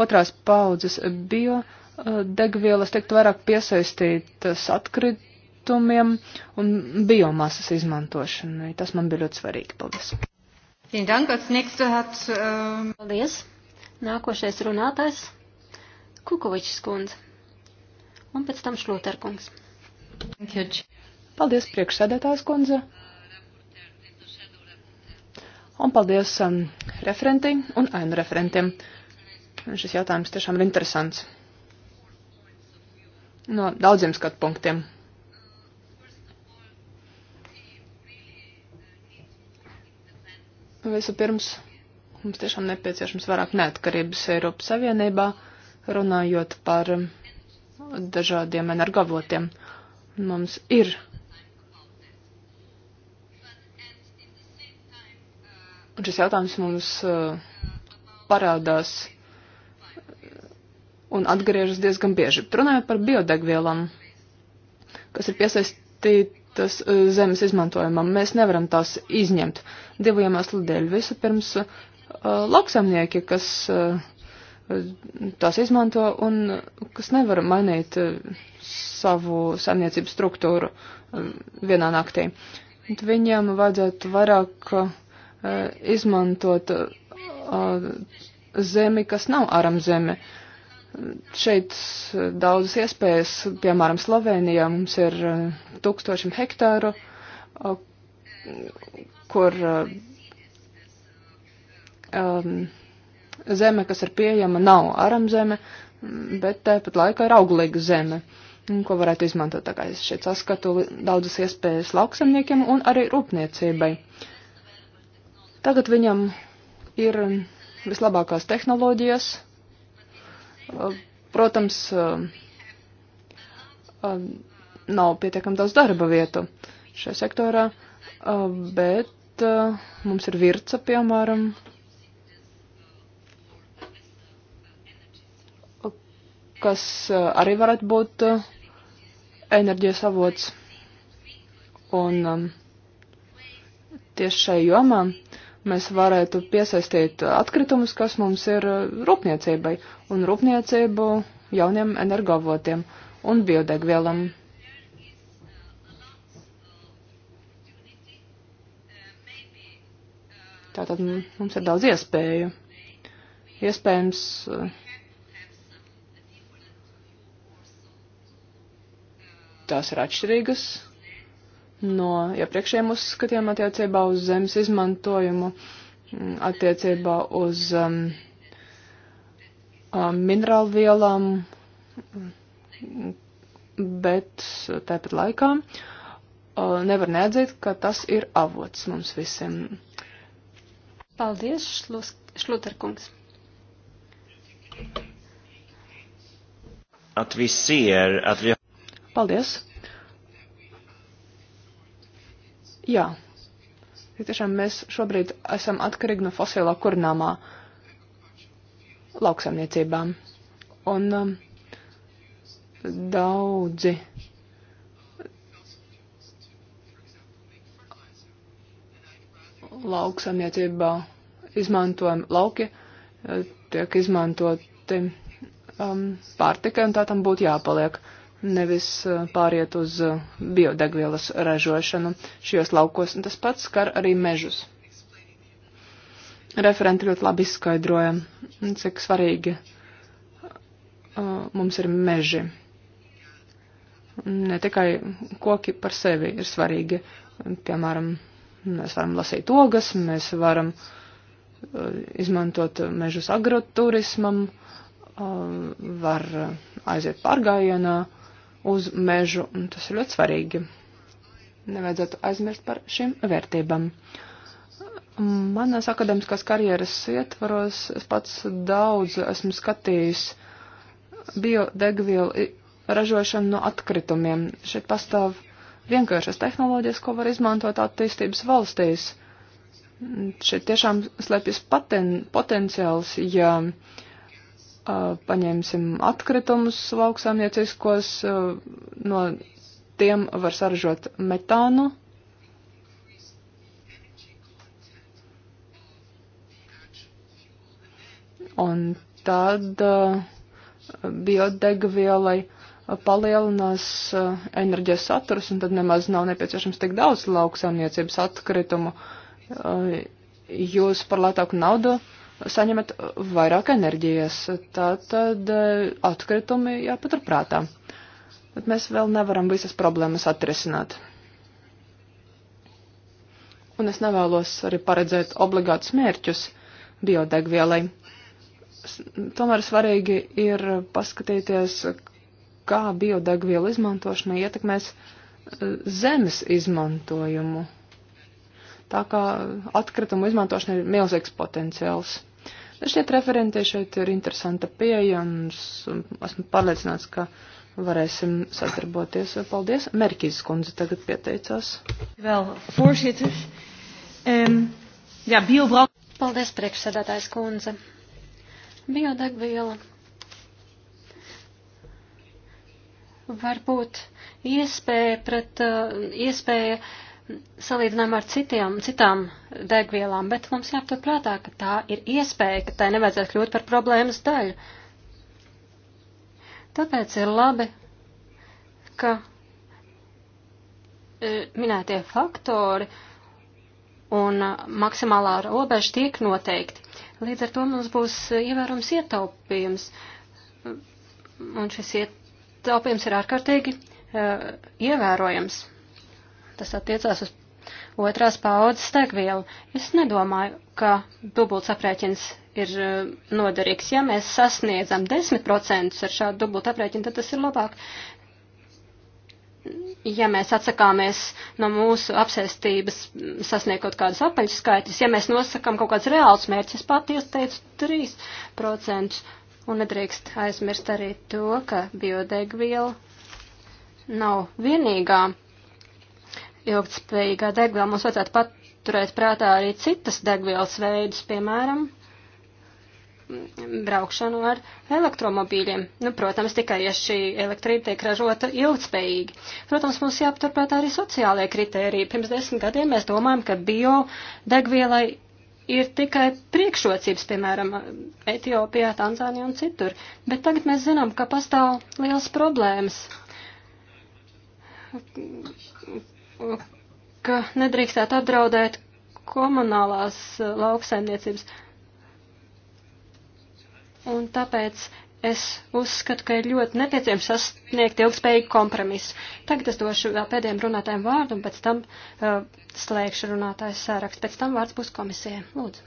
otrās paudzes bio uh, degvielas tiktu vairāk piesaistītas atkritumiem un biomasas izmantošanai. Tas man bija ļoti svarīgi. Paldies! Ähm, paldies! Nākošais runātājs - Kukovičs kundze. Un pēc tam Šloterkungs. Paldies, priekšsēdētājs kundze. Un paldies um, referentei un ainu referentiem. Šis jautājums tiešām ir interesants. No daudziem skatu punktiem. Vispirms mums tiešām nepieciešams vairāk neatkarības Eiropas Savienībā, runājot par dažādiem energoavotiem. Mums ir Un šis jautājums mums uh, parādās un atgriežas diezgan bieži. Runājot par biodegvielām, kas ir piesaistīti tas e, zemes izmantojumam. Mēs nevaram tās izņemt divu iemeslu dēļ. Vispirms e, lauksamnieki, kas e, tās izmanto un kas nevar mainīt savu saimniecību struktūru vienā naktī. Viņiem vajadzētu vairāk izmantot zemi, kas nav aram zeme. Uh, Šeit daudzas iespējas, piemēram, Slovenijā mums ir uh, tūkstošiem hektāru, uh, kur uh, um, zeme, kas ir pieejama, nav aramzeme, bet tāpat laikā ir auglīga zeme, ko varētu izmantot. Tā kā es šeit saskatu daudzas iespējas lauksamniekiem un arī rūpniecībai. Tagad viņam ir vislabākās tehnoloģijas Eh, protams, eh, eh, nav pietiekami daudz darba vietu šajā sektorā, bet mums ir virca, piemēram, kas arī varētu būt enerģijas avots. Un tieši šai jomā mēs varētu piesaistīt atkritumus, kas mums ir uh, rūpniecībai un rūpniecību jauniem energovotiem un biodegvielam. Tātad mums ir daudz iespēju. Iespējams, uh, tās ir atšķirīgas, no iepriekšējiem uzskatiem attiecībā uz zemes izmantojumu, mm, attiecībā uz um, um minerālvielām, mm, bet tāpat laikā uh, nevar neatzīt, ka tas ir avots mums visiem. Paldies, Šluterkungs. At vi ser, at vi... Paldies. Jā, ja tiešām mēs šobrīd esam atkarīgi no fosilā kurināmā lauksaimniecībām. Un um, daudzi lauksaimniecībā izmantojami lauki tiek izmantoti um, pārtika, un tā tam būtu jāpaliek. Uh, nevis eh, pāriet uz eh, biodegvielas ražošanu šajos laukos, un tas pats skar arī mežus. Referenti ļoti labi izskaidroja, cik svarīgi uh, mums ir meži. Ne tikai koki par sevi ir svarīgi, piemēram, mēs varam lasīt ogas, mēs varam uh, izmantot mežus agroturismam, uh, var aiziet pārgājienā, uh, uz mežu, un tas ir ļoti svarīgi. Nevajadzētu aizmirst par šīm vērtībām. Manas akadēmiskās karjeras ietvaros es pats daudz esmu skatījis biodegvielu ražošanu no atkritumiem. Šeit pastāv vienkāršas tehnoloģijas, ko var izmantot attīstības valstīs. Šeit tiešām slēpjas paten, potenciāls, ja uh, paņemsim atkritumus lauksāmnieciskos, no tiem var saražot metānu. Un tad biodegvielai palielinās enerģijas saturs, un tad nemaz nav nepieciešams tik daudz lauksāmniecības atkritumu. Jūs par lētāku naudu uh, saņemat vairāk enerģijas. Tā tad eh, atkritumi jāpaturprātā. Bet mēs vēl nevaram visas problēmas atrisināt. Un es nevēlos arī paredzēt obligātus mērķus biodegvielai. Tomēr svarīgi ir paskatīties, kā biodegvielu izmantošana ietekmēs eh, zemes izmantojumu. Tā kā atkritumu izmantošana ir milzīgs potenciāls. Šķiet, referentē šeit ir interesanta pieeja, un esmu pārliecināts, ka varēsim sadarboties. Paldies. Merkīs kundze tagad pieteicās. Vēl, voorzitter. Um, ehm, jā, biobrauc. Paldies, priekšsēdētājs kundze. Biodegviela varbūt iespēja pret, uh, iespēja salīdzinājumā ar citiem, citām degvielām, bet mums jāpatur prātā, ka tā ir iespēja, ka tai nevajadzētu kļūt par problēmas daļu. Tāpēc ir labi, ka e, minētie faktori un e, maksimālā robeža tiek noteikti. Līdz ar to mums būs ievērums ietaupījums, un šis ietaupījums ir ārkārtīgi uh, ievērojams tas attiecās uz otrās paudzes degvielu. Es nedomāju, ka dubultaprēķins ir eh, noderīgs. Ja mēs sasniedzam 10% ar šādu dubultaprēķinu, tad tas ir labāk. Ja mēs atsakāmies no mūsu apsēstības sasniekot kādus apaļus skaitļus, ja mēs nosakam kaut kāds reāls mērķis, es pat ieteicu 3%. Un nedrīkst aizmirst arī to, ka biodegviela nav vienīgā ilgtspējīgā degviela, mums vajadzētu paturēt prātā arī citas degvielas veidus, piemēram, braukšanu ar elektromobīļiem. Nu, protams, tikai ja šī elektrība tiek ražota ilgtspējīgi. Protams, mums jāpaturprāt arī sociālajie kritēriji. Pirms desmit gadiem mēs domājam, ka biodegvielai ir tikai priekšrocības, piemēram, Etiopijā, Tanzānijā un citur. Bet tagad mēs zinām, ka pastāv liels problēmas ka nedrīkstētu apdraudēt komunālās eh, lauksaimniecības. Un tāpēc es uzskatu, ka ir ļoti nepieciešams sasniegt ilgspējīgu kompromisu. Tagad es došu vēl pēdējiem runātājiem vārdu, un pēc tam uh, slēgšu runātājs sārakstu. Pēc tam vārds būs komisijai. Lūdzu.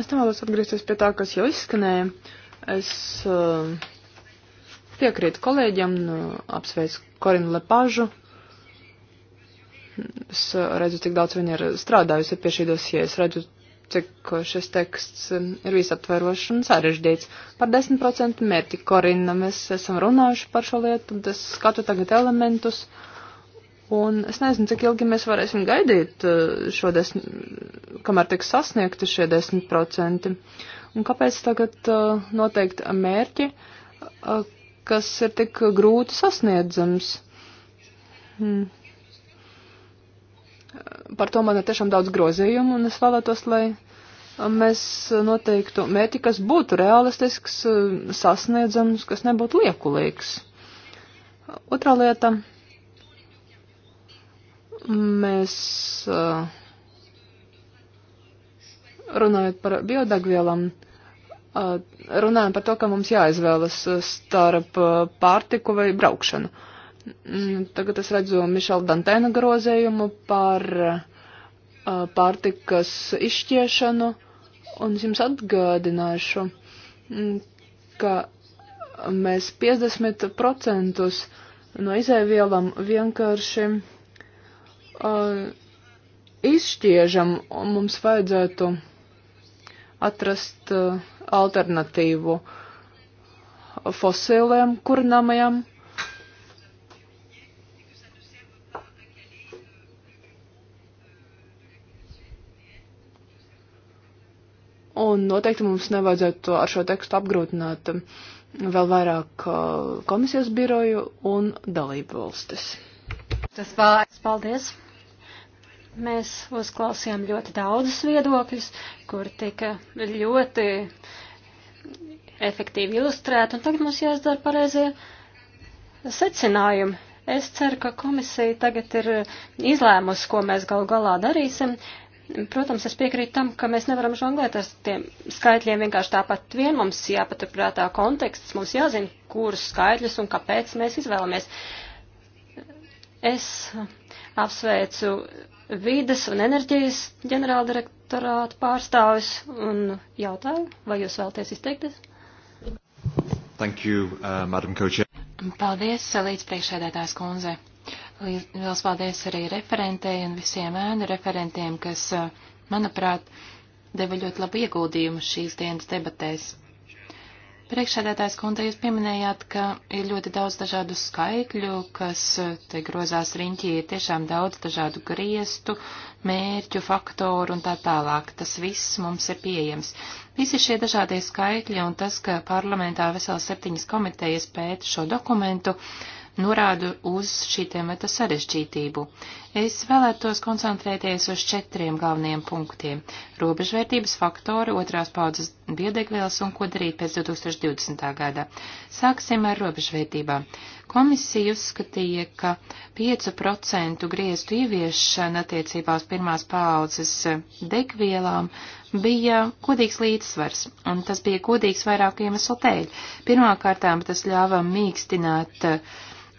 Es nevēlos atgriezties pie tā, kas jau izskanēja. Es uh, piekrītu kolēģiem, nu, apsveicu Korinu Lepāžu. Es redzu, cik daudz viņa ir strādājusi pie šī dosie. Es redzu, cik šis teksts ir visaptverošs un sarežģīts. Par 10% mērķi Korina mēs esam runājuši par šo lietu, un es skatu tagad elementus. Un es nezinu, cik ilgi mēs varēsim gaidīt eh, šo desmit, kamēr tiks sasniegti šie 10%. Un kāpēc tagad eh, noteikti mērķi? Eh, kas ir tik grūti sasniedzams. Hmm. Par to man ir tiešām daudz grozījumu, un es vēlētos, lai mēs noteiktu mērķi, kas būtu realistisks, sasniedzams, kas nebūtu liekulīgs. Otrā lieta. Mēs uh, runājot par biodegvielām. Uh, runājam par to, ka mums jāizvēlas starp pārtiku vai braukšanu. Mm, tagad es redzu Mišela Dantēna grozējumu par pārtikas izšķiešanu, un es jums atgādināšu, mm, ka mēs 50% no izēvielam vienkārši uh, izšķiežam, un mums vajadzētu atrast uh, alternatīvu fosiliem kurināmajam. Un noteikti mums nevajadzētu ar šo tekstu apgrūtināt vēl vairāk uh, komisijas biroju un dalību valstis. Tas vēl aizpaldies. Mēs uzklausījām ļoti daudzus viedokļus, kur tika ļoti efektīvi ilustrēti, un tagad mums jāizdara pareizie secinājumi. Es ceru, ka komisija tagad ir izlēmusi, ko mēs gal galā darīsim. Protams, es piekrītu tam, ka mēs nevaram žonglēt ar tiem skaitļiem vienkārši tāpat vien. Mums jāpaturprātā konteksts, mums jāzina, kurus skaitļus un kāpēc mēs izvēlamies. Es Apsveicu vīdes un enerģijas ģenerāldirektorātu pārstāvis un jautāju, vai jūs vēlties izteikties? Thank you, uh, Madam Koče. Paldies, līdzpriekšēdētājs kundze. Liels paldies arī referentei un visiem ēnu referentiem, kas, uh, manuprāt, deva ļoti labu ieguldījumu šīs dienas debatēs. Priekšsēdētājs kundze, jūs pieminējāt, ka ir ļoti daudz dažādu skaitļu, kas eh, te grozās riņķī, ir tiešām daudz dažādu griestu, mērķu, faktoru un tā tālāk. Tas viss mums ir pieejams. Visi šie dažādie skaitļi un tas, ka parlamentā vesels septiņas komitejas pēta šo dokumentu, uh, norādu uz šī temata sarežģītību. Es vēlētos koncentrēties uz četriem galvenajiem punktiem - robežvērtības faktori, otrās paudzes biodegvielas un ko darīt pēc 2020. gada. Sāksim ar robežvērtībām. Komisija uzskatīja, ka 5% grieztu ieviešana attiecībā uz pirmās paudzes degvielām bija godīgs līdzsvars, un tas bija godīgs vairāku iemeslu dēļ. Pirmkārtām tas ļāva mīkstināt uh,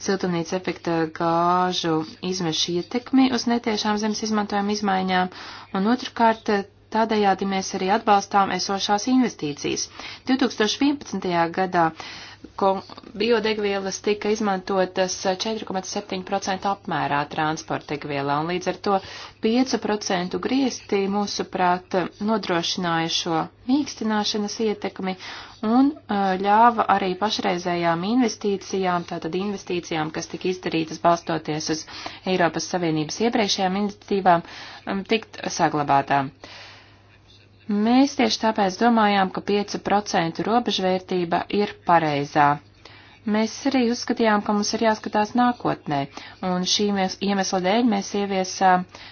siltumnīca efekta gāžu izmešu ietekmi uz netiešām zemes izmantojuma izmaiņām, un otrkārt tādējādi mēs arī atbalstām esošās investīcijas. 2011. gadā biodegvielas tika izmantotas 4,7% apmērā transporta degvielā, un līdz ar to 5% griezti mūsuprāt nodrošināja šo mīkstināšanas ietekmi, un ļāva arī pašreizējām investīcijām, tātad investīcijām, kas tika izdarītas balstoties uz Eiropas Savienības iepriekšējām iniciatīvām, um, tikt saglabātām. Mēs tieši tāpēc domājām, ka 5% robežvērtība ir pareizā. Mēs arī uzskatījām, ka mums ir jāskatās nākotnē, un šī iemesla dēļ mēs ieviesām uh,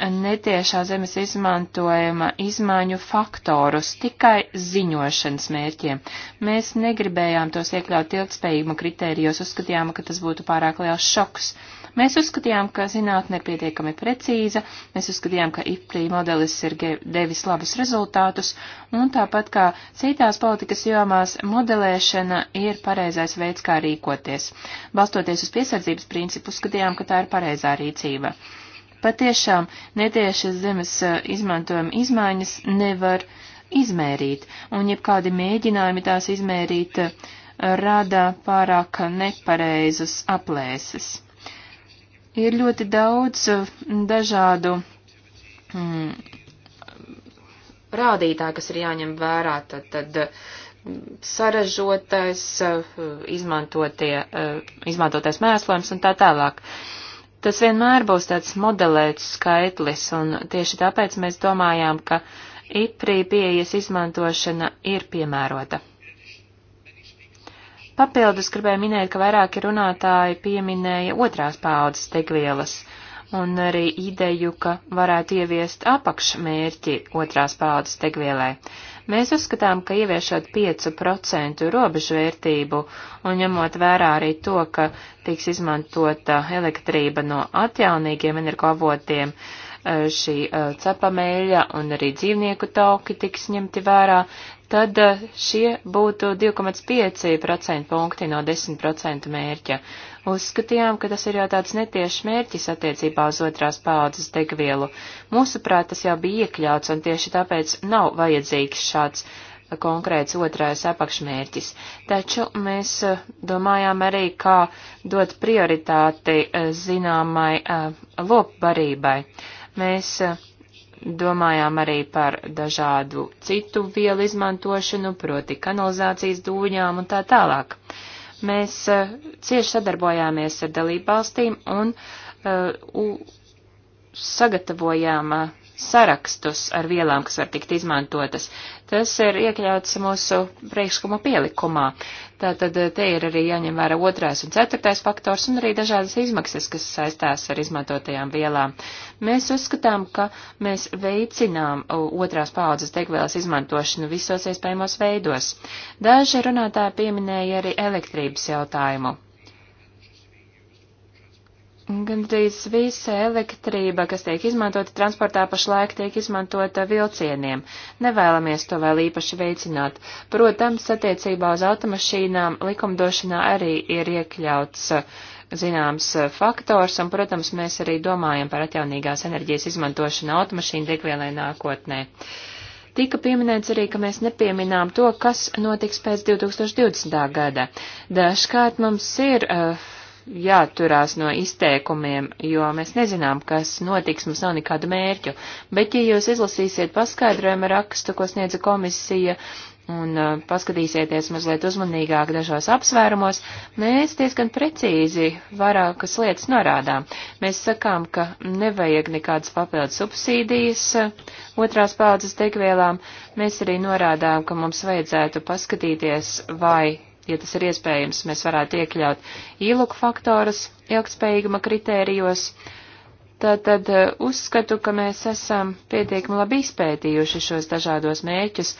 netiešā zemes izmantojuma izmaiņu faktorus tikai ziņošanas mērķiem. Mēs negribējām tos iekļaut ilgspējīguma kritērijos, uzskatījām, ka tas būtu pārāk liels šoks. Mēs uzskatījām, ka zinātne ir pietiekami precīza, mēs uzskatījām, ka IPRI modelis ir devis labus rezultātus, un tāpat kā citās politikas jomās, modelēšana ir pareizais veids, kā rīkoties. Balstoties uz piesardzības principu, uzskatījām, ka tā ir pareizā rīcība. Patiešām netiešas zemes izmantojuma izmaiņas nevar izmērīt, un jebkādi mēģinājumi tās izmērīt rada pārāk nepareizus aplēses. Ir ļoti daudz dažādu mm, rādītāji, kas ir jāņem vērā, tad, tad saražotais, izmantotie, izmantotais mēslojums un tā tālāk. Tas vienmēr būs tāds modelēts skaitlis, un tieši tāpēc mēs domājām, ka IPRI pieejas izmantošana ir piemērota. Papildus gribēju minēt, ka vairāki runātāji pieminēja otrās paaudzes degvielas un arī ideju, ka varētu ieviest apakšmērķi otrās paaudzes degvielai. Mēs uzskatām, ka ieviešot 5% robežvērtību un ņemot vērā arī to, ka tiks izmantota elektrība no atjaunīgiem energoavotiem, eh, šī eh, cepamēļa un arī dzīvnieku tauki tiks ņemti vērā, tad eh, šie būtu 2,5% punkti no 10% mērķa. Uzskatījām, ka tas ir jau tāds netieši mērķis attiecībā uz otrās paudzes degvielu. Mūsuprāt, tas jau bija iekļauts, un tieši tāpēc nav vajadzīgs šāds konkrēts otrais apakšmērķis. Taču mēs eh, domājām arī, kā dot prioritāti eh, zināmai eh, lopbarībai. Mēs domājām arī par dažādu citu vielu izmantošanu, proti kanalizācijas dūņām un tā tālāk. Mēs uh, cieši sadarbojāmies ar dalībvalstīm un uh, u, sagatavojām uh, sarakstus ar vielām, kas var tikt izmantotas. Tas ir iekļauts mūsu priekšlikuma pielikumā. Tātad eh, te ir arī jāņem vērā otrais un ceturtais faktors un arī dažādas izmaksas, kas saistās ar izmantotajām vielām. Mēs uzskatām, ka mēs veicinām otrās paudzes degvielas izmantošanu visos iespējamos veidos. Daži runātāji pieminēja arī elektrības jautājumu. Gandrīz visa elektrība, kas tiek izmantota transportā, pašlaik tiek izmantota vilcieniem. Nevēlamies to vēl īpaši veicināt. Protams, attiecībā uz automašīnām likumdošanā arī ir iekļauts eh, zināms eh, faktors, un, protams, mēs arī domājam par atjaunīgās enerģijas izmantošanu automašīnu degvielai nākotnē. Tika pieminēts arī, ka mēs nepieminām to, kas notiks pēc 2020. gada. Dažkārt mums ir uh, jāturās no izteikumiem, jo mēs nezinām, kas notiks, mums nav nekādu mērķu. Bet, ja jūs izlasīsiet paskaidrojumu rakstu, ko sniedza komisija, un uh, paskatīsieties mazliet uzmanīgāk dažos apsvērumos, mēs diezgan precīzi vairākas lietas norādām. Mēs sakām, ka nevajag nekādas papildus subsīdijas uh, otrās paudzes degvielām. Mēs arī norādām, ka mums vajadzētu paskatīties, vai ja tas ir iespējams, mēs varētu iekļaut īluku faktorus ilgspējīguma kritērijos. Tātad eh, uzskatu, ka mēs esam pietiekami labi izpētījuši šos dažādos mērķus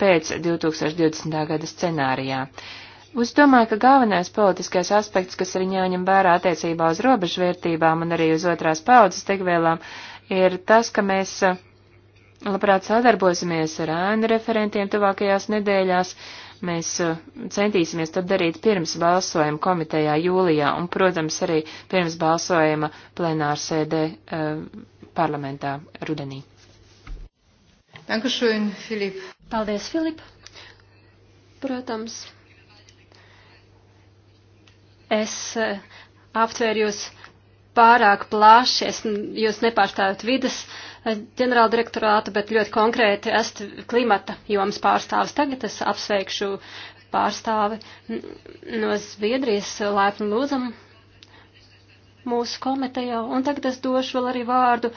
pēc 2020. gada scenārijā. Es domāju, ka galvenais politiskais aspekts, kas ir jāņem vērā attiecībā uz robežvērtībām un arī uz otrās paudzes tegvēlām, ir tas, ka mēs eh, labprāt sadarbosimies ar ēnu referentiem tuvākajās nedēļās, uh, mēs e, centīsimies to darīt pirms balsojuma komitejā jūlijā un, protams, arī pirms balsojuma plenārsēdē e, parlamentā rudenī. Dankušuin, Filip. Paldies, Filip. Protams, es e, aptvēru jūs pārāk plaši, es, jūs nepārstāvat vidas. Uh, ģenerāla direktorāta, bet ļoti konkrēti est klimata jomas pārstāvis. Tagad es apsveikšu pārstāvi no Zviedrijas laipni lūdzam mūsu komitejā. Un tagad es došu vēl arī vārdu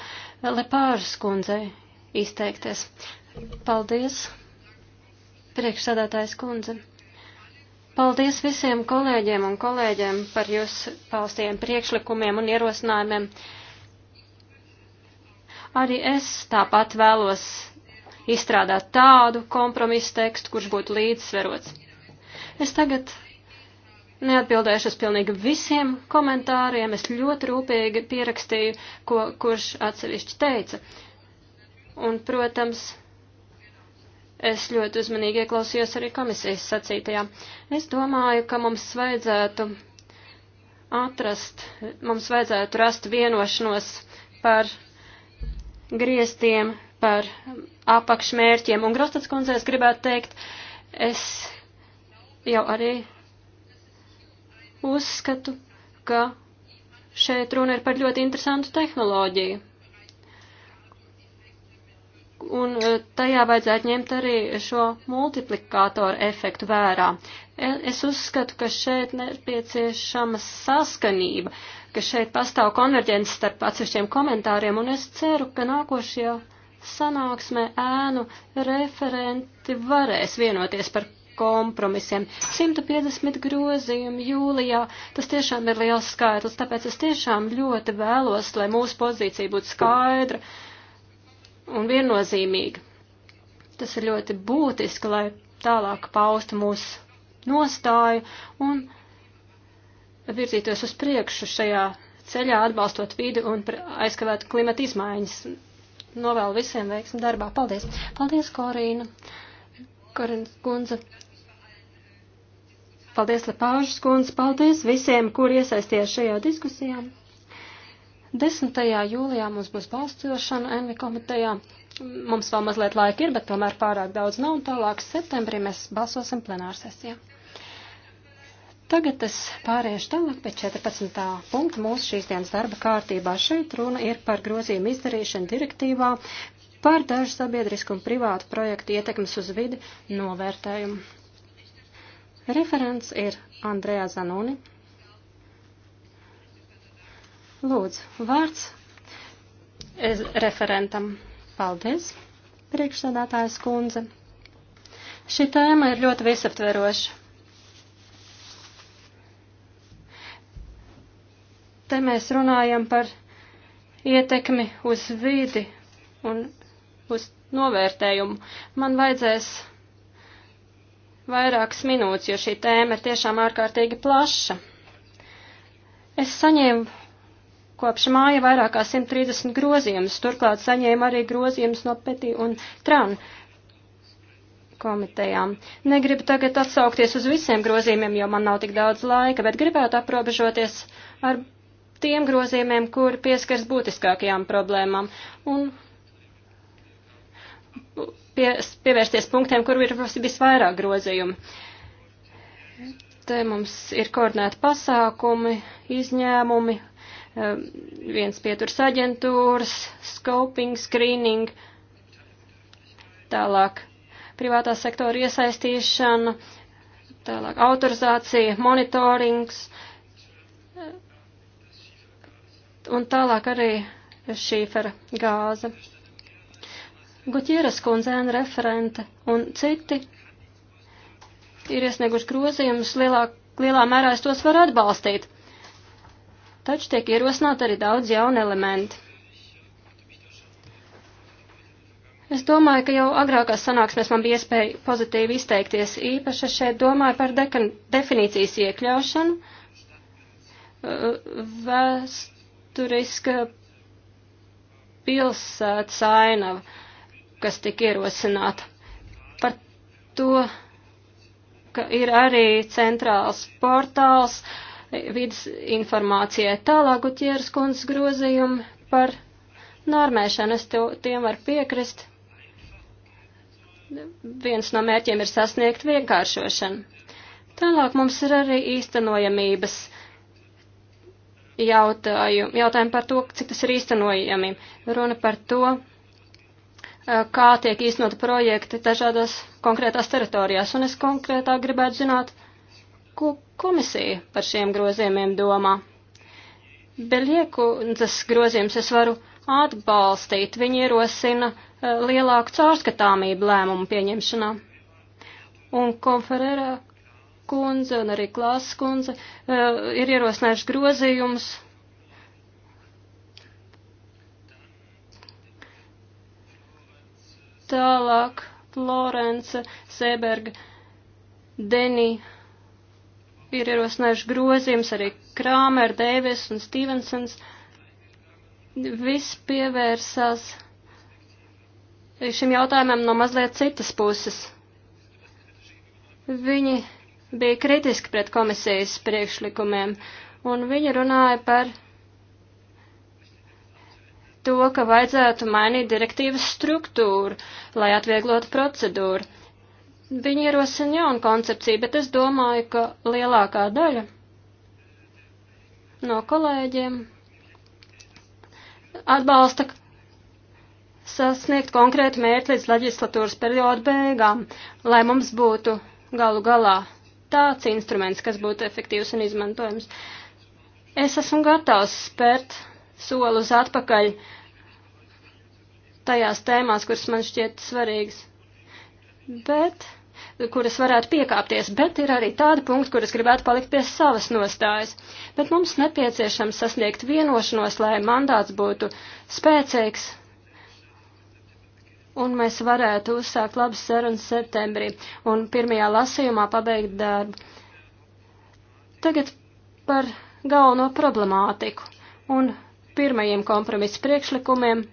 Lepāras kundzei izteikties. Paldies, priekšsādātājs kundze. Paldies visiem kolēģiem un kolēģiem par jūsu paustiem priekšlikumiem un ierosinājumiem. Uh, Arī es tāpat vēlos izstrādāt tādu kompromisu tekstu, kurš būtu līdzsverots. Es tagad neatbildēšu uz pilnīgi visiem komentāriem, es ļoti rūpīgi pierakstīju, ko, kurš atsevišķi teica. Un, protams, es ļoti uzmanīgi ieklausījos arī komisijas sacītajā. Es domāju, ka mums vajadzētu atrast, mums vajadzētu rast vienošanos par griestiem, par apakšmērķiem. Un Grostats kundzei es gribētu teikt, es jau arī uzskatu, ka šeit runa ir par ļoti interesantu tehnoloģiju. Un e, tajā vajadzētu ņemt arī šo multiplikātoru efektu vērā. E, es uzskatu, ka šeit nepieciešama saskanība. Uh, ka šeit pastāv konverģence starp atsevišķiem komentāriem, un es ceru, ka nākošajā sanāksmē ēnu referenti varēs vienoties par kompromisiem. 150 grozījumi jūlijā, tas tiešām ir liels skaitlis, tāpēc es tiešām ļoti vēlos, lai mūsu pozīcija būtu skaidra un viennozīmīga. Tas ir ļoti būtiski, lai tālāk paustu mūsu nostāju un virzītos uz priekšu šajā ceļā, atbalstot vidi un aizkavēt klimata izmaiņas. Novēlu visiem veiksmi darbā. Paldies! Paldies, Korīna! Korīna Kunze! Paldies, Lepāžas Kunze! Paldies visiem, kur iesaistījās šajā diskusijā! 10. jūlijā mums būs balstošana Envi komitejā. Mums vēl mazliet laika ir, bet tomēr pārāk daudz nav, un tālāk septembrī mēs balsosim plenārsesijā. Tagad es pāriešu tālāk pie 14. punkta mūsu šīs dienas darba kārtībā. Šeit runa ir par grozījumu izdarīšanu direktīvā par dažu sabiedrisku un privātu projektu ietekmes uz vidi novērtējumu. Referents ir Andrejā Zanoni. Lūdzu, vārds es referentam. Paldies, priekšsēdētājas kundze. Šī tēma ir ļoti visaptveroša te mēs runājam par ietekmi uz vidi un uz novērtējumu. Man vajadzēs vairākas minūtes, jo šī tēma ir tiešām ārkārtīgi plaša. Es saņēmu kopš māja vairāk kā 130 grozījumus, turklāt saņēmu arī grozījumus no Petī un Tran komitejām. Negribu tagad atsaukties uz visiem grozījumiem, jo man nav tik daudz laika, bet gribētu aprobežoties ar tiem grozījumiem, kur pieskars būtiskākajām problēmām un pie, pievērsties punktiem, kur ir visvairāk grozījumu. Te mums ir koordinēti pasākumi, izņēmumi, eh, viens pieturs aģentūras, scoping, screening, tālāk privātā sektora iesaistīšana, tālāk autorizācija, monitorings, un tālāk arī šīfera gāze. Gutieres kundzēna referente un citi ir iesnieguši grozījumus, lielā, lielā mērā es tos varu atbalstīt. Taču tiek ierosināt arī daudz jaunu elementu. Es domāju, ka jau agrākās sanāksmēs man bija iespēja pozitīvi izteikties. Īpaši šeit domāju par definīcijas iekļaušanu, uh, vēst vēsturiska pilsētas ainava, kas tika ierosināta. Par to, ka ir arī centrāls portāls vidas informācijai tālāk Gutieres kundzes grozījumi par normēšanu. Es tev, tiem varu piekrist. Viens no mērķiem ir sasniegt vienkāršošanu. Tālāk mums ir arī īstenojamības uh, jautājumu, jautājumu par to, cik tas ir īstenojami. Runa par to, eh, kā tiek īstenot projekti dažādās konkrētās teritorijās. Un es konkrētāk gribētu zināt, ko komisija par šiem grozījumiem domā. Beļiekundzes grozījums es varu atbalstīt. Viņi ierosina eh, lielāku caurskatāmību lēmumu pieņemšanā. Un konferērā kundze un arī klāsas kundze eh, ir ierosinājuši grozījumus. Tālāk Florence, Seberga, Deni ir ierosinājuši grozījums, arī Krāmer, Deivis un Stevensons. Viss pievērsās šim jautājumam no mazliet citas puses. Viņi bija kritiski pret komisijas priekšlikumiem, un viņi runāja par to, ka vajadzētu mainīt direktīvas struktūru, lai atvieglotu procedūru. Viņi ierosina jaunu koncepciju, bet es domāju, ka lielākā daļa no kolēģiem atbalsta sasniegt konkrētu mērķi līdz leģislatūras perioda beigām, lai mums būtu galu galā tāds instruments, kas būtu efektīvs un izmantojams. Es esmu gatavs spērt soli uz atpakaļ tajās tēmās, kuras man šķiet svarīgas, bet, kuras varētu piekāpties, bet ir arī tādi punkti, kuras gribētu palikt pie savas nostājas. Bet mums nepieciešams sasniegt vienošanos, lai mandāts būtu spēcīgs un mēs varētu uzsākt labas sarunas septembrī un pirmajā lasījumā pabeigt darbu. Tagad par galveno problemātiku un pirmajiem kompromisu priekšlikumiem,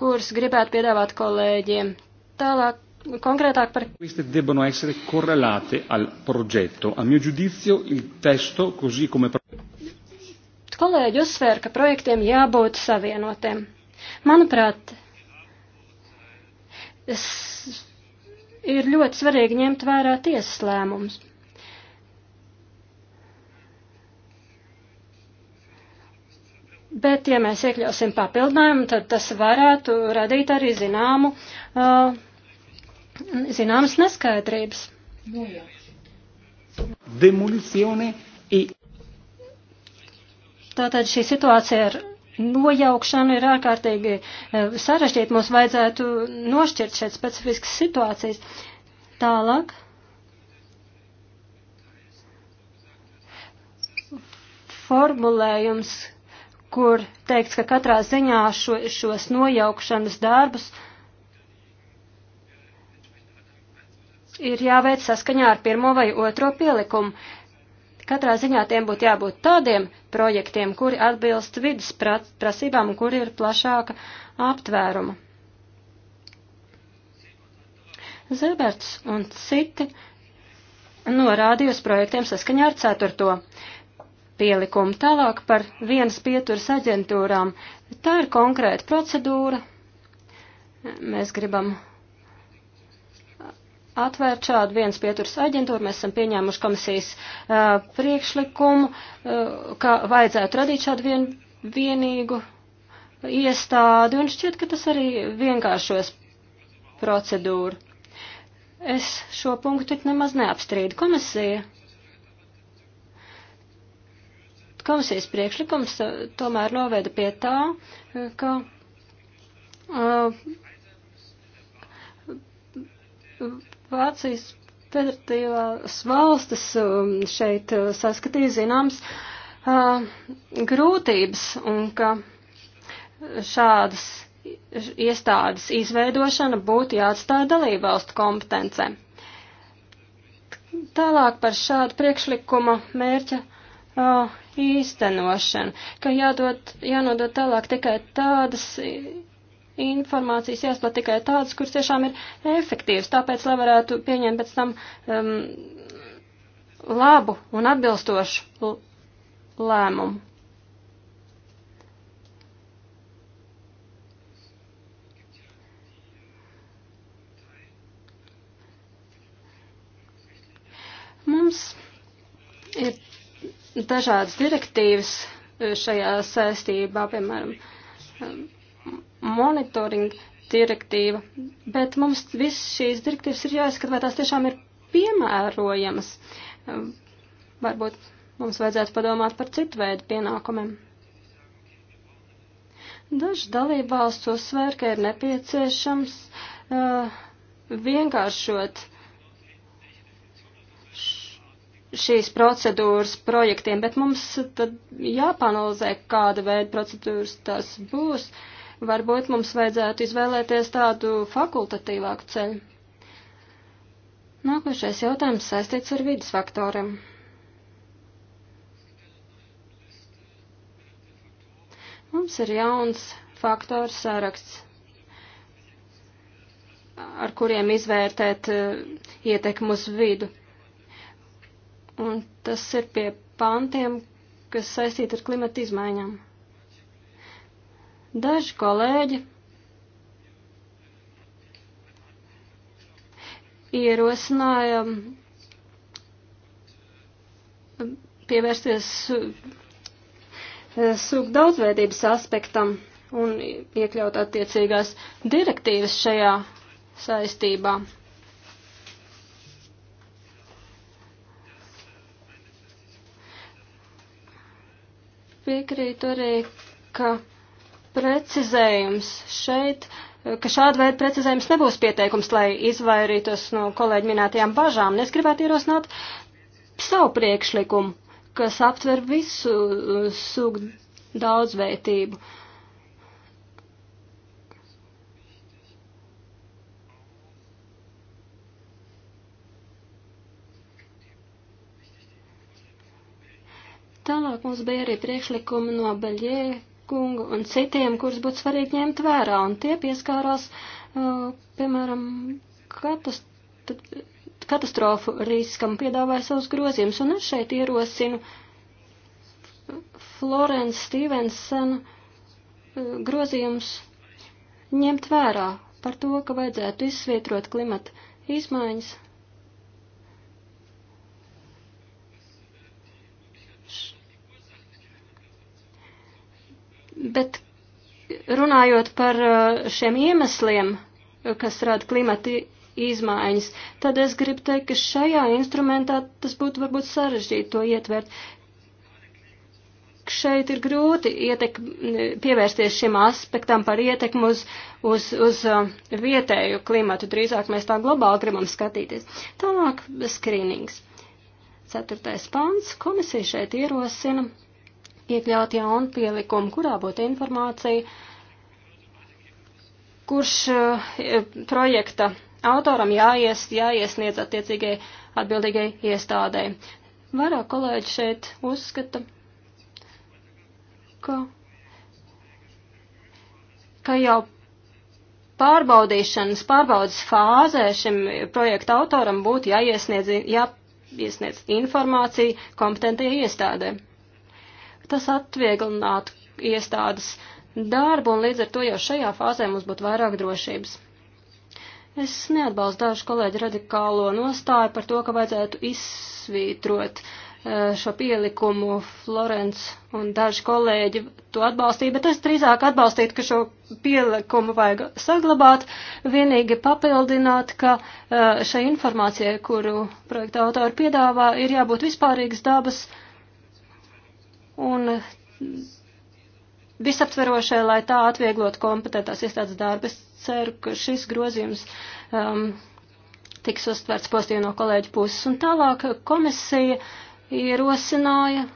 kurus gribētu piedāvāt kolēģiem. Tālāk Concretāk per... Queste debbono essere correlate al progetto. A mio giudizio il testo così come... Kolēģi uzsver, ka projektiem jābūt savienotiem. Manuprāt, es, ir ļoti svarīgi ņemt vērā tiesas lēmumus. Bet, ja mēs iekļausim papildinājumu, tad tas varētu radīt arī zināmu, uh, zināmas neskaidrības. Demolicione. Tātad šī situācija ar nojaukšanu ir ārkārtīgi e, sarežģīti. Mums vajadzētu nošķirt šeit specifiskas situācijas. Tālāk. Formulējums, kur teikts, ka katrā ziņā šo, šos nojaukšanas darbus ir jāveic saskaņā ar pirmo vai otro pielikumu. Katrā ziņā tiem būtu jābūt tādiem projektiem, kuri atbilst vidas prasībām un kuri ir plašāka aptvēruma. Zeberts un citi norādīja uz projektiem saskaņā ar ceturto pielikumu. Tālāk par vienas pieturas aģentūrām. Tā ir konkrēta procedūra. Mēs gribam atvērt šādu viens pieturas aģentūru. Mēs esam pieņēmuši komisijas uh, priekšlikumu, uh, ka vajadzētu radīt šādu vien, vienīgu iestādi, un šķiet, ka tas arī vienkāršos procedūru. Es šo punktu tik nemaz neapstrīdu. Komisija. Komisijas priekšlikums uh, tomēr noveda pie tā, ka uh, Vācijas federatīvās valstis um, šeit uh, saskatīja zināms uh, grūtības un ka šādas iestādes izveidošana būtu jāatstāja dalībvalstu kompetencē. Tālāk par šādu priekšlikuma mērķa uh, īstenošanu, ka jādod, jānodod tālāk tikai tādas informācijas jāizplat tikai tādas, kuras tiešām ir efektīvas, tāpēc, lai varētu pieņemt pēc tam um, labu un atbilstošu lēmumu. Mums ir dažādas direktīvas uh, šajā saistībā, piemēram, um, monitoring direktīva, bet mums viss šīs direktīvas ir jāizskat, vai tās tiešām ir piemērojamas. Varbūt mums vajadzētu padomāt par citu veidu pienākumiem. Daži dalībvalsts uzsver, ka ir nepieciešams uh, vienkāršot šīs procedūras projektiem, bet mums tad jāpanalizē, kāda veida procedūras tas būs. Uh, Varbūt mums vajadzētu izvēlēties tādu fakultatīvāku ceļu. Nākošais jautājums saistīts ar vidas faktoriem. Mums ir jauns faktoru saraksts, ar kuriem izvērtēt uh, eh, ietekmu uz vidu. Un tas ir pie pantiem, kas saistīti ar klimata izmaiņām. Daži kolēģi ierosināja pievērsties sūk daudzveidības aspektam un iekļaut attiecīgās direktīvas šajā saistībā. Piekrītu arī, ka precizējums šeit, ka šāda veida precizējums nebūs pieteikums, lai izvairītos no kolēģi minētajām bažām. Es gribētu ierosināt savu priekšlikumu, kas aptver visu sugu daudzveitību. Tālāk mums bija arī priekšlikumi no Beļie kungu un citiem, kurus būtu svarīgi ņemt vērā, un tie pieskārās, piemēram, katastrofu riskam, piedāvāja savus grozījumus, un es šeit ierosinu Florence Stevenson grozījums ņemt vērā par to, ka vajadzētu izsvietrot klimata izmaiņas Bet runājot par uh, šiem iemesliem, uh, kas rada klimata izmaiņas, tad es gribu teikt, ka šajā instrumentā tas būtu varbūt sarežģīti to ietvert. Šeit ir grūti ietek, pievērsties šim aspektam par ietekmu uz, uz, uz uh, vietēju klimatu. Drīzāk mēs tā globāli gribam skatīties. Tālāk skrīnings. Ceturtais pāns. Komisija šeit ierosina iekļaut jaunu pielikumu, kurā būtu informācija, kurš eh, projekta autoram jāies, jāiesniedz attiecīgai atbildīgai iestādē. Vairāk kolēģi šeit uzskata, ka, ka jau pārbaudīšanas, pārbaudas fāzē šim projekta autoram būtu jāiesniedz, jāiesniedz informācija kompetentajai iestādē. Tas atvieglināt iestādes darbu, un līdz ar to jau šajā fāzē mums būtu vairāk drošības. Es neatbalstu dažu kolēģu radikālo nostāju par to, ka vajadzētu izsvītrot eh, šo pielikumu Florence un daži kolēģi to atbalstīja, bet es drīzāk atbalstītu, ka šo pielikumu vajag saglabāt, vienīgi papildināt, ka eh, šai informācijai, kuru projekta autori piedāvā, ir jābūt vispārīgas dabas, uh, un visaptverošai, lai tā atvieglot kompetentās iestādes darbu. Es ceru, ka šis grozījums um, tiks uztverts pozitīvi no kolēģu puses. Un tālāk komisija ierosināja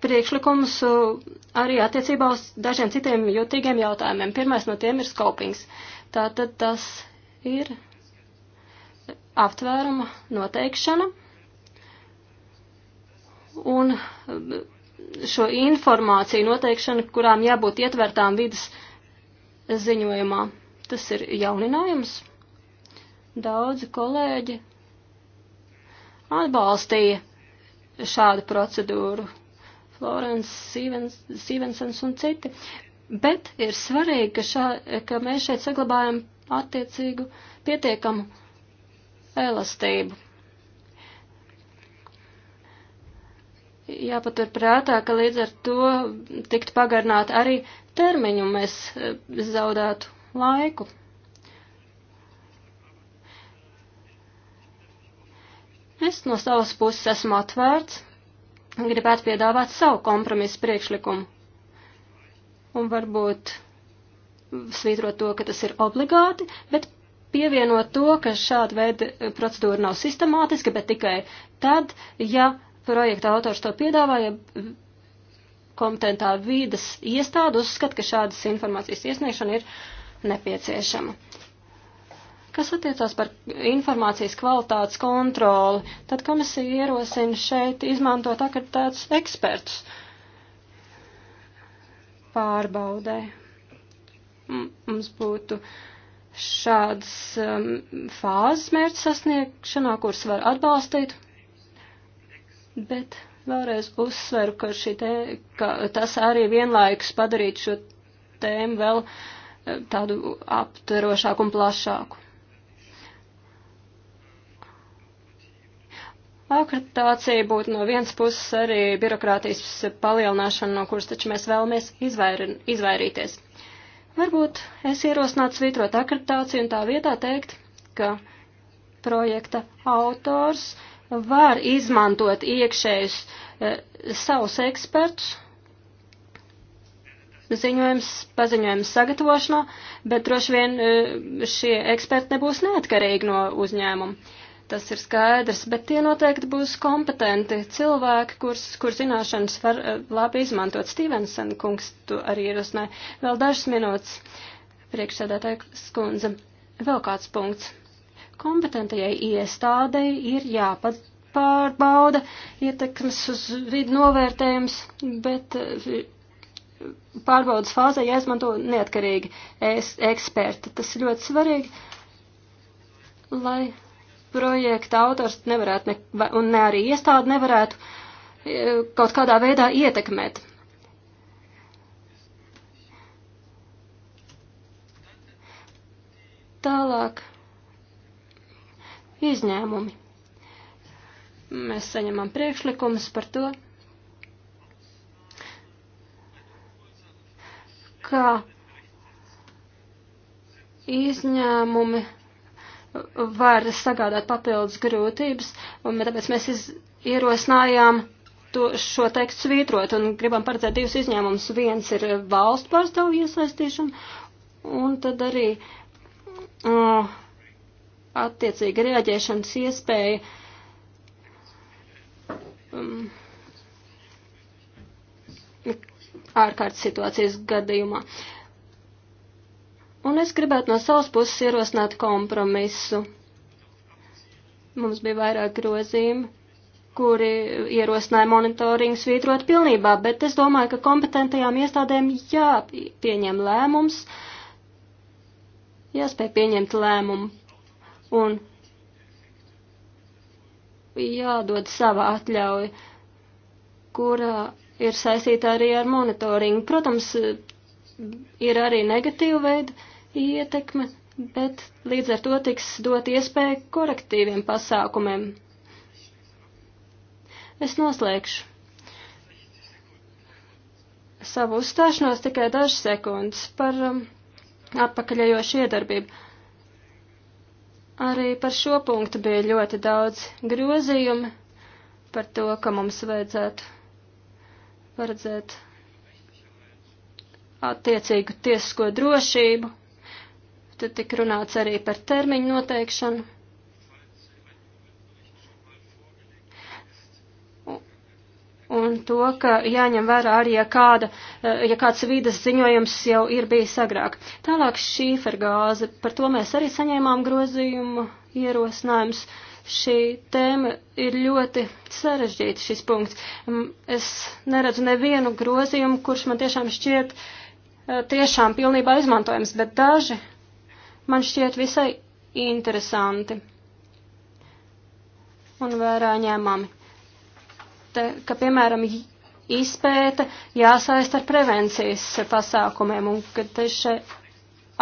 priekšlikumus arī attiecībā uz dažiem citiem jūtīgiem jautājumiem. Pirmais no tiem ir skopings. Tātad tas ir aptvēruma noteikšana un šo informāciju noteikšana, kurām jābūt ietvērtām vidas ziņojumā. Tas ir jauninājums. Daudzi kolēģi atbalstīja šādu procedūru. Florence, Sīvens, Sīvensens un citi. Bet ir svarīgi, ka, šā, ka mēs šeit saglabājam attiecīgu pietiekamu elastību. jāpatur prātā, ka līdz ar to tikt pagarināt arī termiņu, mēs e, zaudētu laiku. Es no savas puses esmu atvērts un gribētu piedāvāt savu kompromisu priekšlikumu. Un varbūt svītrot to, ka tas ir obligāti, bet pievienot to, ka šāda veida procedūra nav sistemātiska, bet tikai tad, ja projekta autors to piedāvāja, kompetentā vīdas iestāde uzskata, ka šādas informācijas iesniegšana ir nepieciešama. Kas attiecās par informācijas kvalitātes kontroli, tad komisija ierosina šeit izmantot akreditētus ekspertus pārbaudē. Mums būtu šādas um, fāzes mērķa sasniegšanā, kuras var atbalstīt Bet vēlreiz uzsveru, ka, te, ka tas arī vienlaikus padarītu šo tēmu vēl eh, tādu aptverošāku un plašāku. Akreditācija būtu no vienas puses arī birokrātijas palielināšana, no kuras taču mēs vēlamies izvair, izvairīties. Varbūt es ierosinātu svītrot akreditāciju un tā vietā teikt, ka projekta autors var izmantot iekšējus eh, savus ekspertus ziņojums, paziņojums sagatavošanā, bet droši vien eh, šie eksperti nebūs neatkarīgi no uzņēmuma. Tas ir skaidrs, bet tie noteikti būs kompetenti cilvēki, kurs, kur zināšanas var eh, labi izmantot. Stevenson kungs tu arī ierosināja. Vēl dažas minūtes priekšsēdētāja skundze. Vēl kāds punkts kompetentajai iestādei ir jāpat pārbauda ietekmes uz vidu novērtējums, bet eh, pārbaudas fāzē jāizmanto neatkarīgi eksperti. Tas ir ļoti svarīgi, lai projekta autors nevarētu, ne, un ne arī iestāde nevarētu eh, kaut kādā veidā ietekmēt. Tālāk izņēmumi. Mēs saņemam priekšlikumus par to, kā izņēmumi var sagādāt papildus grūtības, un tāpēc mēs iz, ierosinājām to, šo tekstu svītrot un gribam paredzēt divus izņēmumus. Viens ir valstu pārstāvu iesaistīšana, un tad arī uh, attiecīga rēģēšanas iespēja. Um, ārkārtas situācijas gadījumā. Un es gribētu no savas puses ierosināt kompromisu. Mums bija vairāk grozījumi, kuri ierosināja monitoringu svītrot pilnībā, bet es domāju, ka kompetentajām iestādēm jāpieņem lēmums, jāspēj pieņemt lēmumu un jādod sava atļauja, kurā ir saistīta arī ar monitoringu. Protams, ir arī negatīva veida ietekme, bet līdz ar to tiks dot iespēja korektīviem pasākumiem. Es noslēgšu savu uzstāšanos tikai dažas sekundes par um, atpakaļējošu iedarbību. Arī par šo punktu bija ļoti daudz grozījumu par to, ka mums vajadzētu paredzēt attiecīgu tiesisko drošību. Tad tika runāts arī par termiņu noteikšanu. un to, ka jāņem vērā arī, ja, kāda, eh, ja kāds vīdes ziņojums jau ir bijis agrāk. Tālāk šīfergāze, par to mēs arī saņēmām grozījumu ierosinājums. Šī tēma ir ļoti sarežģīta, šis punkts. Es neredzu nevienu grozījumu, kurš man tiešām šķiet eh, tiešām pilnībā izmantojams, bet daži man šķiet visai interesanti un vērā ņēmami ka, piemēram, izpēte jāsaist ar prevencijas pasākumiem un ka še,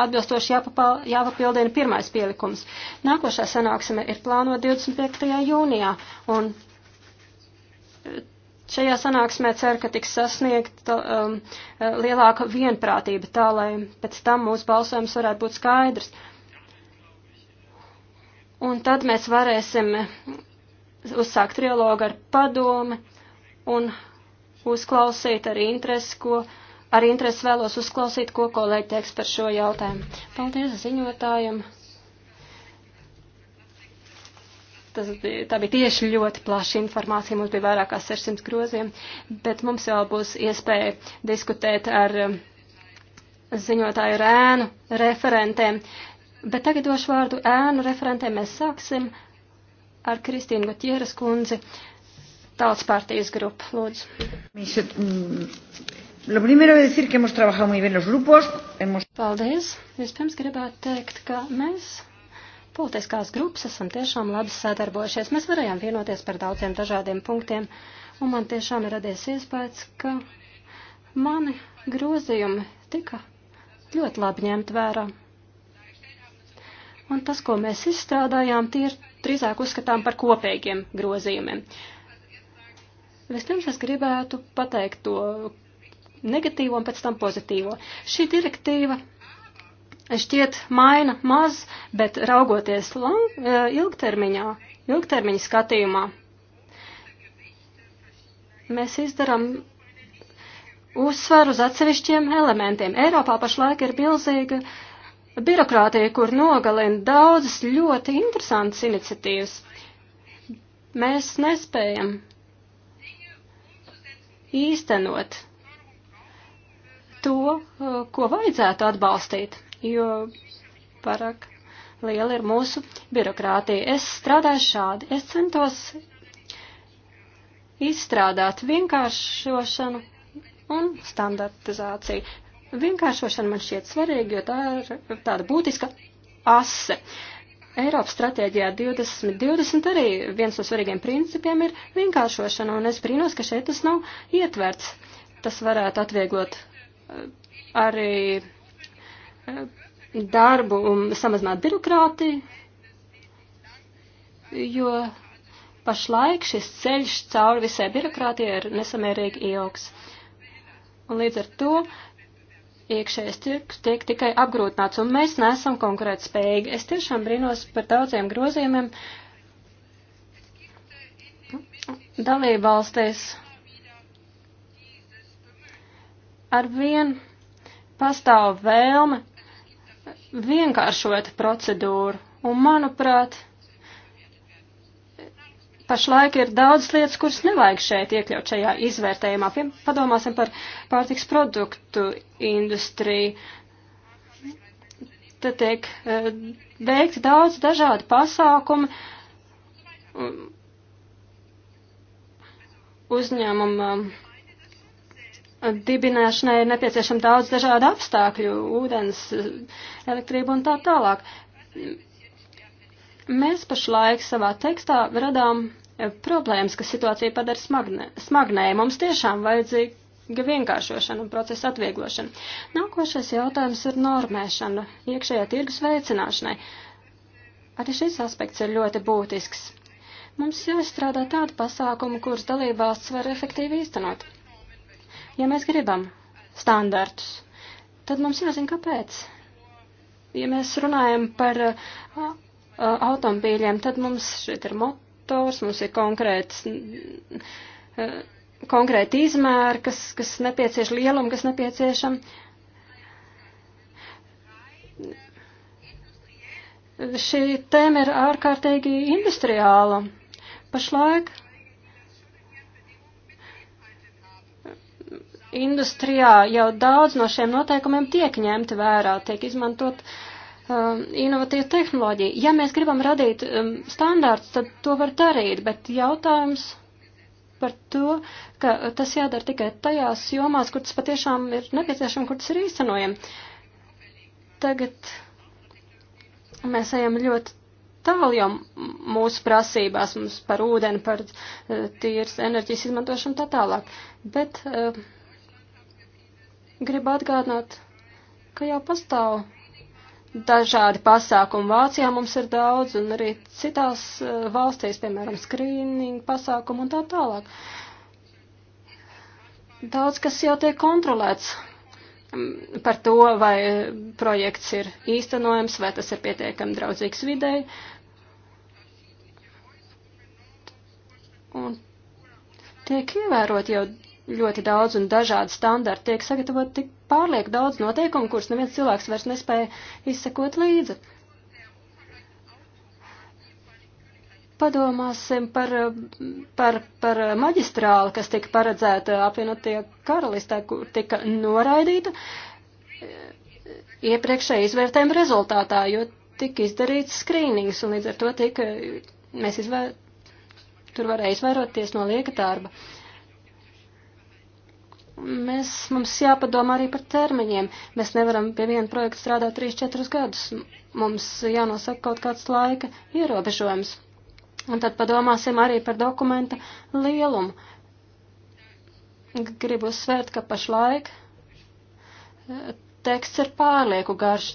atbilstoši jāpapildina pirmais pielikums. Nākošā sanāksme ir plānota 25. jūnijā un e, šajā sanāksmē cer, ka tiks sasniegta um, e, lielāka vienprātība tā, lai pēc tam mūsu balsojums varētu būt skaidrs. Un tad mēs varēsim uzsākt trilogu ar padomi un uzklausīt arī interesi, ko, ar interesi vēlos uzklausīt, ko kolēģi teiks par šo jautājumu. Paldies ziņotājiem. Tas bija, tā bija tieši ļoti plaša informācija, mums bija vairāk kā 600 groziem, bet mums jau būs iespēja diskutēt ar um, ziņotāju rēnu referentiem. Bet tagad došu vārdu ēnu referentiem, mēs sāksim ar Kristīnu Gatieras kundzi, Tautas partijas grupa. Lūdzu. Mm, lo primero es decir que hemos trabajado muy bien los grupos. Hemos... Paldies. Vispirms gribētu teikt, ka mēs, politiskās grupas, esam tiešām labi sadarbojušies. Mēs varējām vienoties par daudziem dažādiem punktiem, un man tiešām ir radies iespējas, ka mani grozījumi tika ļoti labi ņemt vērā un tas, ko mēs izstrādājām, tie ir drīzāk uzskatām par kopīgiem grozījumiem. Vispirms es gribētu pateikt to negatīvo un pēc tam pozitīvo. Šī direktīva šķiet maina maz, bet raugoties lang, e, ilgtermiņā, ilgtermiņa skatījumā, mēs izdaram uzsvaru uz atsevišķiem elementiem. Eiropā pašlaik ir milzīga uh, birokrātija, kur nogalina daudzas ļoti interesantas iniciatīvas. Mēs nespējam īstenot to, uh, ko vajadzētu atbalstīt, jo parāk liela ir mūsu birokrātija. Es strādāju šādi. Es centos izstrādāt vienkāršošanu un standartizāciju. Vienkāršošana man šķiet svarīga, jo tā ir tāda būtiska ase. Eiropas stratēģijā 2020 arī viens no svarīgiem principiem ir vienkāršošana, un es brīnos, ka šeit tas nav ietverts. Tas varētu atvieglot eh, arī eh, darbu un samazināt birokrātiju, jo pašlaik šis ceļš cauri visai birokrātijai ir nesamērīgi ilgs. Un līdz ar to iekšējais tirgus tiek tikai apgrūtināts, un mēs nesam konkurēt spējīgi. Es tiešām brīnos par daudziem grozījumiem dalībvalstīs. Arvien pastāv vēlme vienkāršot procedūru, un manuprāt, pašlaik ir daudz lietas, kuras nevajag šeit iekļaut šajā izvērtējumā. Padomāsim par pārtiks produktu industriju. Te tiek e, veikti daudz dažādi pasākumi. Uzņēmuma e, dibināšanai ir nepieciešama daudz dažādu apstākļu, ūdens, e, elektrību un tā tālāk Mēs pašlaik savā tekstā radām e, problēmas, kas situāciju padara smagnē, smagnēju. Mums tiešām vajadzīga vienkāršošana un procesa atvieglošana. Nākošais jautājums ir normēšana iekšējā tirgus veicināšanai. Arī šis aspekts ir ļoti būtisks. Mums jāizstrādā tāda pasākuma, kuras dalībvalsts var efektīvi īstenot. Ja mēs gribam standartus, tad mums jāzina, kāpēc. Ja mēs runājam par Uh, automobīļiem, tad mums šeit ir motors, mums ir konkrēts, uh, konkrēti izmēri, kas, kas nepieciešam, lielumu, kas nepieciešam. Šī tēma ir ārkārtīgi industriāla. Pašlaik industrijā jau daudz no šiem noteikumiem tiek ņemti vērā, tiek izmantot uh, um, inovatīvu tehnoloģiju. Ja mēs gribam radīt um, standārts, tad to var darīt, bet jautājums par to, ka tas jādara tikai tajās jomās, kur tas patiešām ir nepieciešams, kur tas ir īstenojami. Tagad mēs ejam ļoti tālu jau mūsu prasībās, mums par ūdeni, par uh, tīras enerģijas izmantošanu tā tālāk. Bet uh, gribu atgādināt, ka jau pastāv dažādi pasākumi. Vācijā mums ir daudz, un arī citās eh, valstīs, piemēram, skrīninga pasākumu un tā tālāk. Daudz kas jau tiek kontrolēts mm, par to, vai eh, projekts ir īstenojams, vai tas ir pietiekami draudzīgs videi. Un tiek ievērot jau ļoti daudz un dažādi standarti, tiek sagatavot tik pārlieku daudz noteikumu, kurus neviens cilvēks vairs nespēja izsekot līdzi. Padomāsim par, par, par maģistrāli, kas tika paredzēta apvienotie karalistē, kur tika noraidīta iepriekšēja izvērtējuma rezultātā, jo tika izdarīts skrīnings un līdz ar to tika, mēs izvēr, tur varēja izvairoties no lieka darba. Uh, mēs, mums jāpadomā arī par termiņiem. Mēs nevaram pie viena projekta strādāt 3-4 gadus. Mums jānosaka kaut kāds laika ierobežojums. Un tad padomāsim arī par dokumenta lielumu. Gribu svērt, ka pašlaik e, teksts ir pārlieku garš.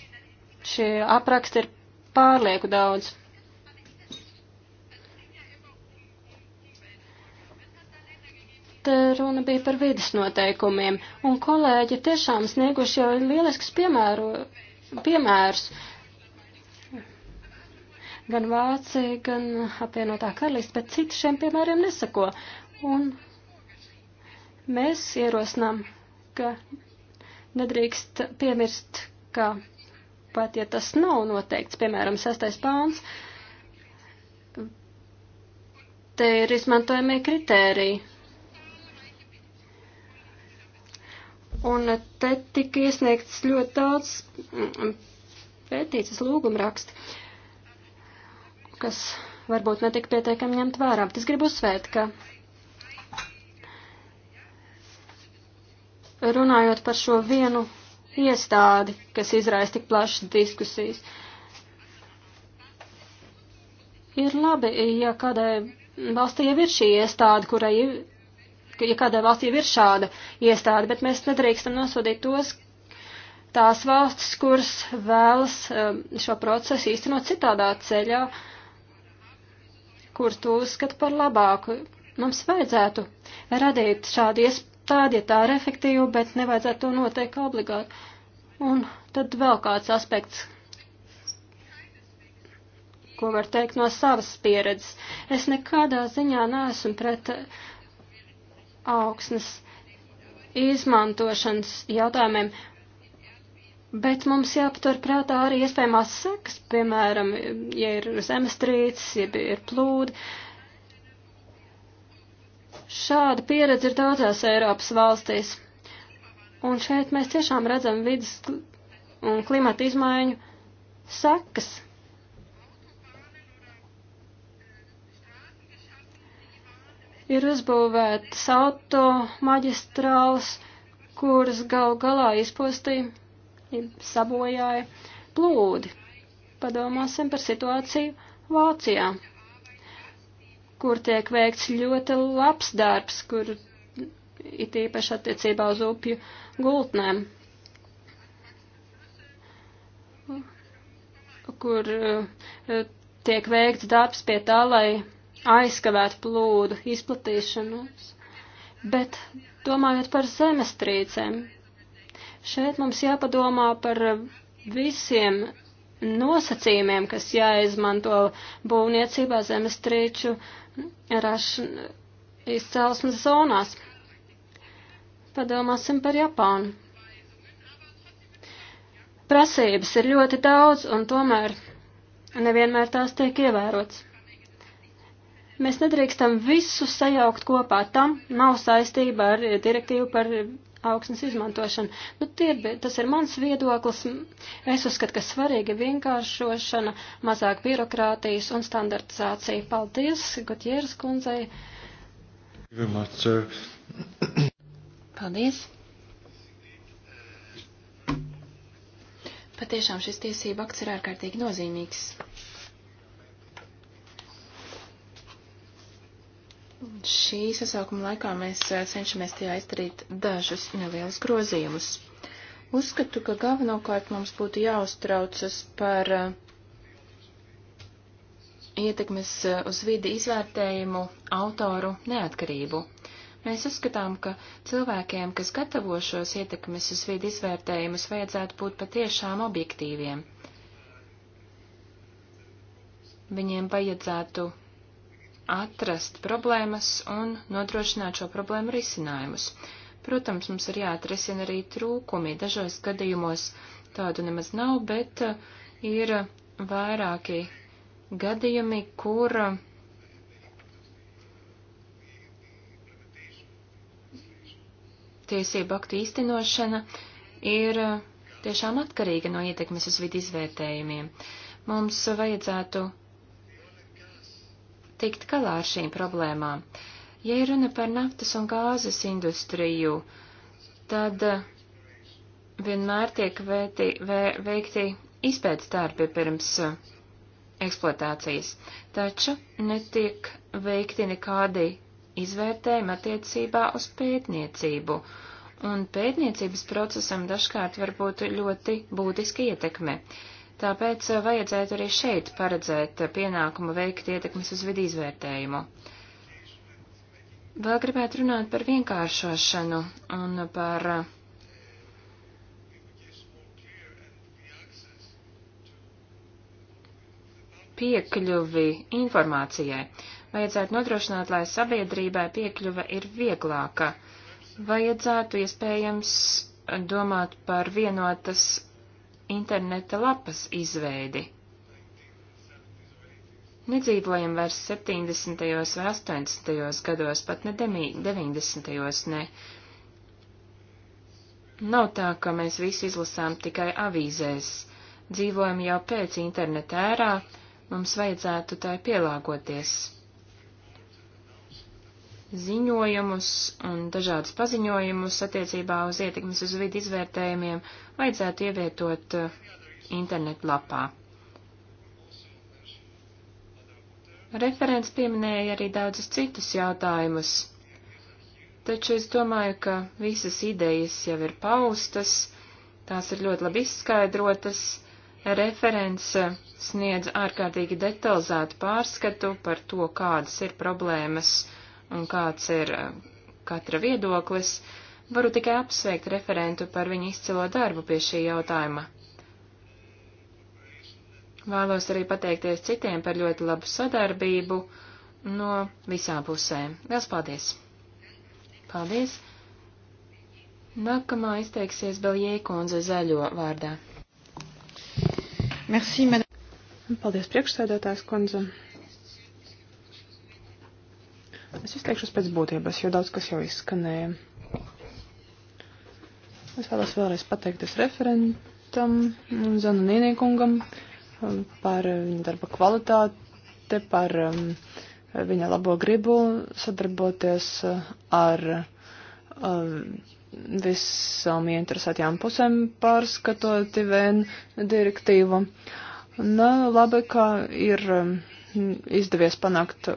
Šie apraksti ir pārlieku daudz. te eh, runa bija par vidas noteikumiem, un kolēģi tiešām snieguši jau lielisks piemēru, piemērs. Gan Vācija, gan apvienotā karalista, bet citi šiem piemēriem nesako. Un mēs ierosinām, ka nedrīkst piemirst, ka pat ja tas nav noteikts, piemēram, sastais pāns, te ir izmantojamie kritēriji. Un te tika iesniegts ļoti daudz mm, pētīcas lūgumrakstu, kas varbūt netika pietiekami ņemt vērā. Bet es gribu uzsvērt, ka runājot par šo vienu iestādi, kas izraisa tik plašas diskusijas, ir labi, ja kādai valstī jau ir šī iestāde, kurai ja kādai valstī ir šāda iestāde, bet mēs nedrīkstam nosodīt tos, tās valstis, kuras vēlas um, šo procesu īstenot citādā ceļā, kur tu uzskati par labāku. Mums vajadzētu radīt šādu iestādi, ja tā ir efektīva, bet nevajadzētu to noteikti obligāti. Un tad vēl kāds aspekts, ko var teikt no savas pieredzes. Es nekādā ziņā neesmu pret augsnes izmantošanas jautājumiem, bet mums jāpatur prātā arī iespējamās sekas, piemēram, ja ir zemestrīces, ja ir plūdi. Šāda pieredze ir daudzās Eiropas valstīs. Un šeit mēs tiešām redzam vidas un klimata izmaiņu sekas. Ir uzbūvētas auto maģistrāls, kuras gal galā izpostīja, sabojāja plūdi. Padomāsim par situāciju Vācijā, kur tiek veikts ļoti labs darbs, kur it īpaši attiecībā uz upju gultnēm, kur eh, tiek veikts darbs pie tā, lai aizkavēt plūdu izplatīšanos. Bet domājot par zemestrīcēm, šeit mums jāpadomā par visiem nosacījumiem, kas jāizmanto būvniecībā zemestrīču rašana izcelsmes zonās. Padomāsim par Japānu. Prasības ir ļoti daudz, un tomēr nevienmēr tās tiek ievērotas. Mēs nedrīkstam visu sajaukt kopā. Tam nav saistība ar direktīvu par augsnes izmantošanu. Nu, tie, tas ir mans viedoklis. Es uzskatu, ka svarīga vienkāršošana, mazāk birokrātijas un standartizācija. Paldies, Gutieres kundzei. *coughs* Paldies. Patiešām šis tiesība akts ir ārkārtīgi nozīmīgs. Šī sasaukuma laikā mēs eh, cenšamies tajā izdarīt dažus nelielus grozījumus. Uzskatu, ka galvenokārt mums būtu jāuztraucas par eh, ietekmes eh, uz vidi izvērtējumu autoru neatkarību. Mēs uzskatām, ka cilvēkiem, kas gatavo šos ietekmes uz vidi izvērtējumus, vajadzētu būt patiešām objektīviem. Viņiem vajadzētu atrast problēmas un nodrošināt šo problēmu risinājumus. Protams, mums ir jāatrisina arī trūkumi. Dažos gadījumos tādu nemaz nav, bet uh, ir vairāki gadījumi, kur uh, tiesību aktu īstenošana ir uh, tiešām atkarīga no ietekmes uz vidu izvērtējumiem. Mums vajadzētu tikt galā ar šīm problēmām. Ja ir runa par naftas un gāzes industriju, tad eh, vienmēr tiek veikti, ve, veikti izpētes darbi pirms eh, eksploatācijas, taču netiek veikti nekādi izvērtējumi attiecībā uz pētniecību, un pētniecības procesam dažkārt var būt ļoti būtiska ietekme. Uh, Tāpēc eh, vajadzētu arī šeit paredzēt eh, pienākumu veikt ietekmes uz vidi izvērtējumu. Vēl gribētu runāt par vienkāršošanu un par eh, piekļuvi informācijai. Vajadzētu nodrošināt, lai sabiedrībai piekļuva ir vieglāka. Vajadzētu iespējams domāt par vienotas interneta lapas izveidi. Nedzīvojam vairs 70. vai 80. gados, pat ne 90. ne. Nav tā, ka mēs visu izlasām tikai avīzēs. Dzīvojam jau pēc interneta ērā, mums vajadzētu tai pielāgoties ziņojumus un dažādus paziņojumus attiecībā uz ietekmes uz vidi izvērtējumiem vajadzētu ievietot eh, internetlapā. Referents pieminēja arī daudzus citus jautājumus, taču es domāju, ka visas idejas jau ir paustas, tās ir ļoti labi izskaidrotas, referents eh, sniedz ārkārtīgi detalizētu pārskatu par to, kādas ir problēmas, un kāds ir eh, katra viedoklis, varu tikai apsveikt referentu par viņu izcilo darbu pie šī jautājuma. Vēlos arī pateikties citiem par ļoti labu sadarbību no visām pusēm. Liels paldies! Paldies! Nākamā izteiksies Beljē kundze zaļo vārdā. Merci, madame. Paldies priekšsēdētājs kundze. Es izteikšos pēc būtības, jo daudz kas jau izskanēja. Es vēlos vēlreiz pateikties referentam Zanonīnī kungam um, par uh, viņa darba kvalitāti, par um, viņa labo gribu sadarboties uh, ar um, visām interesētajām pusēm pārskatot IVN direktīvu. Nu, labi, ka ir um, izdevies panākt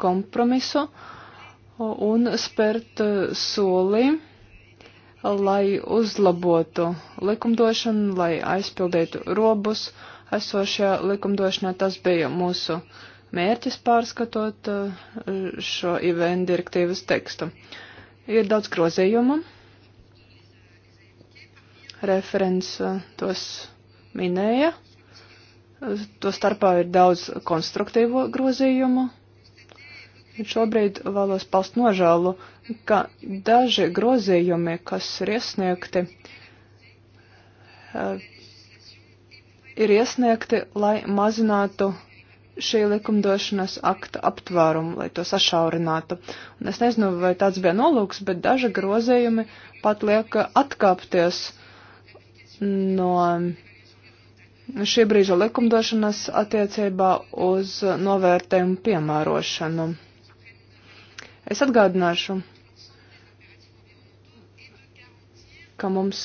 kompromisu un spērt uh, soli, lai uzlabotu likumdošanu, lai aizpildītu robus esošajā likumdošanā. Tas bija mūsu mērķis pārskatot uh, šo IVN direktīvas tekstu. Ir daudz grozījumu. Referents uh, tos minēja. To starpā ir daudz konstruktīvo grozījumu Ir šobrīd vēlos paust nožēlu, ka daži grozījumi, kas ir iesniegti, eh, ir iesniegti, lai mazinātu šī likumdošanas akta aptvērumu, lai to sašaurinātu. Un es nezinu, vai tāds bija nolūks, bet daži grozījumi pat liek atkāpties no šī brīža likumdošanas attiecībā uz novērtējumu piemērošanu. Es atgādināšu, ka mums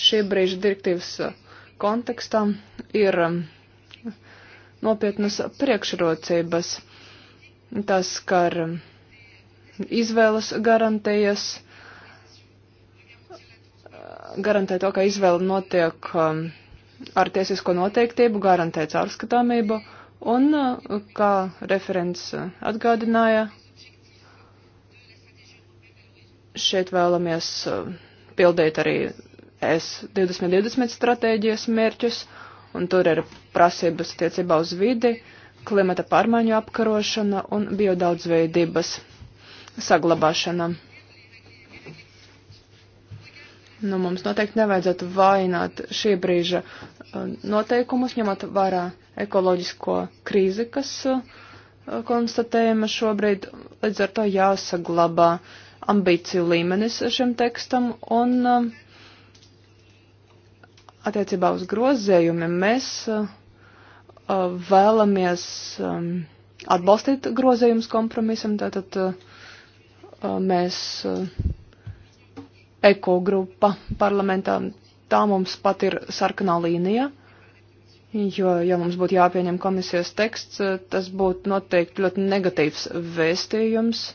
šī brīža direktīvas kontekstā ir nopietnas priekšrocības. Tas, ka ar izvēles garantējas, garantē to, ka izvēle notiek ar tiesisko noteiktību, garantē caurskatāmību un, kā referents atgādināja, šeit vēlamies uh, pildīt arī ES 2020 stratēģijas mērķus, un tur ir prasības attiecībā uz vidi, klimata pārmaiņu apkarošana un biodaudzveidības saglabāšana. Nu, mums noteikti nevajadzētu vainot šī brīža uh, noteikumus, ņemot vērā ekoloģisko krīzi, kas uh, konstatējama šobrīd. Līdz ar to jāsaglabā ambīciju līmenis šim tekstam un um, attiecībā uz grozējumiem mēs uh, uh, vēlamies um, atbalstīt grozējumus kompromisam, tātad uh, mēs eko grupa parlamentā, tā mums pat ir sarkanā līnija. Jo, ja mums būtu jāpieņem komisijas teksts, tas būtu noteikti ļoti negatīvs vēstījums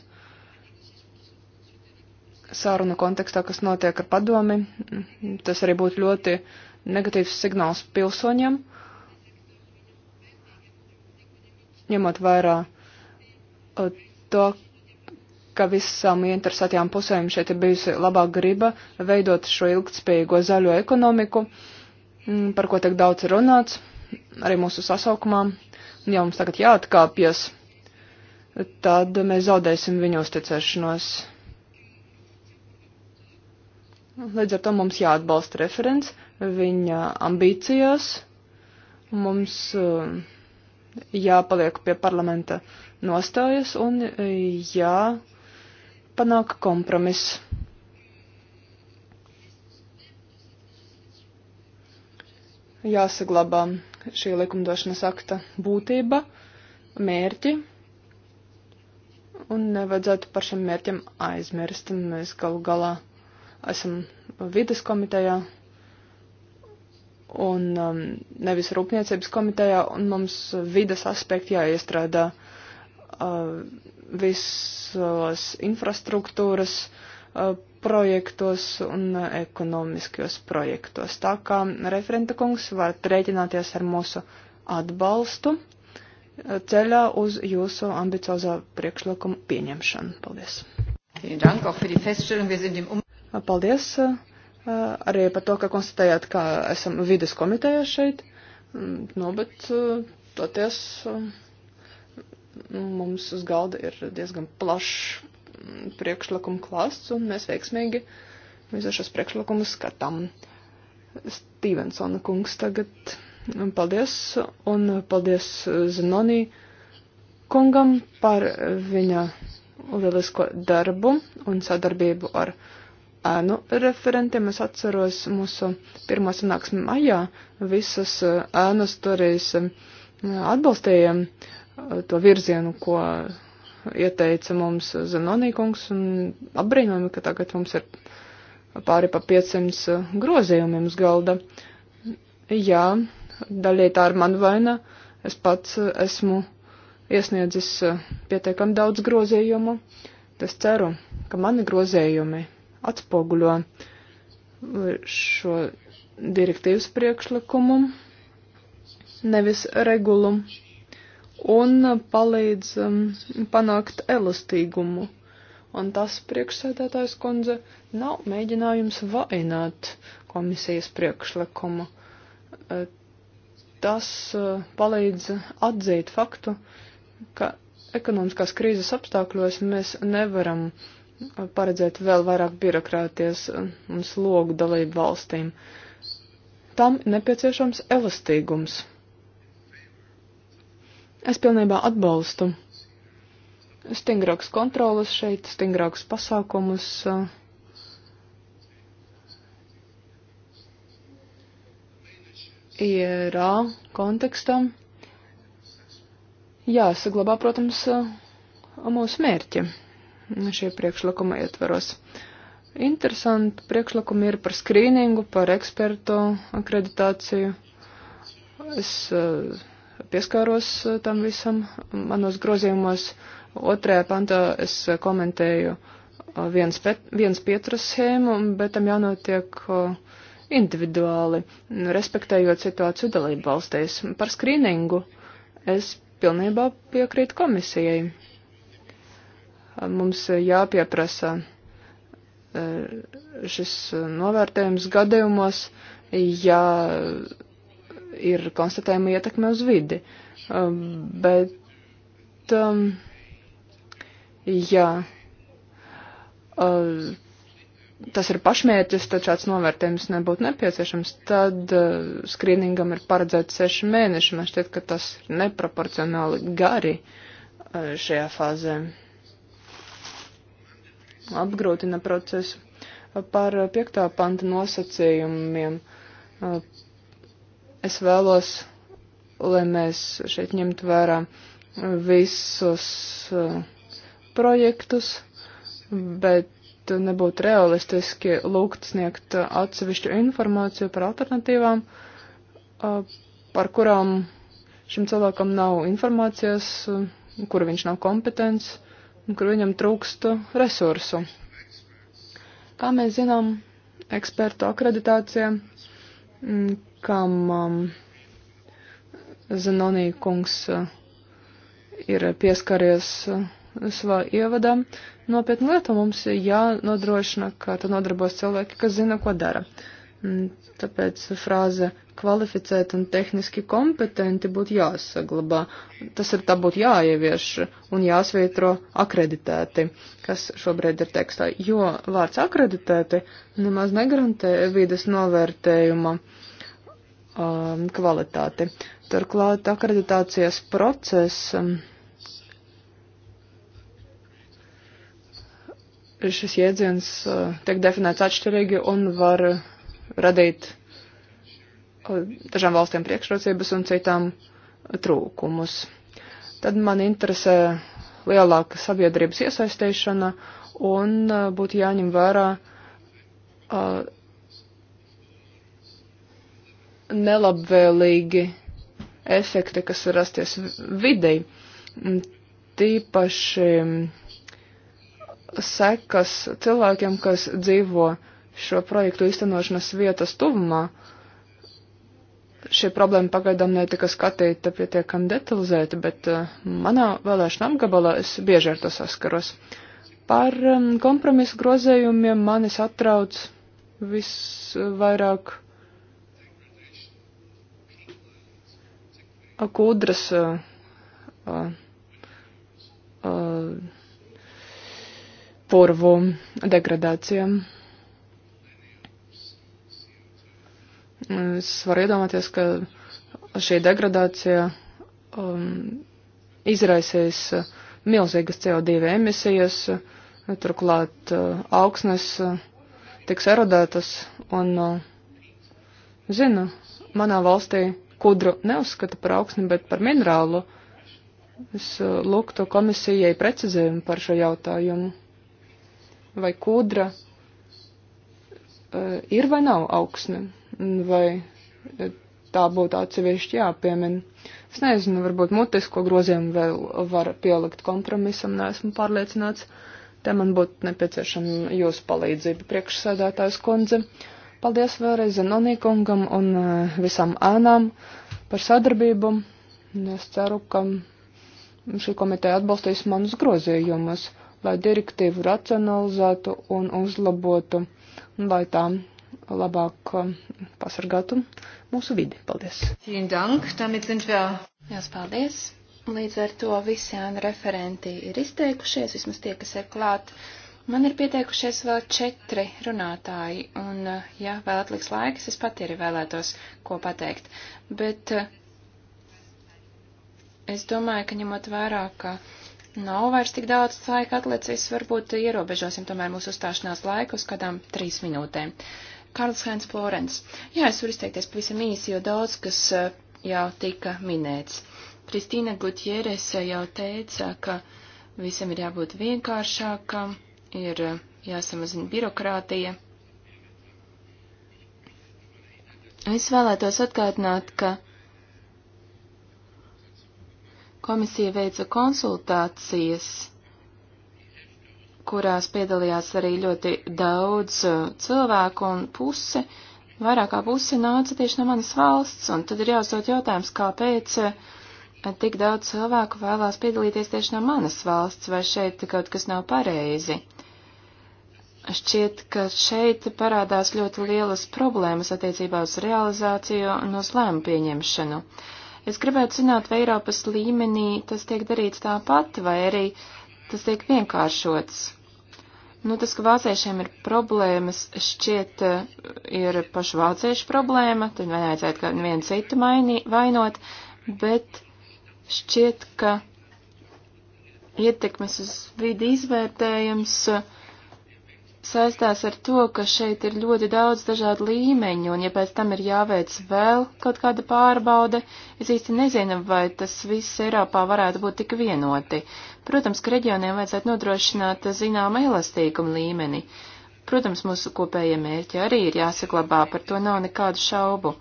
sārunu kontekstā, kas notiek ar padomi. Tas arī būtu ļoti negatīvs signāls pilsoņiem, ņemot vērā uh, to, ka visām interesētajām pusēm šeit ir bijusi labā griba veidot šo ilgtspējīgo zaļo ekonomiku, mm, par ko tiek daudz runāts, arī mūsu sasaukumā. Ja mums tagad jāatkāpjas, tad mēs zaudēsim viņu uzticēšanos. Līdz ar to mums jāatbalsta referents viņa ambīcijās. Mums eh, jāpaliek pie parlamenta nostājas un eh, jāpanāk kompromiss. Jāsaglabā šī likumdošanas akta būtība, mērķi un nevajadzētu par šiem mērķiem aizmirst. Mēs galu galā esam vidas komitejā un um, nevis rūpniecības komitejā, un mums vidas aspekti jāiestrādā uh, visos infrastruktūras uh, projektos un uh, ekonomiskajos projektos. Tā kā referenta kungs varat rēķināties ar mūsu atbalstu uh, ceļā uz jūsu ambiciozā priekšlikuma pieņemšanu. Paldies! Paldies eh, arī par to, ka konstatējāt, ka esam vides komitejā šeit. Mm, nu, bet eh, toties eh, nu, mums uz galda ir diezgan plašs mm, priekšlikumu klāsts, un mēs veiksmīgi visu šos priekšlikumus skatām. Stevensona kungs tagad. Paldies, un paldies Zenonī kungam par viņa lielisko darbu un sadarbību ar ēnu referentiem. Es atceros mūsu pirmo sanāksmi maijā, visas ēnas toreiz atbalstējām to virzienu, ko ieteica mums Zanonīkungs, un apbrīnojami, ka tagad mums ir pāri pa 500 grozījumiem uz galda. Jā, daļai tā ir man vaina. Es pats esmu iesniedzis pietiekami daudz grozījumu. Es ceru, ka mani grozējumi atspoguļo šo direktīvas priekšlikumu, nevis regulu, un palīdz um, panākt elastīgumu. Un tas priekšsēdētājs kundze nav mēģinājums vainot komisijas priekšlikumu. Uh, tas uh, palīdz atzīt faktu, ka ekonomiskās krīzes apstākļos mēs nevaram uh, paredzēt vēl vairāk birokrātijas un slogu dalību valstīm. Tam nepieciešams elastīgums. Es pilnībā atbalstu stingrākas kontrolas šeit, stingrākas pasākumus. Uh, IRA kontekstam jāsaglabā, protams, uh, mūsu mērķi šī priekšlikuma ietveros. Interesanti priekšlikumi ir par skrīningu, par ekspertu akreditāciju. Es eh, pieskāros eh, tam visam. Manos grozījumos otrajā pantā es eh, komentēju viens, pet, viens pietras schēmu, bet tam jānotiek individuāli, respektējot situāciju dalību valstīs. Par skrīningu es pilnībā piekrītu komisijai mums jāpieprasa e, šis novērtējums gadījumos, ja ir konstatējama ietekme uz vidi. E, bet, um, ja e, tas ir pašmērķis, tad šāds novērtējums nebūtu nepieciešams, tad skrīningam ir paredzēts seši mēneši. Man šķiet, ka tas ir neproporcionāli gari šajā fāzē apgrūtina procesu. Par piektā panta nosacījumiem eh, es vēlos, lai mēs šeit ņemtu vērā visus eh, projektus, bet nebūtu realistiski lūgt sniegt atsevišķu informāciju par alternatīvām, eh, par kurām šim cilvēkam nav informācijas, kur viņš nav kompetents kur viņam trūkst resursu. Kā mēs zinām, ekspertu akreditācija, mm, kam um, Zanonī kungs uh, ir pieskaries uh, savā ievadā, nopietna lieta mums jānodrošina, ka tad nodarbos cilvēki, kas zina, ko dara. Mm, tāpēc frāze kvalificēti un tehniski kompetenti būtu jāsaglabā. Tas ir tā būtu jāievieš un jāsvietro akreditēti, kas šobrīd ir tekstā, jo vārds akreditēti nemaz negarantē vides novērtējuma um, kvalitāti. Turklāt akreditācijas process. Um, Šis jēdziens uh, tiek definēts atšķirīgi un var radīt dažām valstīm priekšrocības un citām trūkumus. Tad man interesē lielāka sabiedrības iesaistīšana un uh, būtu jāņem vērā uh, nelabvēlīgi efekti, kas var rasties videi, tīpaši um, sekas cilvēkiem, kas dzīvo šo projektu īstenošanas vietas tuvumā, uh, šī problēma pagaidām netika skatīta pietiekami detalizēti, bet eh, manā vēlēšana apgabalā es bieži ar to saskaros. Par um, kompromisu grozējumiem manis atrauc visvairāk uh, kūdras uh, uh, uh, purvu degradācijām. Es varu iedomāties, ka šī degradācija um, izraisīs uh, milzīgas CO2 emisijas, uh, turklāt uh, augsnes uh, tiks erodētas un uh, Zinu, manā valstī kudru neuzskata par augsni, bet par minerālu. Es uh, lūgtu komisijai precizējumu par šo jautājumu. Vai kudra uh, ir vai nav augsne? vai tā būtu atsevišķi jāpiemina. Es nezinu, varbūt mutisko grozījumu vēl var pielikt kompromisam, neesmu pārliecināts. Te man būtu nepieciešama jūsu palīdzība, priekšsēdētājs kundze. Paldies vēlreiz Zanonīkungam un eh, visām ēnām par sadarbību. Es ceru, ka šī komiteja atbalstīs manus grozījumus, lai direktīvu racionalizētu un uzlabotu, lai tā labāk um, pasargātu mūsu vidi. Paldies! Jās paldies! Līdz ar to visi referenti ir izteikušies, vismaz tie, kas ir klāt. Man ir pieteikušies vēl četri runātāji, un, uh, ja vēl atliks laiks, es pati arī vēlētos ko pateikt. Bet uh, es domāju, ka ņemot vērā, ka nav vairs tik daudz laika atlicis, varbūt ierobežosim tomēr mūsu uzstāšanās laiku uz kādām trīs minūtēm. Uh, Karls Heinz Florence. Jā, es varu izteikties pavisam īsi, jo daudz kas eh, jau tika minēts. Kristīna Gutjeres eh, jau teica, ka visam ir jābūt vienkāršākam, ir eh, jāsamazina birokrātija. Es vēlētos atgādināt, ka komisija veica konsultācijas kurās piedalījās arī ļoti daudz uh, cilvēku un puse, vairāk kā puse nāca tieši no manas valsts, un tad ir jāuzdod jautājums, kāpēc uh, tik daudz cilvēku vēlās piedalīties tieši no manas valsts, vai šeit kaut kas nav pareizi. Šķiet, ka šeit parādās ļoti lielas problēmas attiecībā uz realizāciju un uz lēmu pieņemšanu. Es gribētu zināt, vai Eiropas līmenī tas tiek darīts tāpat, vai arī tas tiek vienkāršots. Nu, tas, ka vāciešiem ir problēmas, šķiet, eh, ir pašu vāciešu problēma, tad nevajadzētu nevienu citu mainī, vainot, bet šķiet, ka ietekmes uz vidi izvērtējums uh, saistās ar to, ka šeit ir ļoti daudz dažādu līmeņu, un ja pēc tam ir jāveic vēl kaut kāda pārbaude, es īsti nezinu, vai tas viss Eiropā varētu būt tik vienoti. Protams, ka reģioniem vajadzētu nodrošināt zināmu elastīgumu līmeni. Protams, mūsu kopējie mērķi arī ir jāsaglabā, par to nav nekādu šaubu.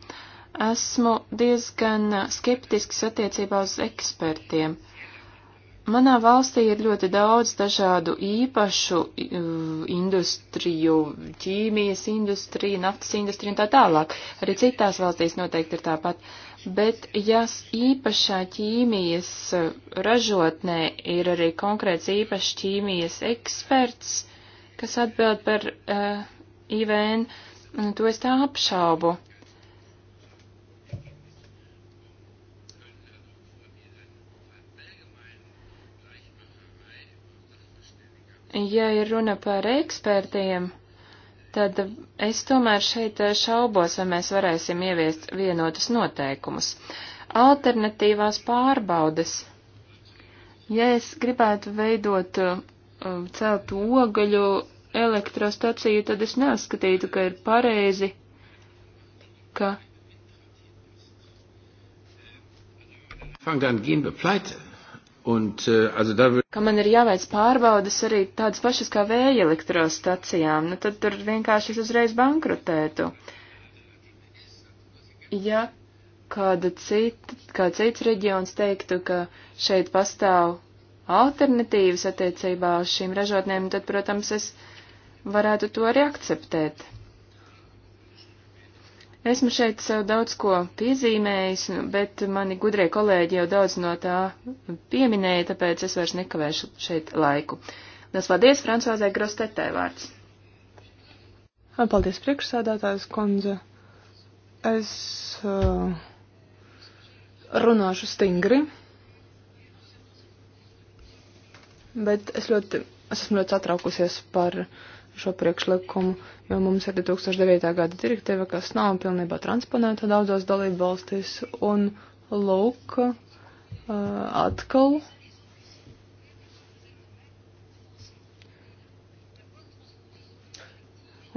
Esmu diezgan skeptisks attiecībā uz ekspertiem. Manā valstī ir ļoti daudz dažādu īpašu industriju, ķīmijas industrija, naftas industrija un tā tālāk. Arī citās valstīs noteikti ir tāpat. Bet, ja īpašā ķīmijas e, ražotnē ir arī konkrēts īpašs ķīmijas eksperts, kas atbild par uh, e, IVN, to es tā apšaubu. ja ir runa par ekspertiem, tad es tomēr šeit šaubos, vai mēs varēsim ieviest vienotus noteikumus. Alternatīvās pārbaudes. Ja es gribētu veidot uh, celtu ogaļu elektrostaciju, tad es neuzskatītu, ka ir pareizi, ka. Fang, dann gehen wir pleite. Un, äh, also da... Ka man ir jāveic pārbaudas arī tādas pašas kā vēja elektrostacijām, nu tad tur vienkārši es uzreiz bankrutētu. Ja kāda cita, kā cits reģions teiktu, ka šeit pastāv alternatīvas attiecībā uz šīm ražotnēm, tad, protams, es varētu to arī akceptēt. Esmu šeit daudz ko piezīmējis, nu, bet mani gudrie kolēģi jau daudz no tā pieminēja, tāpēc es vairs nekavēšu šeit laiku. Liels paldies, Francozai Grostetē vārds. Paldies, priekšsādātājs kundze. Es uh, runāšu stingri, bet es ļoti, es esmu ļoti satraukusies par uh, šo priekšlikumu, jo mums ir 2009. gada direktīva, kas nav pilnībā transponēta daudzos dalību valstīs, un lūk, uh, atkal.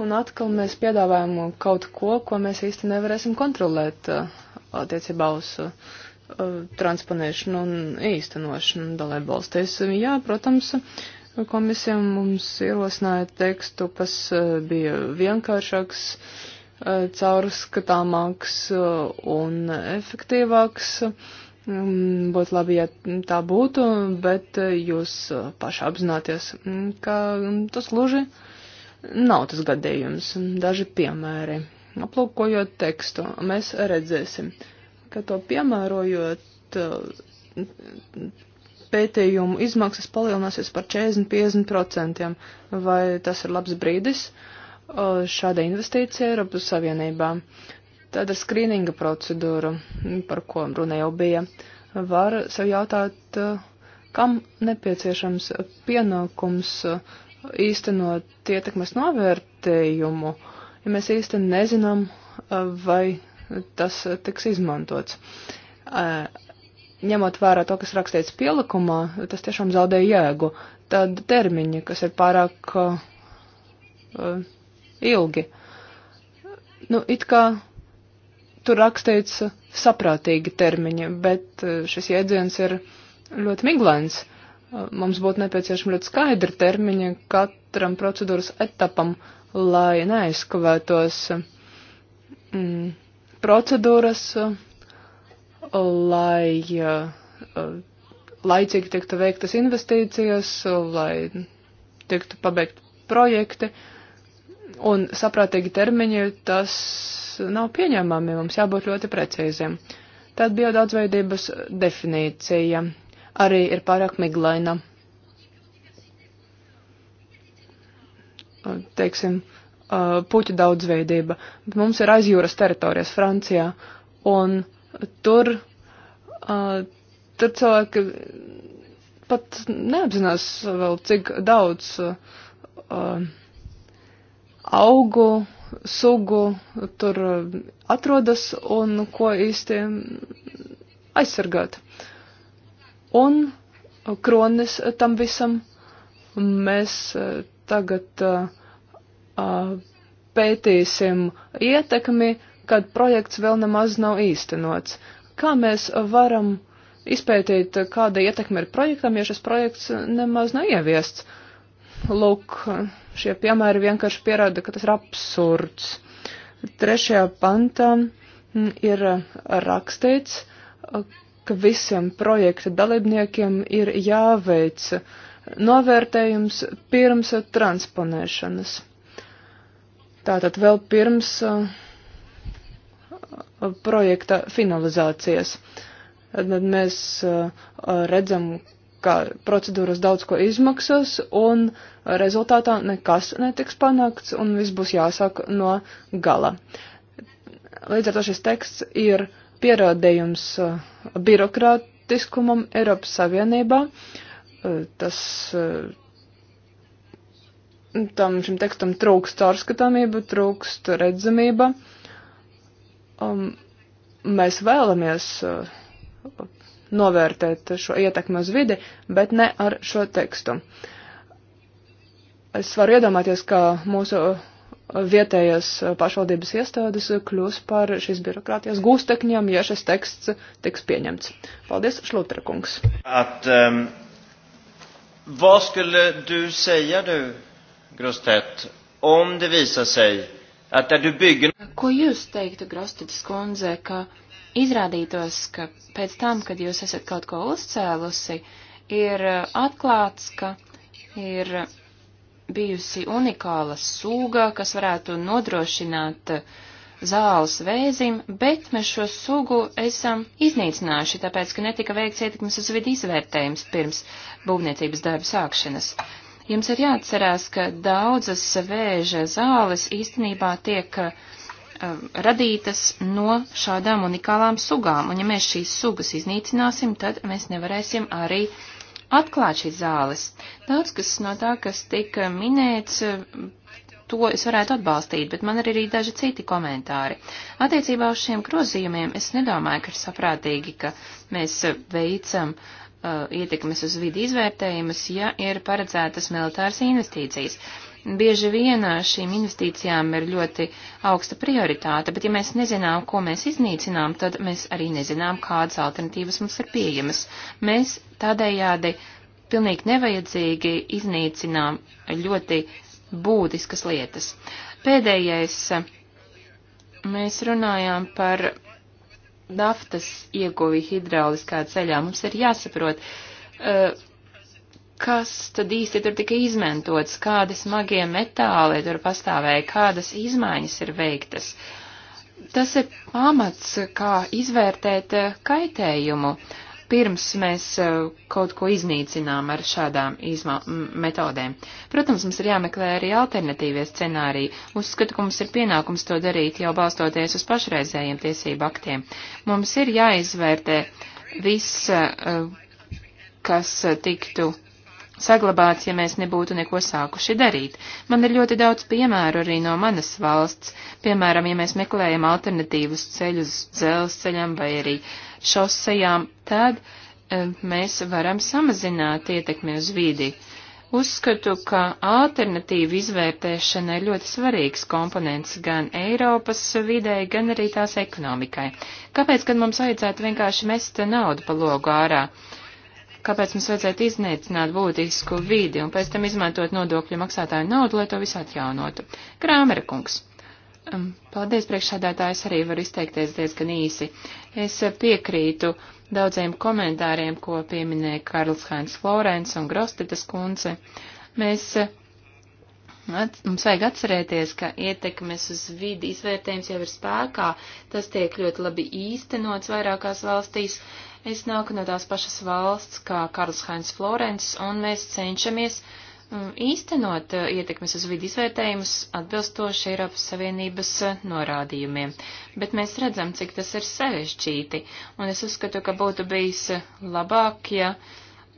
Un atkal mēs piedāvājam kaut ko, ko mēs īsti nevarēsim kontrolēt uh, attiecībā uz uh, transponēšanu un īstenošanu dalībvalstīs. Jā, protams, uh, Komisija mums ierosināja tekstu, kas eh, bija vienkāršāks, eh, caurskatāmāks eh, un efektīvāks. Mm, būtu labi, ja tā būtu, bet jūs paši apzināties, mm, ka tas gluži nav tas gadījums. Daži piemēri. Aplūkojot tekstu, mēs redzēsim, ka to piemērojot pētījumu izmaksas palielināsies par 40-50%. Vai tas ir labs brīdis uh, šādai investīcijai Eiropas Savienībā? Tāda skrīninga procedūra, par ko runa jau bija, var sev jautāt, uh, kam nepieciešams pienākums uh, īstenot ietekmes novērtējumu, ja mēs īsti nezinām, vai tas tiks izmantots ņemot vērā to, kas rakstīts pielikumā, tas tiešām zaudē jēgu. Tad termiņi, kas ir pārāk uh, ilgi. Nu, it kā tur rakstīts saprātīgi termiņi, bet eh, šis jēdziens ir ļoti miglains. Eh, mums būtu nepieciešami ļoti skaidri termiņi katram procedūras etapam, lai neaizskavētos mm, procedūras. Uh, lai uh, laicīgi tiktu veiktas investīcijas, lai tiktu pabeigt projekti un saprātīgi termiņi, tas nav pieņemami, mums jābūt ļoti precīziem. Tad biodaudzveidības definīcija arī ir pārāk miglaina. Teiksim, uh, puķu daudzveidība. Mums ir aizjūras teritorijas Francijā, un Tur, uh, tur cilvēki pat neapzinās vēl, cik daudz uh, augu, sugu tur atrodas un ko īsti aizsargāt. Un kronis tam visam mēs tagad uh, pētīsim ietekmi kad projekts vēl nemaz nav īstenots. Kā mēs varam izpētīt, kāda ietekme ir projektam, ja šis projekts nemaz nav ieviests? Lūk, šie piemēri vienkārši pierāda, ka tas ir absurds. Trešajā pantā mm, ir rakstīts, ka visiem projekta dalībniekiem ir jāveic novērtējums pirms transponēšanas. Tātad vēl pirms uh, projekta finalizācijas. Tad mēs uh, redzam, ka procedūras daudz ko izmaksas un rezultātā nekas netiks panākts un viss būs jāsāk no gala. Līdz ar to šis teksts ir pierādījums uh, birokrātiskumam Eiropas Savienībā. Uh, tas tam šim tekstam trūkst caurskatāmība, trūkst redzamība. Uh, um, mēs vēlamies uh, novērtēt šo ietekmi uz vidi, bet ne ar šo tekstu. Es varu iedomāties, ka mūsu uh, vietējās uh, pašvaldības iestādes kļūs par šīs birokrātijas gūstekņiem, ja šis teksts tiks pieņemts. Paldies, Šlutrakungs. At, um, vad skulle du säga du, Grostet, om det visar sig Byggen... Nu. Ko jūs teiktu, Grostitis kundze, ka izrādītos, ka pēc tam, kad jūs esat kaut ko uzcēlusi, ir atklāts, ka ir bijusi unikāla sūga, kas varētu nodrošināt zāles vēzim, bet mēs šo sugu esam iznīcinājuši, tāpēc, ka netika veikts ietekmes uz vidi izvērtējums pirms būvniecības darba sākšanas. Uh, Jums ir jāatcerās, ka daudzas vēža zāles īstenībā tiek uh, radītas no šādām unikālām sugām, un ja mēs šīs sugas iznīcināsim, tad mēs nevarēsim arī atklāt šīs zāles. Daudz kas no tā, kas tika minēts, to es varētu atbalstīt, bet man ir arī daži citi komentāri. Attiecībā uz šiem grozījumiem es nedomāju, ka ir saprātīgi, ka mēs veicam uh, uh, ietekmes uz vidi izvērtējumus, ja ir paredzētas militāras investīcijas. Bieži vien uh, šīm investīcijām ir ļoti augsta prioritāte, bet ja mēs nezinām, ko mēs iznīcinām, tad mēs arī nezinām, kādas alternatīvas mums ir pieejamas. Mēs tādējādi pilnīgi nevajadzīgi iznīcinām ļoti būtiskas lietas. Pēdējais, uh, mēs runājām par naftas ieguvi hidrauliskā ceļā. Mums ir jāsaprot, eh, kas tad īsti tur tika izmantots, kādi smagie metāli tur pastāvēja, kādas izmaiņas ir veiktas. Tas ir pamats, kā izvērtēt eh, kaitējumu. Uh, pirms mēs eh, kaut ko iznīcinām ar šādām izmā, metodēm. Protams, mums ir jāmeklē arī alternatīvie scenāriji. Uzskatu, ka mums ir pienākums to darīt jau balstoties uz pašreizējiem tiesību aktiem. Mums ir jāizvērtē viss, eh, kas tiktu saglabāts, ja mēs nebūtu neko sākuši darīt. Man ir ļoti daudz piemēru arī no manas valsts. Piemēram, ja mēs meklējam alternatīvus ceļus dzelzceļam vai arī uh, šosejām, tad e, mēs varam samazināt ietekmi uz vidi. Uzskatu, ka alternatīva izvērtēšana ir ļoti svarīgs komponents gan Eiropas videi, gan arī tās ekonomikai. Kāpēc, kad mums vajadzētu vienkārši mest naudu pa logu ārā? Kāpēc mums vajadzētu iznīcināt būtisku vidi un pēc tam izmantot nodokļu maksātāju naudu, lai to visu atjaunotu? Krāmera kungs. Paldies, priekšsādātājs, arī var izteikties diezgan īsi. Es piekrītu daudziem komentāriem, ko pieminēja Karls Hainz Florence un Grostetas kundze. Mēs, at, mums vajag atcerēties, ka ietekmes uz vidi izvērtējums jau ir spēkā, tas tiek ļoti labi īstenots vairākās valstīs. Es nāku no tās pašas valsts kā Karls Hainz Florence, un mēs cenšamies uh, Mm, īstenot uh, ietekmes uz vidi izvērtējumus atbilstoši Eiropas Savienības uh, norādījumiem, bet mēs redzam, cik tas ir sarežģīti, un es uzskatu, ka būtu bijis uh, labāk, ja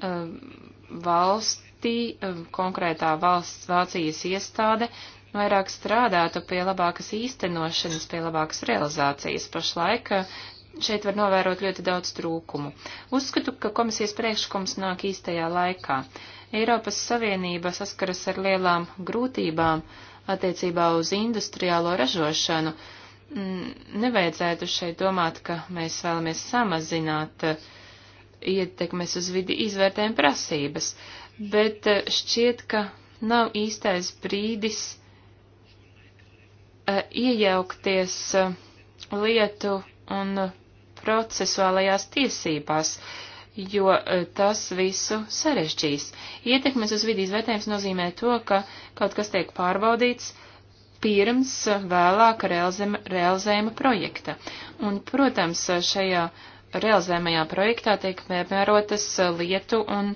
um, valstī, um, konkrētā valsts Vācijas iestāde vairāk strādātu pie labākas īstenošanas, pie labākas realizācijas. Pašlaik šeit var novērot ļoti daudz trūkumu. Uzskatu, ka komisijas priekšlikums nāk īstajā laikā. Uh, Eiropas Savienība saskaras ar lielām grūtībām attiecībā uz industriālo ražošanu. Mm, nevajadzētu šeit domāt, ka mēs vēlamies samazināt eh, ietekmes uz vidi izvērtējumu prasības, bet eh, šķiet, ka nav īstais brīdis eh, iejaukties lietu un procesuālajās tiesībās, jo e, tas visu sarežģīs. Ietekmes uz vidi izvērtējums nozīmē to, ka kaut kas tiek pārbaudīts pirms vēlāk realizējuma projekta. Un, protams, šajā realizējumajā projektā tiek piemērotas lietu un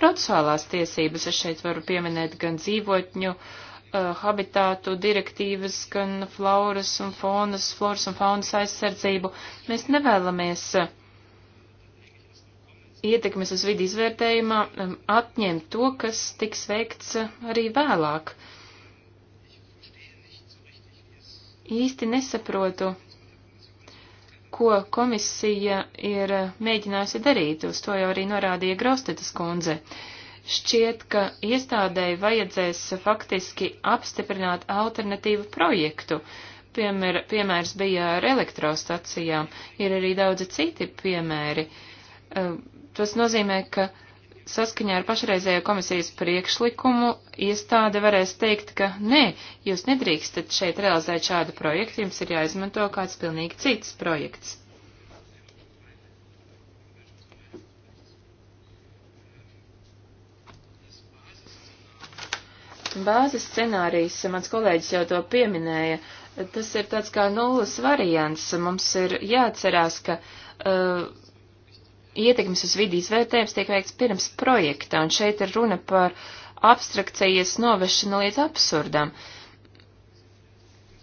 procesuālās tiesības. Es šeit varu pieminēt gan dzīvotņu uh, habitātu direktīvas, gan floras un faunas, floras un faunas aizsardzību. Mēs nevēlamies uh, ietekmes uz vidi izvērtējumā um, atņemt to, kas tiks veikts uh, arī vēlāk. Īsti nesaprotu, ko komisija ir uh, mēģinājusi darīt, uz to jau arī norādīja Graustetas kundze. Šķiet, ka iestādēji vajadzēs faktiski apstiprināt alternatīvu projektu, piemēr, piemērs bija ar elektrostacijām, ir arī daudzi citi piemēri. Uh, Tas nozīmē, ka saskaņā ar pašreizējo komisijas priekšlikumu iestāde varēs teikt, ka nē, jūs nedrīkstat šeit realizēt šādu projektu, jums ir jāizmanto kāds pilnīgi cits projekts. Bāzes scenārijs, mans kolēģis jau to pieminēja, tas ir tāds kā nulles variants. Mums ir jāatcerās, ka uh, ietekmes uz vidi izvērtējums tiek veikts pirms projekta, un šeit ir runa par abstrakcijas novešanu līdz absurdam.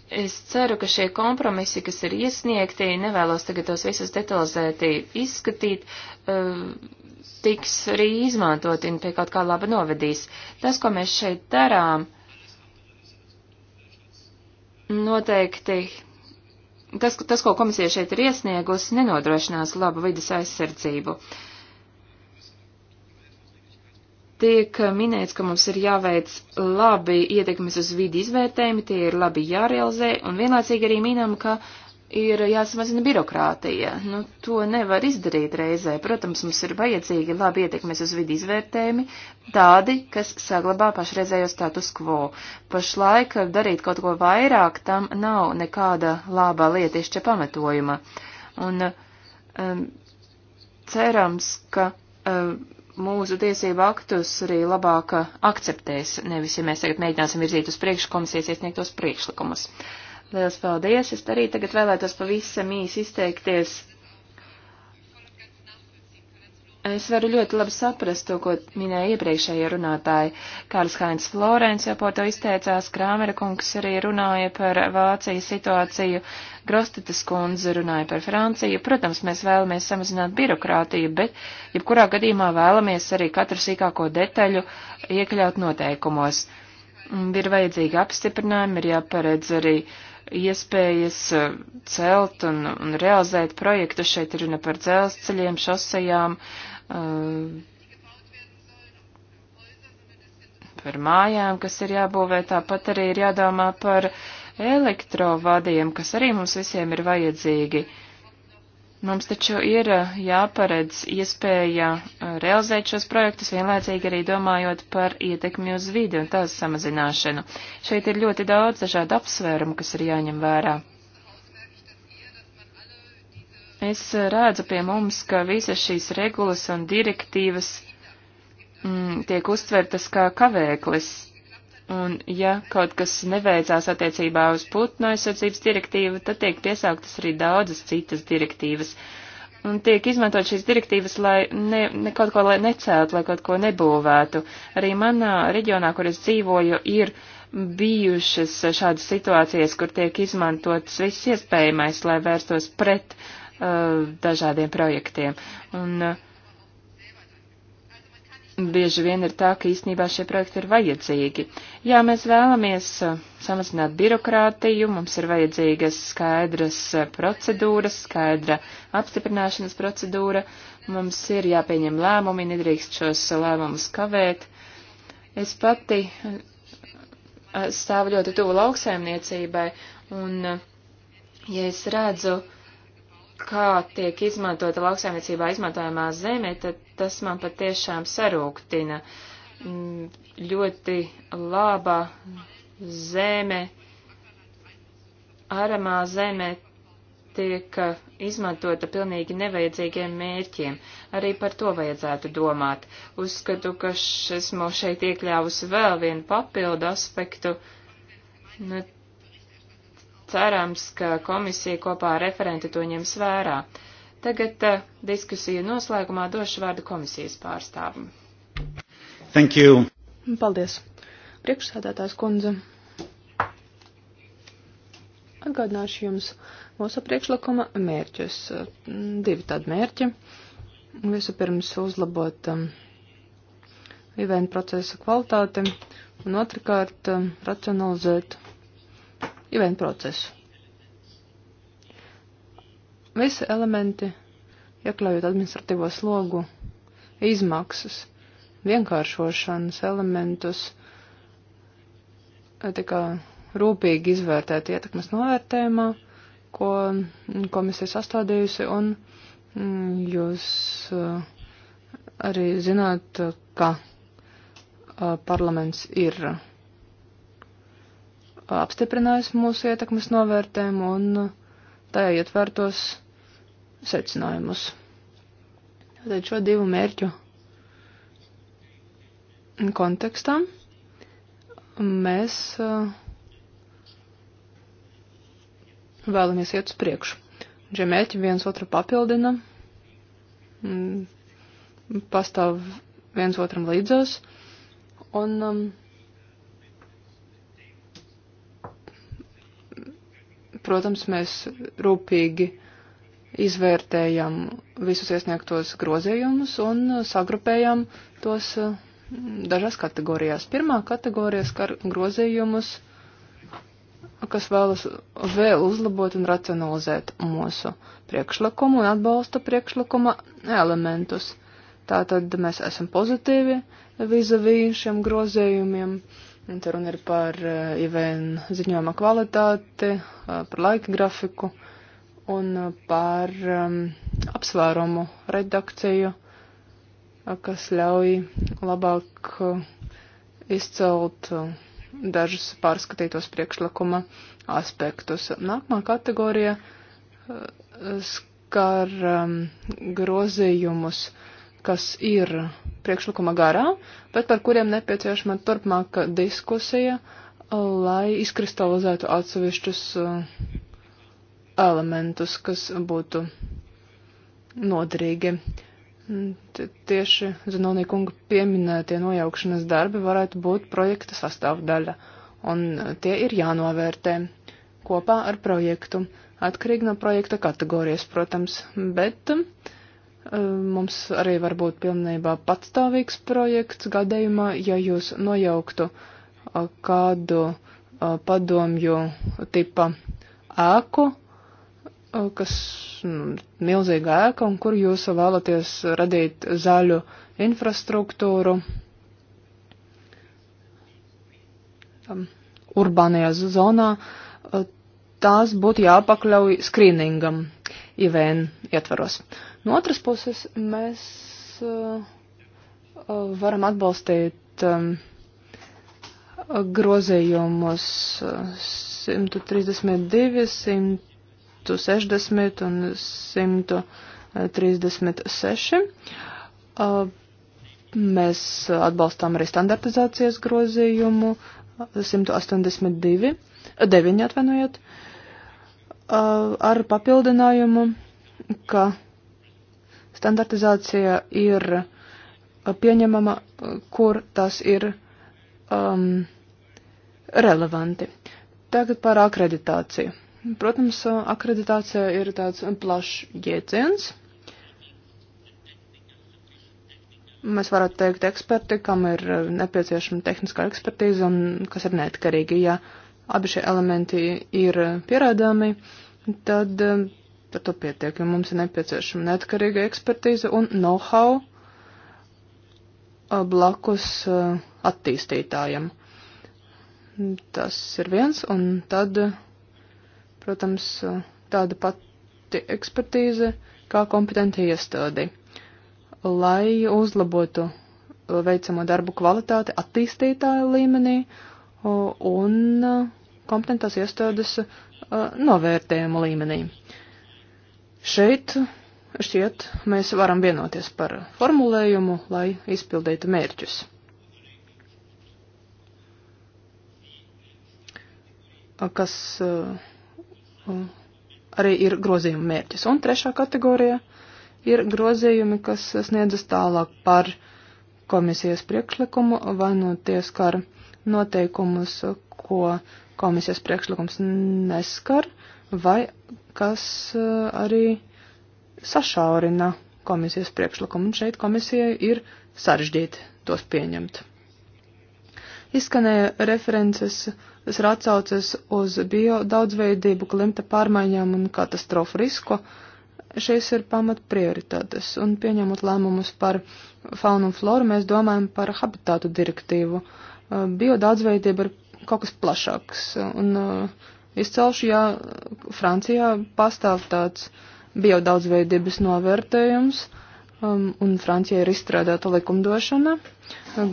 Es ceru, ka šie kompromisi, kas ir iesniegti, nevēlos tagad tos visus detalizēti izskatīt, eh, tiks arī izmantoti un pie kaut kā laba novedīs. Tas, ko mēs šeit darām, noteikti tas, tas, ko komisija šeit ir iesniegusi, nenodrošinās labu vidas aizsardzību. Tiek minēts, ka mums ir jāveic labi ietekmes uz vidi izvērtējumi, tie ir labi jārealizē, un vienlaicīgi arī minam, ka ir jāsamazina birokrātija. Nu, to nevar izdarīt reizē. Protams, mums ir vajadzīgi labi ietekmes uz vidi izvērtējumi, tādi, kas saglabā pašreizējo status quo. Pašlaik darīt kaut ko vairāk, tam nav nekāda labā lietišķa pamatojuma. Un um, cerams, ka um, mūsu tiesību aktus arī labāk akceptēs, nevis, ja mēs tagad mēģināsim virzīt uz priekšu komisijas iesniegtos priekšlikumus. Uh, Liels paldies! Es arī tagad vēlētos pavisam īsi izteikties. Es varu ļoti labi saprast to, ko minēja iepriekšējie runātāji. Kārls Hainz Florence jau par to izteicās, Krāmera kungs arī runāja par Vācijas situāciju, Grostitas kundze runāja par Franciju. Protams, mēs vēlamies samazināt birokrātiju, bet jebkurā gadījumā vēlamies arī katru sīkāko detaļu iekļaut noteikumos. Ir vajadzīgi apstiprinājumi, ir jāparedz arī uh, iespējas eh, celt un, un realizēt projektu. Šeit ir runa par dzelzceļiem, šosejām, eh, par mājām, kas ir jābūvē. Tāpat arī ir jādomā par elektrovadiem, kas arī mums visiem ir vajadzīgi. Uh, Mums taču ir jāparedz iespēja realizēt šos projektus, vienlaicīgi arī domājot par ietekmi uz vidi un tās samazināšanu. Šeit ir ļoti daudz dažādu apsvērumu, kas ir jāņem vērā. Es redzu pie mums, ka visas šīs regulas un direktīvas mm, tiek uztvertas kā kavēklis Un, ja kaut kas neveicās attiecībā uz putnu aizsardzības direktīvu, tad tiek piesauktas arī daudzas citas direktīvas. Un tiek izmantot šīs direktīvas, lai ne, ne kaut ko lai necelt, lai kaut ko nebūvētu. Arī manā reģionā, kur es dzīvoju, ir bijušas šādas situācijas, kur tiek izmantotas viss iespējamais, lai vērstos pret uh, dažādiem projektiem. Un, uh, bieži vien ir tā, ka īstenībā šie projekti ir vajadzīgi. Jā, mēs vēlamies uh, samazināt birokrātiju, mums ir vajadzīgas skaidras uh, procedūras, skaidra apstiprināšanas procedūra, mums ir jāpieņem lēmumi, nedrīkst šos lēmumus kavēt. Es pati uh, stāvu ļoti tuvu lauksaimniecībai, un ja es redzu, uh, kā tiek izmantota lauksaimniecībā izmantojamā zeme, tad tas man patiešām sarūktina. Mm, ļoti laba zeme, aramā zeme tiek izmantota pilnīgi nevajadzīgiem mērķiem. Arī par to vajadzētu domāt. Uzskatu, ka esmu šeit iekļāvusi vēl vienu papildu aspektu. Nu, cerams, ka komisija kopā ar referenti to ņems vērā. Tagad uh, eh, diskusiju noslēgumā došu vārdu komisijas pārstāvam. Thank you. Paldies. Priekšsēdētājs kundze. Atgādināšu jums mūsu priekšlikuma mērķus. Divi tādi mērķi. Vispirms uzlabot um, IVN procesa kvalitāti un otrkārt um, racionalizēt īvēnu procesu. Visi elementi, iekļaujot administratīvo slogu, izmaksas, vienkāršošanas elementus, tika rūpīgi izvērtēti ietekmes novērtējumā, ko komisija sastādījusi, un mm, jūs eh, arī zināt, ka eh, parlaments ir apstiprinājusi mūsu ietekmes novērtējumu un tajā ietvērtos secinājumus. Tad šo divu mērķu kontekstā mēs uh, vēlamies iet uz priekšu. Šie mērķi viens otru papildina, mm, pastāv viens otram līdzās, un um, Protams, mēs rūpīgi izvērtējam visus iesniegtos grozējumus un sagrupējam tos uh, dažās kategorijās. Pirmā kategorija skar grozējumus, kas vēlas vēl uzlabot un racionalizēt mūsu priekšlikumu un atbalsta priekšlikuma elementus. Tātad mēs esam pozitīvi vizavī šiem grozējumiem. Uh, Un te runa ir par eh, IVN ziņojuma kvalitāti, eh, par laika grafiku un eh, par um, apsvērumu redakciju, kas ļauj labāk izcelt dažus pārskatītos priekšlikuma aspektus. Nākamā kategorija skar um, grozījumus uh, kas ir priekšlikuma garā, bet par kuriem nepieciešama turpmāka diskusija, lai izkristalizētu atsevišķus eh, elementus, kas būtu noderīgi. Mm, tieši Zanonī kunga pieminētie nojaukšanas darbi varētu būt projekta sastāvdaļa, un tie ir jānovērtē kopā ar projektu, atkarīgi no projekta kategorijas, protams, bet uh, Mums arī var būt pilnībā patstāvīgs projekts gadījumā, ja jūs nojauktu kādu padomju tipa ēku, kas nu, milzīga ēka un kur jūs vēlaties radīt zaļu infrastruktūru urbānajā zonā, tās būtu jāpakļauj skrīningam IVN ietvaros. Uh, No otras puses, mēs uh, varam atbalstīt um, grozījumus 132, 160 un 136. Uh, mēs atbalstām arī standartizācijas grozījumu 182, 9 atvainojiet, uh, ar papildinājumu, ka Standartizācija ir uh, pieņemama, uh, kur tas ir um, relevanti. Tagad par akreditāciju. Protams, uh, akreditācija ir tāds plašs jēdziens. Mēs varētu teikt eksperti, kam ir nepieciešama tehniskā ekspertīze un kas ir neatkarīgi. Ja abi šie elementi ir pierādāmi, tad Par to pietiek, jo mums ir nepieciešama neatkarīga ekspertīze un know-how uh, blakus uh, attīstītājam. Tas ir viens, un tad, protams, uh, tāda pati ekspertīze kā kompetenti iestādi, lai uzlabotu veicamo darbu kvalitāti attīstītāju līmenī un kompetentās iestādes novērtējumu līmenī. Šeit šķiet, mēs varam vienoties par formulējumu, lai izpildītu mērķus. Kas uh, arī ir grozījuma mērķis. Un trešā kategorija ir grozījumi, kas sniedzas tālāk par komisijas priekšlikumu, vainoties kā ar noteikumus, ko komisijas priekšlikums neskar vai kas eh, arī sašaurina komisijas priekšlikumu, un šeit komisijai ir sarežģīti tos pieņemt. Izskanēja references, kas ir atsaucies uz bio daudzveidību, klimta pārmaiņām un katastrofu risku. Šīs ir pamat prioritātes, un pieņemot lēmumus par faunu un floru, mēs domājam par habitātu direktīvu. Eh, bio daudzveidība ir kaut kas plašāks, un uh, izcelšu, ja Francijā pastāv tāds biodaudzveidības novērtējums, um, un Francijā ir izstrādāta likumdošana.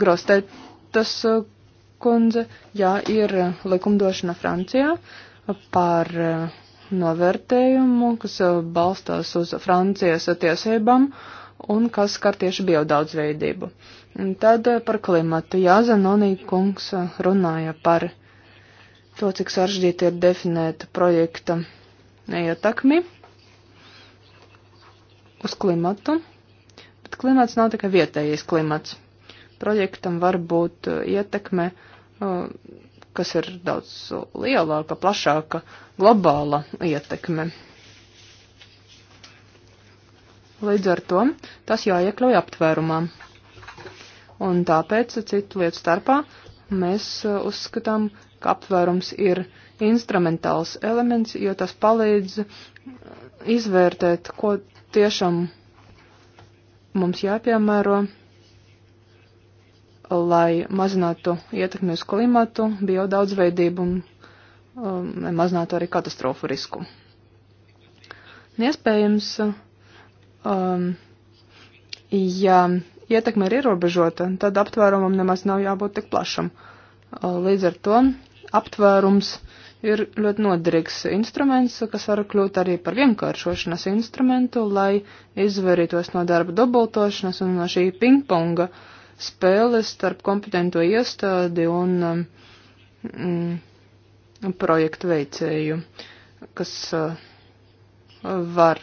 Grostētas uh, kundze, jā, ir likumdošana Francijā par uh, novērtējumu, kas uh, balstās uz Francijas tiesībām un kas skar tieši biodaudzveidību. Tad par klimatu. Jā, Zanonī kungs runāja par to, cik saržģīti ir definēt projekta ietekmi uz klimatu, bet klimats nav tikai vietējais klimats. Projektam var būt uh, ietekme, uh, kas ir daudz lielāka, plašāka, globāla ietekme. Līdz ar to tas jāiekļauj aptvērumā. Un tāpēc, citu lietu starpā, mēs uh, uzskatām, ka aptvērums ir instrumentāls elements, jo tas palīdz uh, izvērtēt, ko tiešām mums jāpiemēro, lai mazinātu ietekmi uz klimatu, biodaudzveidību un um, mazinātu arī katastrofu risku. Iespējams, um, ja ietekme ir ierobežota, tad aptvērumam nemaz nav jābūt tik plašam. Uh, līdz ar to aptvērums ir ļoti noderīgs instruments, kas var kļūt arī par vienkāršošanas instrumentu, lai izvairītos no darba dubultošanas un no šī pingponga spēles starp kompetento iestādi un um, mm, projektu veicēju, kas uh, var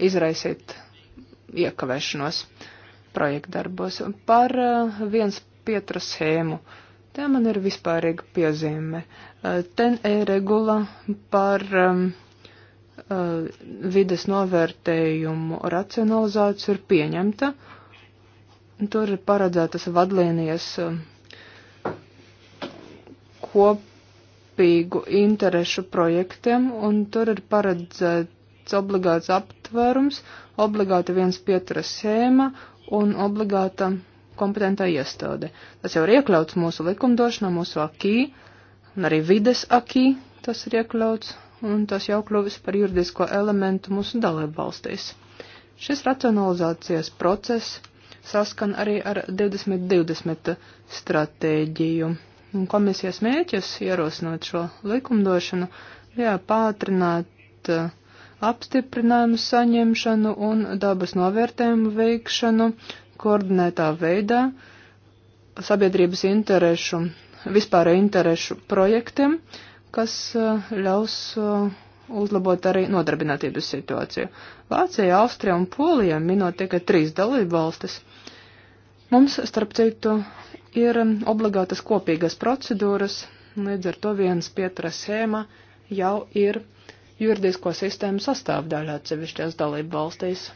izraisīt iekavēšanos projektu darbos par uh, viens pietra schēmu. Uh, Tā man ir vispārīga piezīme. Eh, ten ir e regula par um, vides novērtējumu racionalizāciju ir pieņemta. Tur ir paredzētas vadlīnijas eh, kopīgu interešu projektiem, un tur ir paredzēts obligāts aptvērums, obligāta viens pietura sēma un obligāta kompetentā iestāde. Tas jau ir iekļauts mūsu likumdošanā, mūsu akī, un arī vides akī tas ir iekļauts, un tas jau kļuvis par juridisko elementu mūsu dalību valstīs. Šis racionalizācijas process saskan arī ar 2020 stratēģiju. Un komisijas mēķis, ierosinot šo likumdošanu, bija pātrināt uh, apstiprinājumu saņemšanu un dabas novērtējumu veikšanu, koordinētā veidā sabiedrības interešu, vispārēju interešu projektiem, kas eh, ļaus eh, uzlabot arī nodarbinātības situāciju. Vācija, Austrija un Polija minot tikai trīs dalību valstis. Mums, starp citu, ir eh, obligātas kopīgas procedūras, līdz ar to viens pietra sēma jau ir juridisko sistēmu sastāvdaļā atsevišķās dalību valstīs.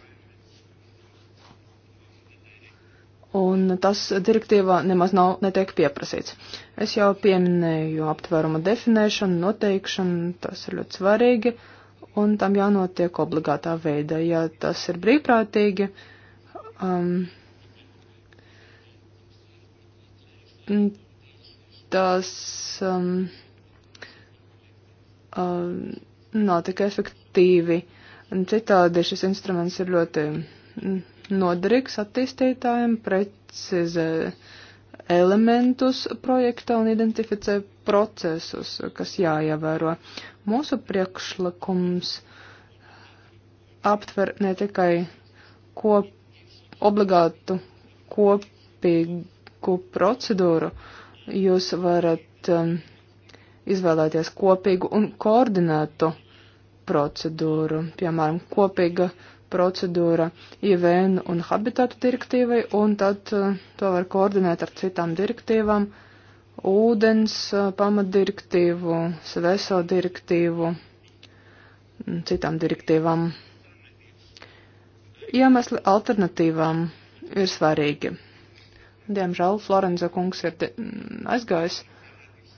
un tas direktīvā nemaz nav netiek pieprasīts. Es jau pieminēju aptveruma definēšanu, noteikšanu, tas ir ļoti svarīgi, un tam jānotiek obligātā veidā. Ja tas ir brīvprātīgi, um, tas um, um, nav tik efektīvi. Citādi šis instruments ir ļoti. Mm, noderīgs attīstītājiem, precizē elementus projekta un identificē procesus, kas jāievēro. Mūsu priekšlikums aptver ne tikai kop, obligātu kopīgu procedūru, jūs varat um, izvēlēties kopīgu un koordinētu procedūru, piemēram, kopīga uh, procedūra IVN un habitatu direktīvai, un tad eh, to var koordinēt ar citām direktīvām - ūdens eh, pamatdirektīvu, sveso direktīvu, mm, citām direktīvām. Iemesli alternatīvām ir svarīgi. Diemžēl Florenza kungs ir mm, aizgājis.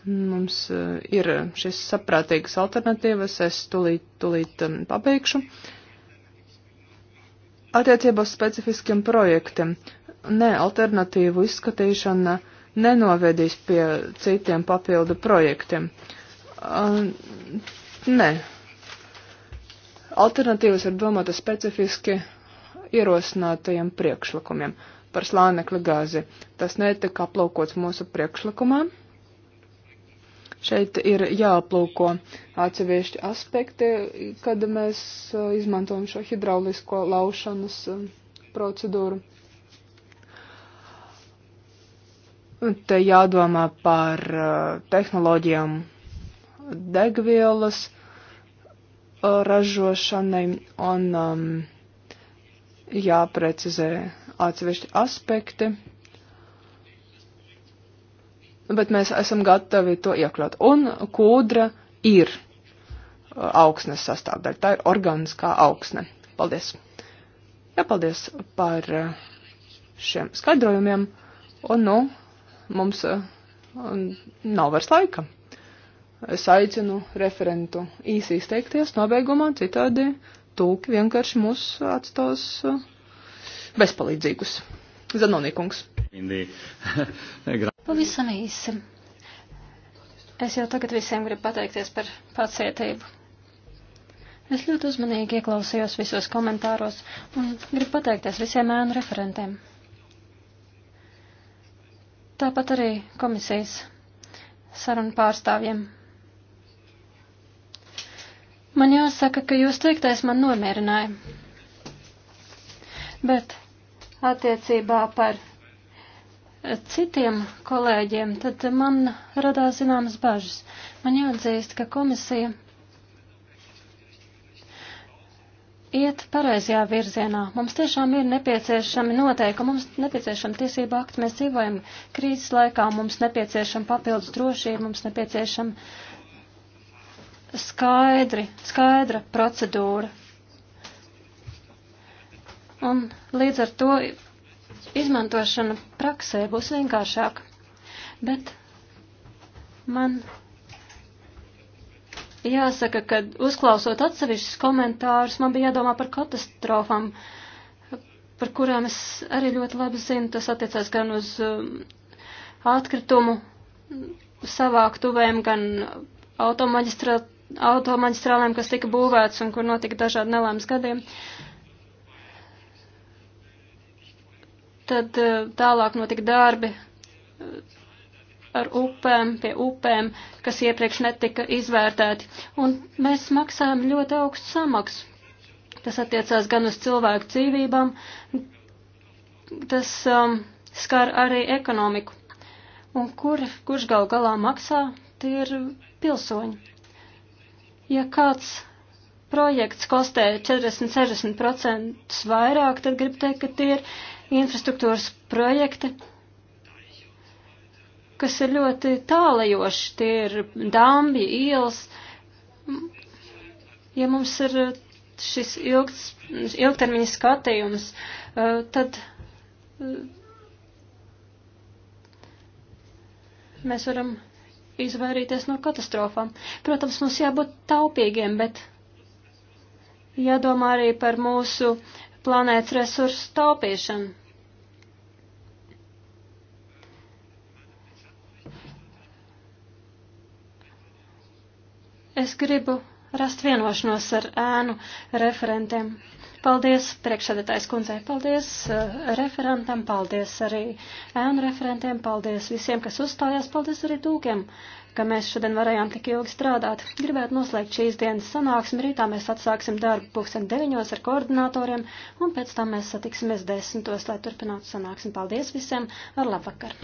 Mums eh, ir šis saprātīgas alternatīvas, es tulīt, tulīt mm, pabeigšu. Uh, attiecībos specifiskiem projektiem. Nē, alternatīvu izskatīšana nenovedīs pie citiem papildu projektiem. Uh, nē. Alternatīvas ir domāta specifiski ierosinātajiem priekšlikumiem par slānekļa gāzi. Tas netika aplaukots mūsu priekšlikumā. Šeit ir jāaplūko atseviešķi aspekti, kad mēs izmantojam šo hidraulisko laušanas procedūru. Te jādomā par tehnoloģijām degvielas ražošanai un um, jāprecizē atsevišķi aspekti bet mēs esam gatavi to iekļaut. Un kūdra ir uh, augsnes sastāvdaļa, tā ir organiskā augsne. Paldies! Jā, paldies par uh, šiem skaidrojumiem, un nu mums uh, nav vairs laika. Es aicinu referentu īsi izteikties nobeigumā, citādi tūki vienkārši mūs atstos bezpalīdzīgus. Zanonīkungs. Indija. *laughs* Pavisam īsi. Es jau tagad visiem gribu pateikties par pacietību. Es ļoti uzmanīgi ieklausījos visos komentāros un gribu pateikties visiem ēnu referentiem. Tāpat arī komisijas sarunu pārstāvjiem. Man jāsaka, ka jūs teiktais man nomierināja. Bet attiecībā par citiem kolēģiem, tad man radās zināmas bažas. Man jāatzīst, ka komisija iet pareizajā virzienā. Mums tiešām ir nepieciešami noteikumi, mums nepieciešama tiesība akti, mēs dzīvojam krīzes laikā, mums nepieciešama papildus drošība, mums nepieciešama skaidri, skaidra procedūra. Un līdz ar to izmantošana praksē būs vienkāršāka. Bet man jāsaka, ka uzklausot atsevišķus komentārus, man bija jādomā par katastrofām, par kurām es arī ļoti labi zinu. Tas attiecās gan uz um, atkritumu savāktuvēm, gan automaģistrālēm, kas tika būvēts un kur notika dažādi nelēmas gadiem. Uh, Tad eh, tālāk notika darbi eh, ar upēm, pie upēm, kas iepriekš netika izvērtēti. Un mēs maksājam ļoti augstu samaksu. Tas attiecās gan uz cilvēku dzīvībām, tas um, skar arī ekonomiku. Un kur, kurš gal galā maksā, tie ir pilsoņi. Ja kāds projekts kostē 40-60% vairāk, tad gribu teikt, ka tie ir infrastruktūras projekti, kas ir ļoti tālajoši, tie ir dambi, ielas. Ja mums ir šis ilgts, ilgtermiņa skatījums, eh, tad eh, mēs varam izvairīties no katastrofām. Protams, mums jābūt taupīgiem, bet jādomā arī par mūsu uh, planētas resursu taupīšanu. Es gribu rast vienošanos ar ēnu referentiem. Paldies priekšsēdētājs kundzei, paldies uh, referentam, paldies arī ēnu referentiem, paldies visiem, kas uzstājās, paldies arī tūkiem, ka mēs šodien varējām tik ilgi strādāt. Gribētu noslēgt šīs dienas sanāksmi, rītā mēs atsāksim darbu pulksten deviņos ar koordinatoriem, un pēc tam mēs satiksimies desmitos, lai turpinātu sanāksmi. Paldies visiem, ar labvakar!